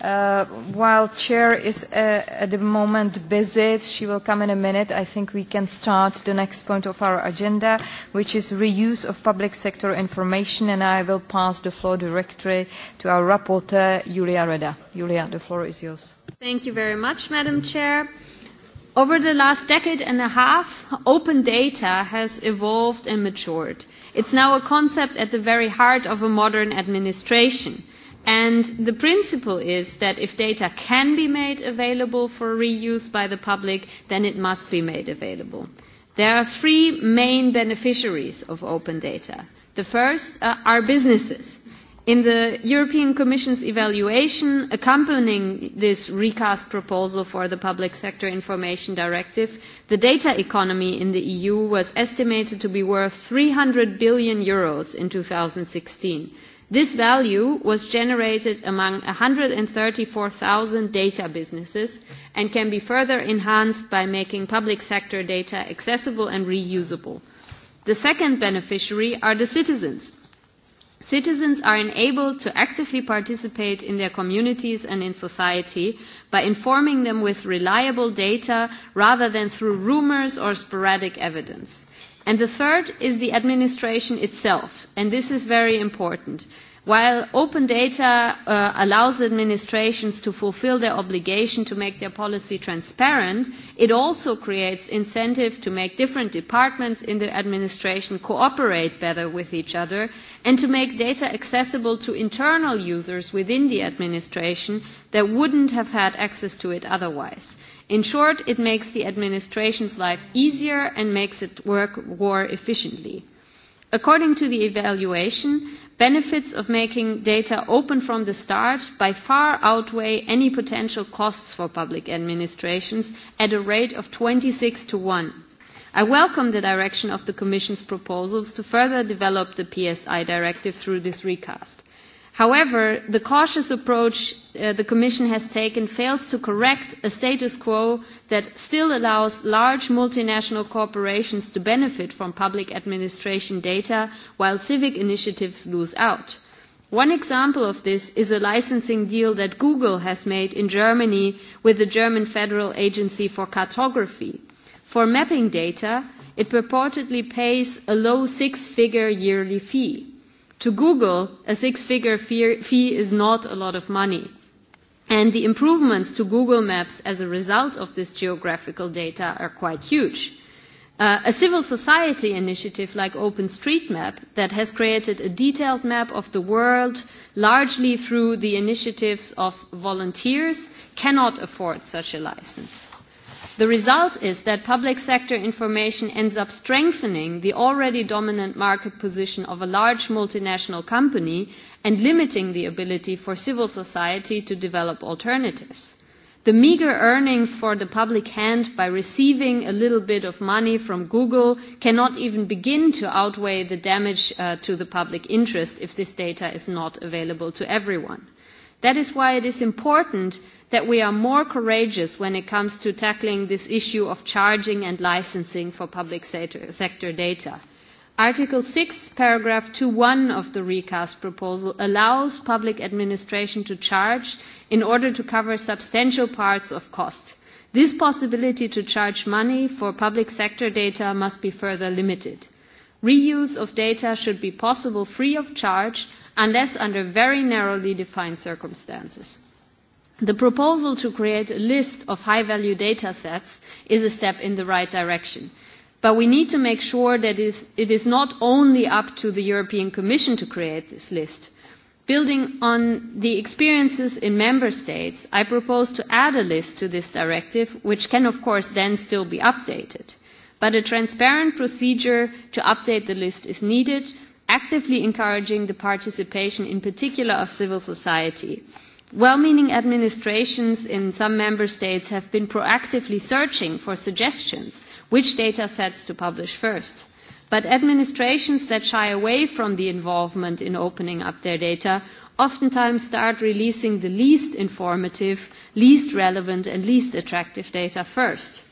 Uh, while chair is uh, at the moment busy, she will come in a minute, I think we can start the next point of our agenda, which is reuse of public sector information, and I will pass the floor directly to our rapporteur, Julia Reda. Julia, the floor is yours. Thank you very much, Madam Chair. Uh, Over the last decade and a half, open data has evolved and matured. It's now a concept at the very heart of a modern administration. And the principle is that if data can be made available for reuse by the public, then it must be made available. There are three main beneficiaries of open data. The first are businesses. In the European Commission's evaluation accompanying this recast proposal for the Public Sector Information Directive, the data economy in the EU was estimated to be worth 300 billion euros in 2016. This value was generated among 134,000 data businesses and can be further enhanced by making public sector data accessible and reusable. The second beneficiary are the citizens. Citizens are enabled to actively participate in their communities and in society by informing them with reliable data rather than through rumors or sporadic evidence. And the third is the administration itself, and this is very important. While open data uh, allows administrations to fulfill their obligation to make their policy transparent, it also creates incentive to make different departments in the administration cooperate better with each other and to make data accessible to internal users within the administration that wouldn't have had access to it otherwise. In short, it makes the administration's life easier and makes it work more efficiently. According to the evaluation, benefits of making data open from the start by far outweigh any potential costs for public administrations at a rate of 26 to 1. I welcome the direction of the Commission's proposals to further develop the PSI directive through this recast. However, the cautious approach uh, the Commission has taken fails to correct a status quo that still allows large multinational corporations to benefit from public administration data while civic initiatives lose out. One example of this is a licensing deal that Google has made in Germany with the German Federal Agency for Cartography. For mapping data, it purportedly pays a low six-figure yearly fee. To Google, a six-figure fee is not a lot of money. And the improvements to Google Maps as a result of this geographical data are quite huge. Uh, a civil society initiative like OpenStreetMap that has created a detailed map of the world largely through the initiatives of volunteers cannot afford such a license. The result is that public sector information ends up strengthening the already dominant market position of a large multinational company and limiting the ability for civil society to develop alternatives. The meager earnings for the public hand by receiving a little bit of money from Google cannot even begin to outweigh the damage uh, to the public interest if this data is not available to everyone. That is why it is important that we are more courageous when it comes to tackling this issue of charging and licensing for public sector data. Article 6, paragraph 2.1 of the recast proposal allows public administration to charge in order to cover substantial parts of cost. This possibility to charge money for public sector data must be further limited. Reuse of data should be possible free of charge unless under very narrowly defined circumstances. The proposal to create a list of high-value data sets is a step in the right direction. But we need to make sure that it is not only up to the European Commission to create this list. Building on the experiences in member states, I propose to add a list to this directive, which can, of course, then still be updated. But a transparent procedure to update the list is needed actively encouraging the participation, in particular, of civil society. Well meaning administrations in some member states have been proactively searching for suggestions which data sets to publish first. But administrations that shy away from the involvement in opening up their data oftentimes start releasing the least informative, least relevant, and least attractive data first.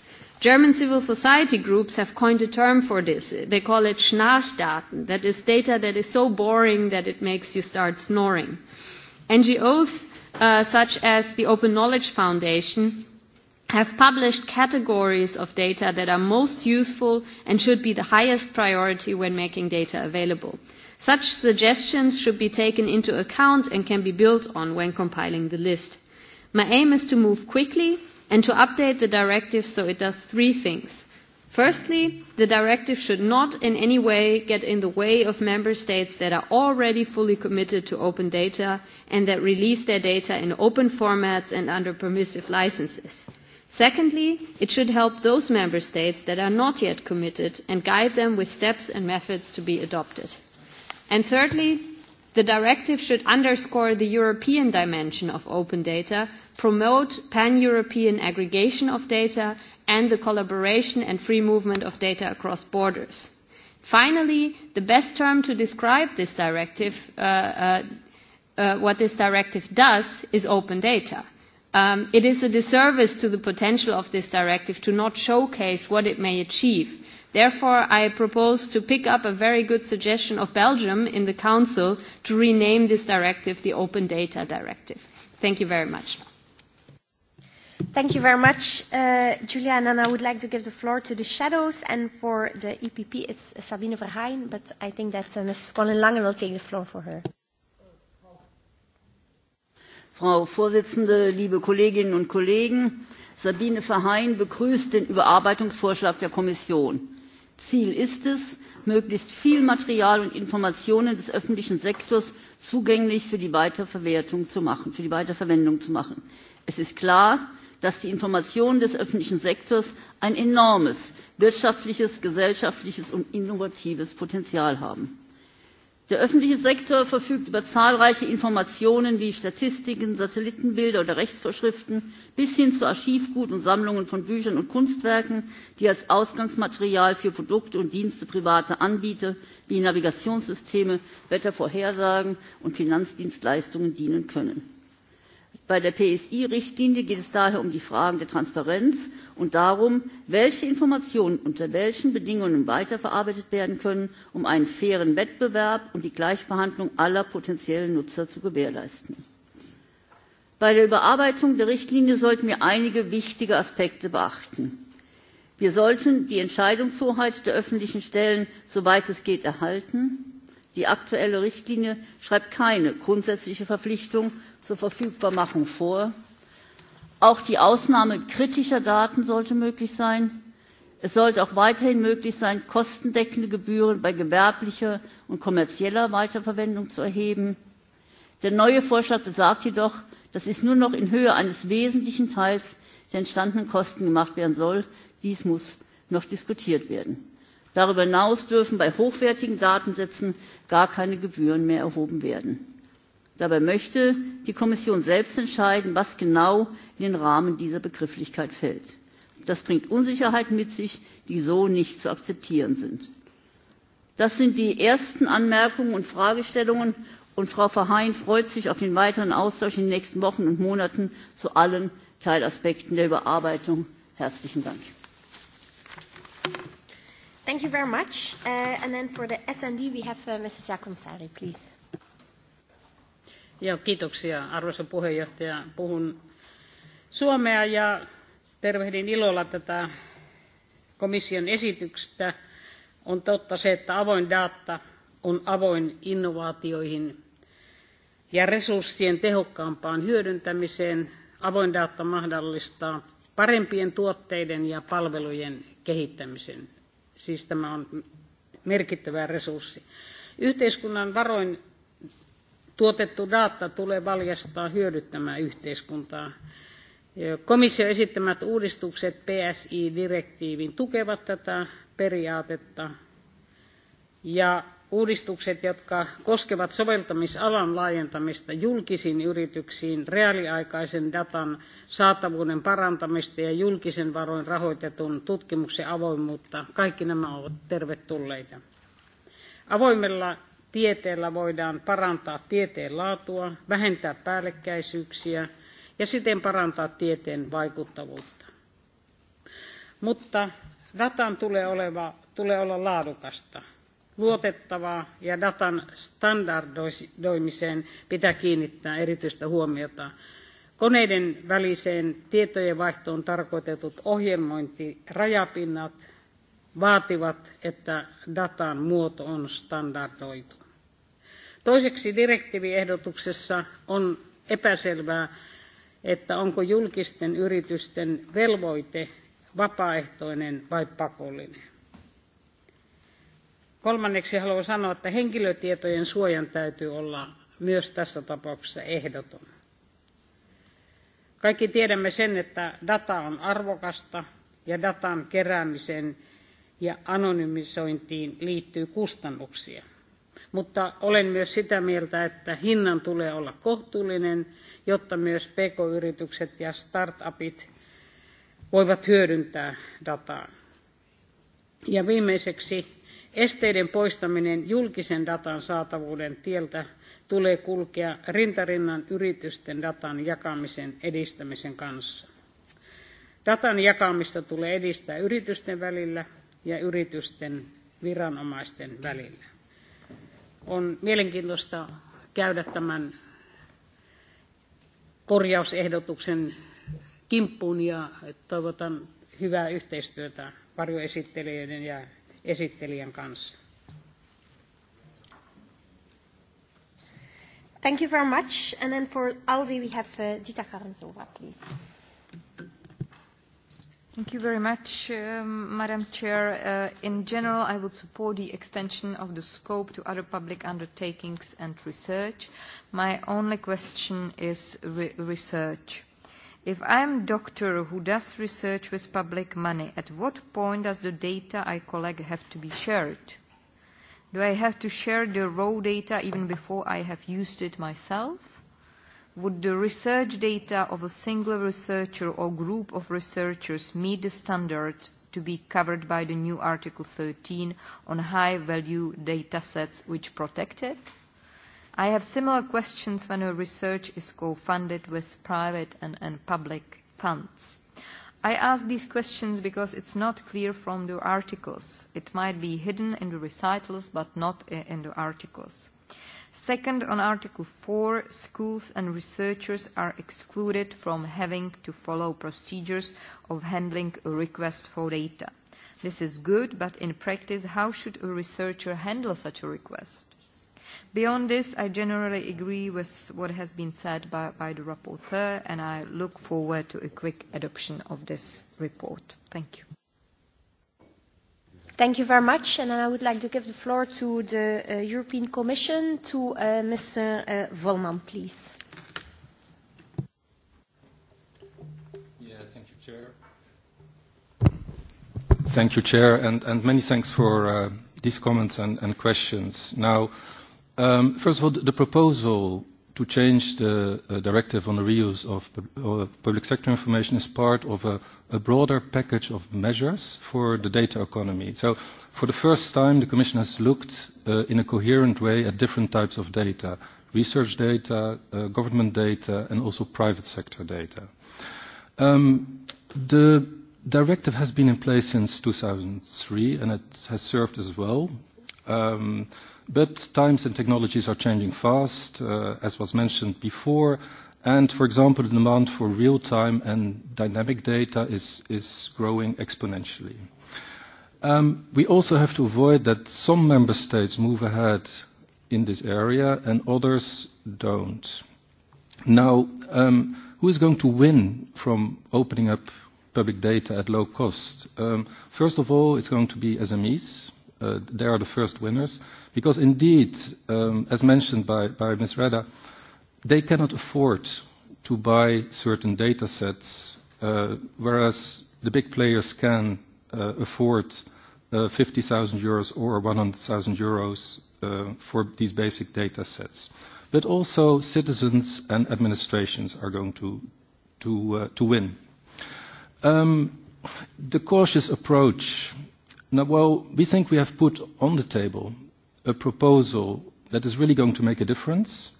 German civil society groups have coined a term for this. They call it Schnarchdaten, that is, data that is so boring that it makes you start snoring. NGOs uh, such as the Open Knowledge Foundation have published categories of data that are most useful and should be the highest priority when making data available. Such suggestions should be taken into account and can be built on when compiling the list. My aim is to move quickly and to update the directive so it does three things. Firstly, the directive should not in any way get in the way of member states that are already fully committed to open data and that release their data in open formats and under permissive licenses. Secondly, it should help those member states that are not yet committed and guide them with steps and methods to be adopted. And thirdly, the directive should underscore the European dimension of open data promote pan-European aggregation of data and the collaboration and free movement of data across borders. Finally, the best term to describe this directive, uh, uh, uh, what this directive does, is open data. Um, it is a disservice to the potential of this directive to not showcase what it may achieve. Therefore, I propose to pick up a very good suggestion of Belgium in the Council to rename this directive the Open Data Directive. Thank you very much. Thank you very much, uh, Julia. And I would like to give the floor to the shadows. And for the EPP, it's Sabine Verheyen. But I think that uh, Mrs. Colin Lange will take the floor for her. Frau Vorsitzende, liebe Kolleginnen und Kollegen, Sabine Verheyen begrüßt den Überarbeitungsvorschlag der Kommission. Ziel ist es, möglichst viel Material und Informationen des öffentlichen Sektors zugänglich für die Weiterverwertung zu machen, für die Weiterverwendung zu machen. Es ist klar, dass die Information des öffentlichen Sektors ein enormes wirtschaftliches, gesellschaftliches und innovatives Potenzial haben. Der öffentliche Sektor verfügt über zahlreiche Informationen wie Statistiken, Satellitenbilder oder Rechtsvorschriften bis hin zu Archivgut und Sammlungen von Büchern und Kunstwerken, die als Ausgangsmaterial für Produkte und Dienste privater Anbieter wie Navigationssysteme, Wettervorhersagen und Finanzdienstleistungen dienen können. Bei der PSI-Richtlinie geht es daher um die Fragen der Transparenz und darum, welche Informationen unter welchen Bedingungen weiterverarbeitet werden können, um einen fairen Wettbewerb und die Gleichbehandlung aller potenziellen Nutzer zu gewährleisten. Bei der Überarbeitung der Richtlinie sollten wir einige wichtige Aspekte beachten. Wir sollten die Entscheidungshoheit der öffentlichen Stellen, soweit es geht, erhalten. Die aktuelle Richtlinie schreibt keine grundsätzliche Verpflichtung zur Verfügbarmachung vor. Auch die Ausnahme kritischer Daten sollte möglich sein. Es sollte auch weiterhin möglich sein, kostendeckende Gebühren bei gewerblicher und kommerzieller Weiterverwendung zu erheben. Der neue Vorschlag besagt jedoch, dass es nur noch in Höhe eines wesentlichen Teils der entstandenen Kosten gemacht werden soll. Dies muss noch diskutiert werden. Darüber hinaus dürfen bei hochwertigen Datensätzen gar keine Gebühren mehr erhoben werden. Dabei möchte die Kommission selbst entscheiden, was genau in den Rahmen dieser Begrifflichkeit fällt. Das bringt Unsicherheiten mit sich, die so nicht zu akzeptieren sind. Das sind die ersten Anmerkungen und Fragestellungen. Und Frau Verheyen freut sich auf den weiteren Austausch in den nächsten Wochen und Monaten zu allen Teilaspekten der Überarbeitung. Herzlichen Dank. Thank you very much. Uh, and then for the S&D, we have uh, Mrs. Jakonsari, please. Ja, kiitoksia, arvoisa puheenjohtaja. Puhun Suomea ja tervehdin ilolla tätä komission esityksestä. On totta se, että avoin data on avoin innovaatioihin ja resurssien tehokkaampaan hyödyntämiseen. Avoin data mahdollistaa parempien tuotteiden ja palvelujen kehittämisen. Siis tämä on merkittävä resurssi. Yhteiskunnan varoin tuotettu data tulee valjastaa hyödyttämään yhteiskuntaa. Ja Komission esittämät uudistukset PSI-direktiivin tukevat tätä periaatetta. Ja uudistukset, jotka koskevat soveltamisalan laajentamista julkisiin yrityksiin, reaaliaikaisen datan saatavuuden parantamista ja julkisen varoin rahoitetun tutkimuksen avoimuutta, kaikki nämä ovat tervetulleita. Avoimella tieteellä voidaan parantaa tieteen laatua, vähentää päällekkäisyyksiä ja siten parantaa tieteen vaikuttavuutta. Mutta datan tulee, oleva, tulee olla laadukasta, luotettavaa ja datan standardoimiseen pitää kiinnittää erityistä huomiota. Koneiden väliseen tietojen vaihtoon tarkoitetut ohjelmointirajapinnat vaativat, että datan muoto on standardoitu. Toiseksi direktiiviehdotuksessa on epäselvää, että onko julkisten yritysten velvoite vapaaehtoinen vai pakollinen. Kolmanneksi haluan sanoa, että henkilötietojen suojan täytyy olla myös tässä tapauksessa ehdoton. Kaikki tiedämme sen, että data on arvokasta ja datan keräämisen ja anonymisointiin liittyy kustannuksia mutta olen myös sitä mieltä, että hinnan tulee olla kohtuullinen, jotta myös pk-yritykset ja startupit voivat hyödyntää dataa. Ja viimeiseksi esteiden poistaminen julkisen datan saatavuuden tieltä tulee kulkea rintarinnan yritysten datan jakamisen edistämisen kanssa. Datan jakamista tulee edistää yritysten välillä ja yritysten viranomaisten välillä on mielenkiintoista käydä tämän korjausehdotuksen kimppuun ja toivotan hyvää yhteistyötä varjoesittelijöiden ja esittelijän kanssa. Thank you very much. And then for Aldi, we have uh, Dieter Karensova, please. Um, madam president uh, in general i would support the extension of the scope to other public undertakings and research. my only question is research. if i am a doctor who does research with public money at what point does the data i collect have to be shared? do i have to share the raw data even before i have used it myself? Would the research data of a single researcher or group of researchers meet the standard to be covered by the new Article 13 on high-value data sets which protect it? I have similar questions when a research is co-funded with private and, and public funds. I ask these questions because it's not clear from the articles. It might be hidden in the recitals, but not in the articles. Second, on Article 4, schools and researchers are excluded from having to follow procedures of handling a request for data. This is good, but in practice, how should a researcher handle such a request? Beyond this, I generally agree with what has been said by, by the rapporteur, and I look forward to a quick adoption of this report. Thank you. Thank you very much. And then I would like to give the floor to the uh, European Commission, to uh, Mr. Uh, Volman, please. Yeah, thank you, Chair. Thank you, Chair, and, and many thanks for uh, these comments and, and questions. Now, um, first of all, the proposal to change the uh, directive on the reuse of pu uh, public sector information is part of a, a broader package of measures for the data economy. So for the first time, the Commission has looked uh, in a coherent way at different types of data, research data, uh, government data, and also private sector data. Um, the directive has been in place since 2003, and it has served as well. Um, But times and technologies are changing fast, uh, as was mentioned before, and for example, the demand for real-time and dynamic data is growing exponentially. Um, we also have to avoid that some member states move ahead in this area and others don't. Now, um, who is going to win from opening up public data at low cost? Um, first of all, it's going to be SMEs, Uh, they are the first winners. Because indeed, um, as mentioned by Ms. Redda, they cannot afford to buy certain data sets, uh, whereas the big players can uh, afford 50,000 euros or 100,000 euros for these basic data sets. But also citizens and administrations are going to win. Um, the cautious approach No, well, we think we have put on the table a proposal that is really going to make a difference,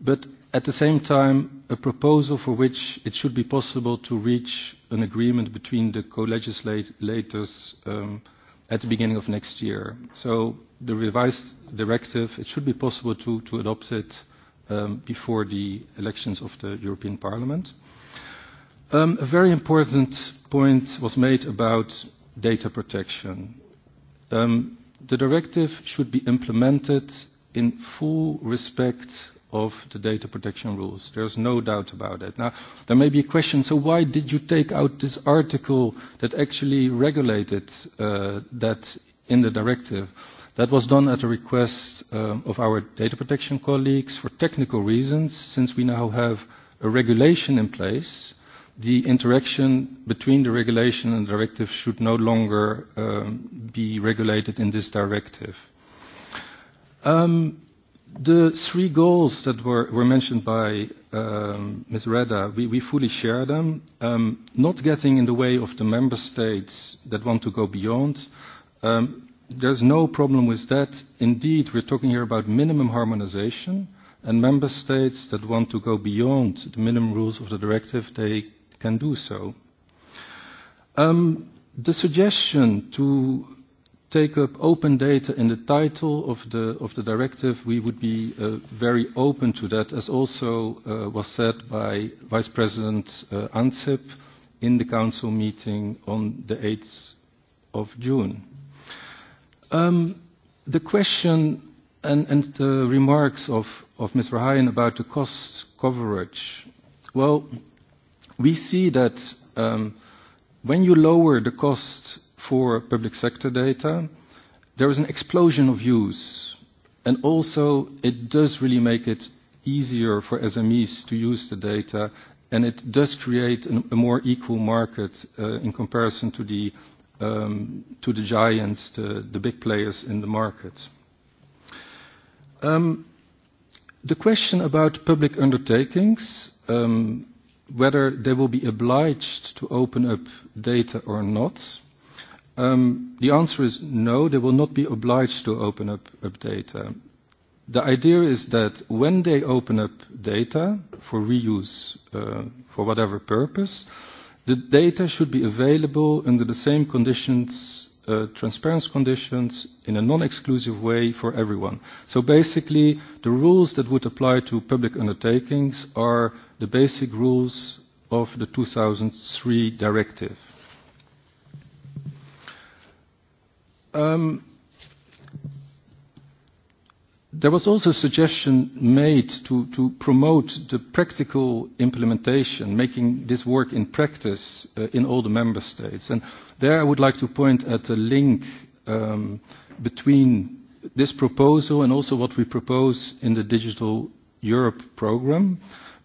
but at the same time, a proposal for which it should be possible to reach an agreement between the co-legislators um, at the beginning of next year. The revised directive, it should be possible to adopt it um, before the elections of the European Parliament. Um, a very important point was made about data protection. Um, the directive should be implemented in full respect of the data protection rules. There's no doubt about it. Now, there may be a question, so why did you take out this article that actually regulated uh, that in the directive? That was done at the request um, of our data protection colleagues for technical reasons, since we now have a regulation in place uh, the interaction between the regulation and directive should no longer um, be regulated in this directive. Um, the three goals that were, were mentioned by um, Ms. Reda, we, we fully share them. Um, not getting in the way of the member states that want to go beyond. Um, there's no problem with that. Indeed, we're talking here about minimum harmonization, and member states that want to go beyond the minimum rules of the directive, they can do so. Um, the suggestion to take up open data in the title of the, of the directive, we would be uh, very open to that, as also uh, was said by Vice President uh, Ansip in the Council meeting on the 8th of June. Um, the question and, and the remarks of, of Ms. Rahayan about the cost coverage. Well, We see that um, when you lower the cost for public sector data, there is an explosion of use, and also it does really make it easier for SMEs to use the data, and it does create a more equal market uh, in comparison to the um, giants, the big players in the market. Um, the question about public undertakings, whether they will be obliged to open up data or not, um, the answer is no, they will not be obliged to open up, up data. The idea is that when they open up data for reuse uh, for whatever purpose, the data should be available under the same conditions uh, transparent conditions in a non-exclusive way for everyone. So basically, the rules that would apply to public undertakings are the basic rules of the 2003 directive. Um, There was also a suggestion made to, to promote the practical implementation, making this work in practice uh, in all the member states. And there I would like to point at the link um, between this proposal and also what we propose in the Digital Europe program,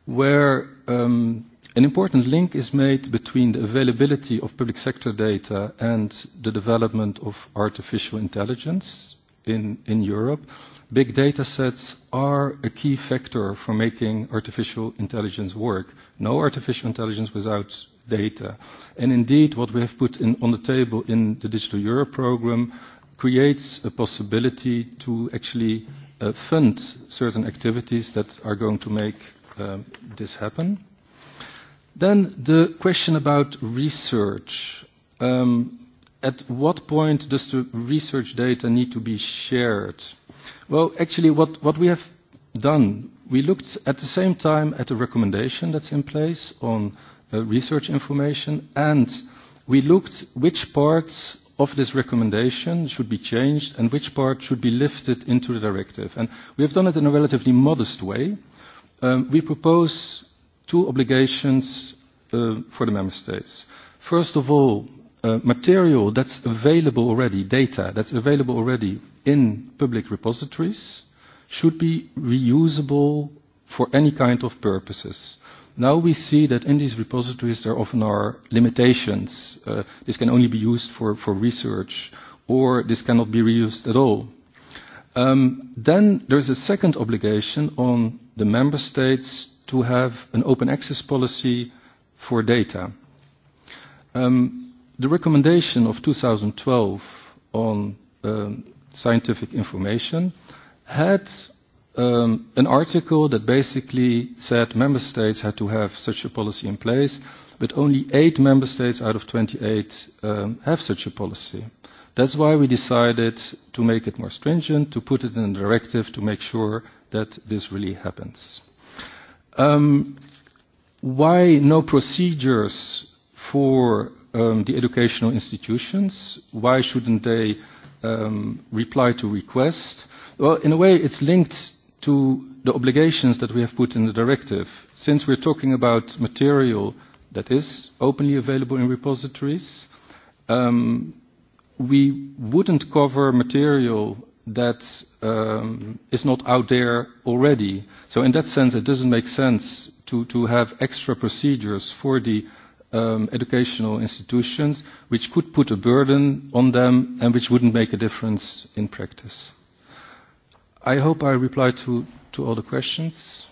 where um, an important link is made between the availability of public sector data and the development of artificial intelligence in, in Europe big data sets are a key factor for making artificial intelligence work. No artificial intelligence without data. And indeed, what we have put in, on the table in the Digital Europe program creates a possibility to actually uh, fund certain activities that are going to make um, this happen. Then the question about research. Um, at what point does the research data need to be shared? Well, actually, what we have done, we looked at the same time at the recommendation that's in place on uh, research information, and we looked which parts of this recommendation should be changed and which part should be lifted into the directive. We have done it in a relatively modest way. Um, we propose two obligations uh, for the member states. First of all, uh, material that's available already, data that's available already in public repositories should be reusable for any kind of purposes. Now we see that in these repositories there often are limitations. Uh, this can only be used for, for research or this cannot be reused at all. Um, then there's a second obligation on the member states to have an open access policy for data. Um, the recommendation of 2012 on um, scientific information, had um, an article that basically said member states had to have such a policy in place, but only eight member states out of 28 um, have such a policy. That's why we decided to make it more stringent, to put it in a directive to make sure that this really happens. Um, why no procedures for um, the educational institutions? Why shouldn't they? um, reply to request. Well, in a way, it's linked to the obligations that we have put in the directive. Since we're talking about material that is openly available in repositories, um, we wouldn't cover material that um, is not out there already. So in that sense, it doesn't make sense to, to have extra procedures for the um, educational institutions which could put a burden on them and which wouldn't make a difference in practice. I hope I replied to, to all the questions.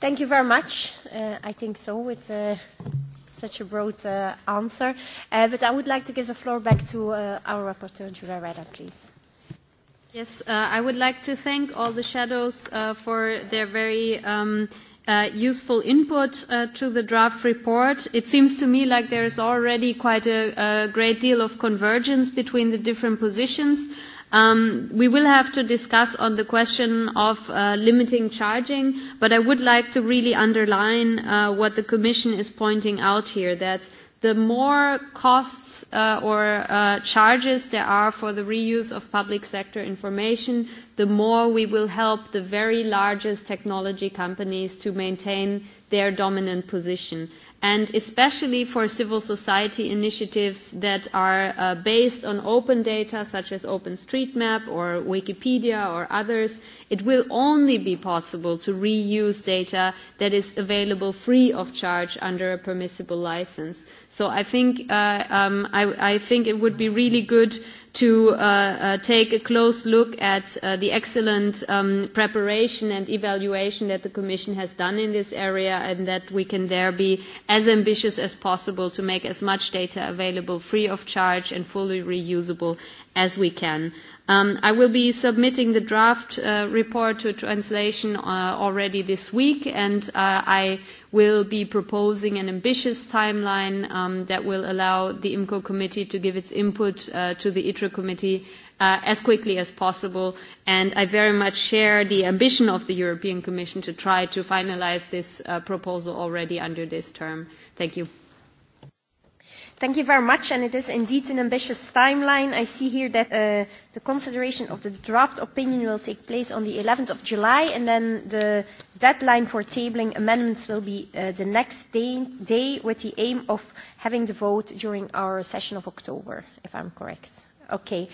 Thank you very much. Uh, I think so. It's uh, such a broad uh, answer. Uh, but I would like to give the floor back to uh, our rapporteur, Julia Reda, please. Yes, uh, I would like to thank all the shadows uh, for their very um, uh, useful input uh, to the draft report. It seems to me like there is already quite a, a great deal of convergence between the different positions. Um, we will have to discuss on the question of uh, limiting charging, but I would like to really underline uh, what the Commission is pointing out here that the more costs uh, or uh, charges there are for the reuse of public sector information, the more we will help the very largest technology companies to maintain their dominant position and especially for civil society initiatives that are uh, based on open data such as OpenStreetMap or Wikipedia or others, it will only be possible to reuse data that is available free of charge under a permissible license. So I think, uh, um, I, I think it would be really good to uh, uh, take a close look at uh, the excellent um, preparation and evaluation that the Commission has done in this area and that we can there be as ambitious as possible to make as much data available free of charge and fully reusable as we can. Um, I will be submitting the draft uh, report to translation uh, already this week, and uh, I will be proposing an ambitious timeline um, that will allow the IMCO committee to give its input uh, to the ITRA committee uh, as quickly as possible. And I very much share the ambition of the European Commission to try to finalize this uh, proposal already under this term. Thank you. Thank you very much, and it is indeed an ambitious timeline. I see here that uh, the consideration of the draft opinion will take place on the 11th of July, and then the deadline for tabling amendments will be uh, the next day, day, with the aim of having the vote during our session of October, if I'm correct. Okay.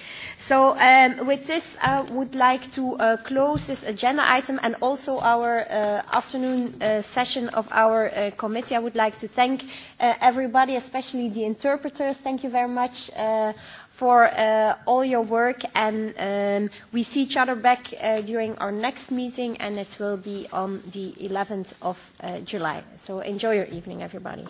Um, with this, I would like to uh, close this agenda item and also our uh, afternoon uh, session of our committee. I would like to thank everybody, especially the interpreters. Thank you very much for all your work, and um, we see each other back during our next meeting, and it will be on the 11th of July. Enjoy your evening, everybody.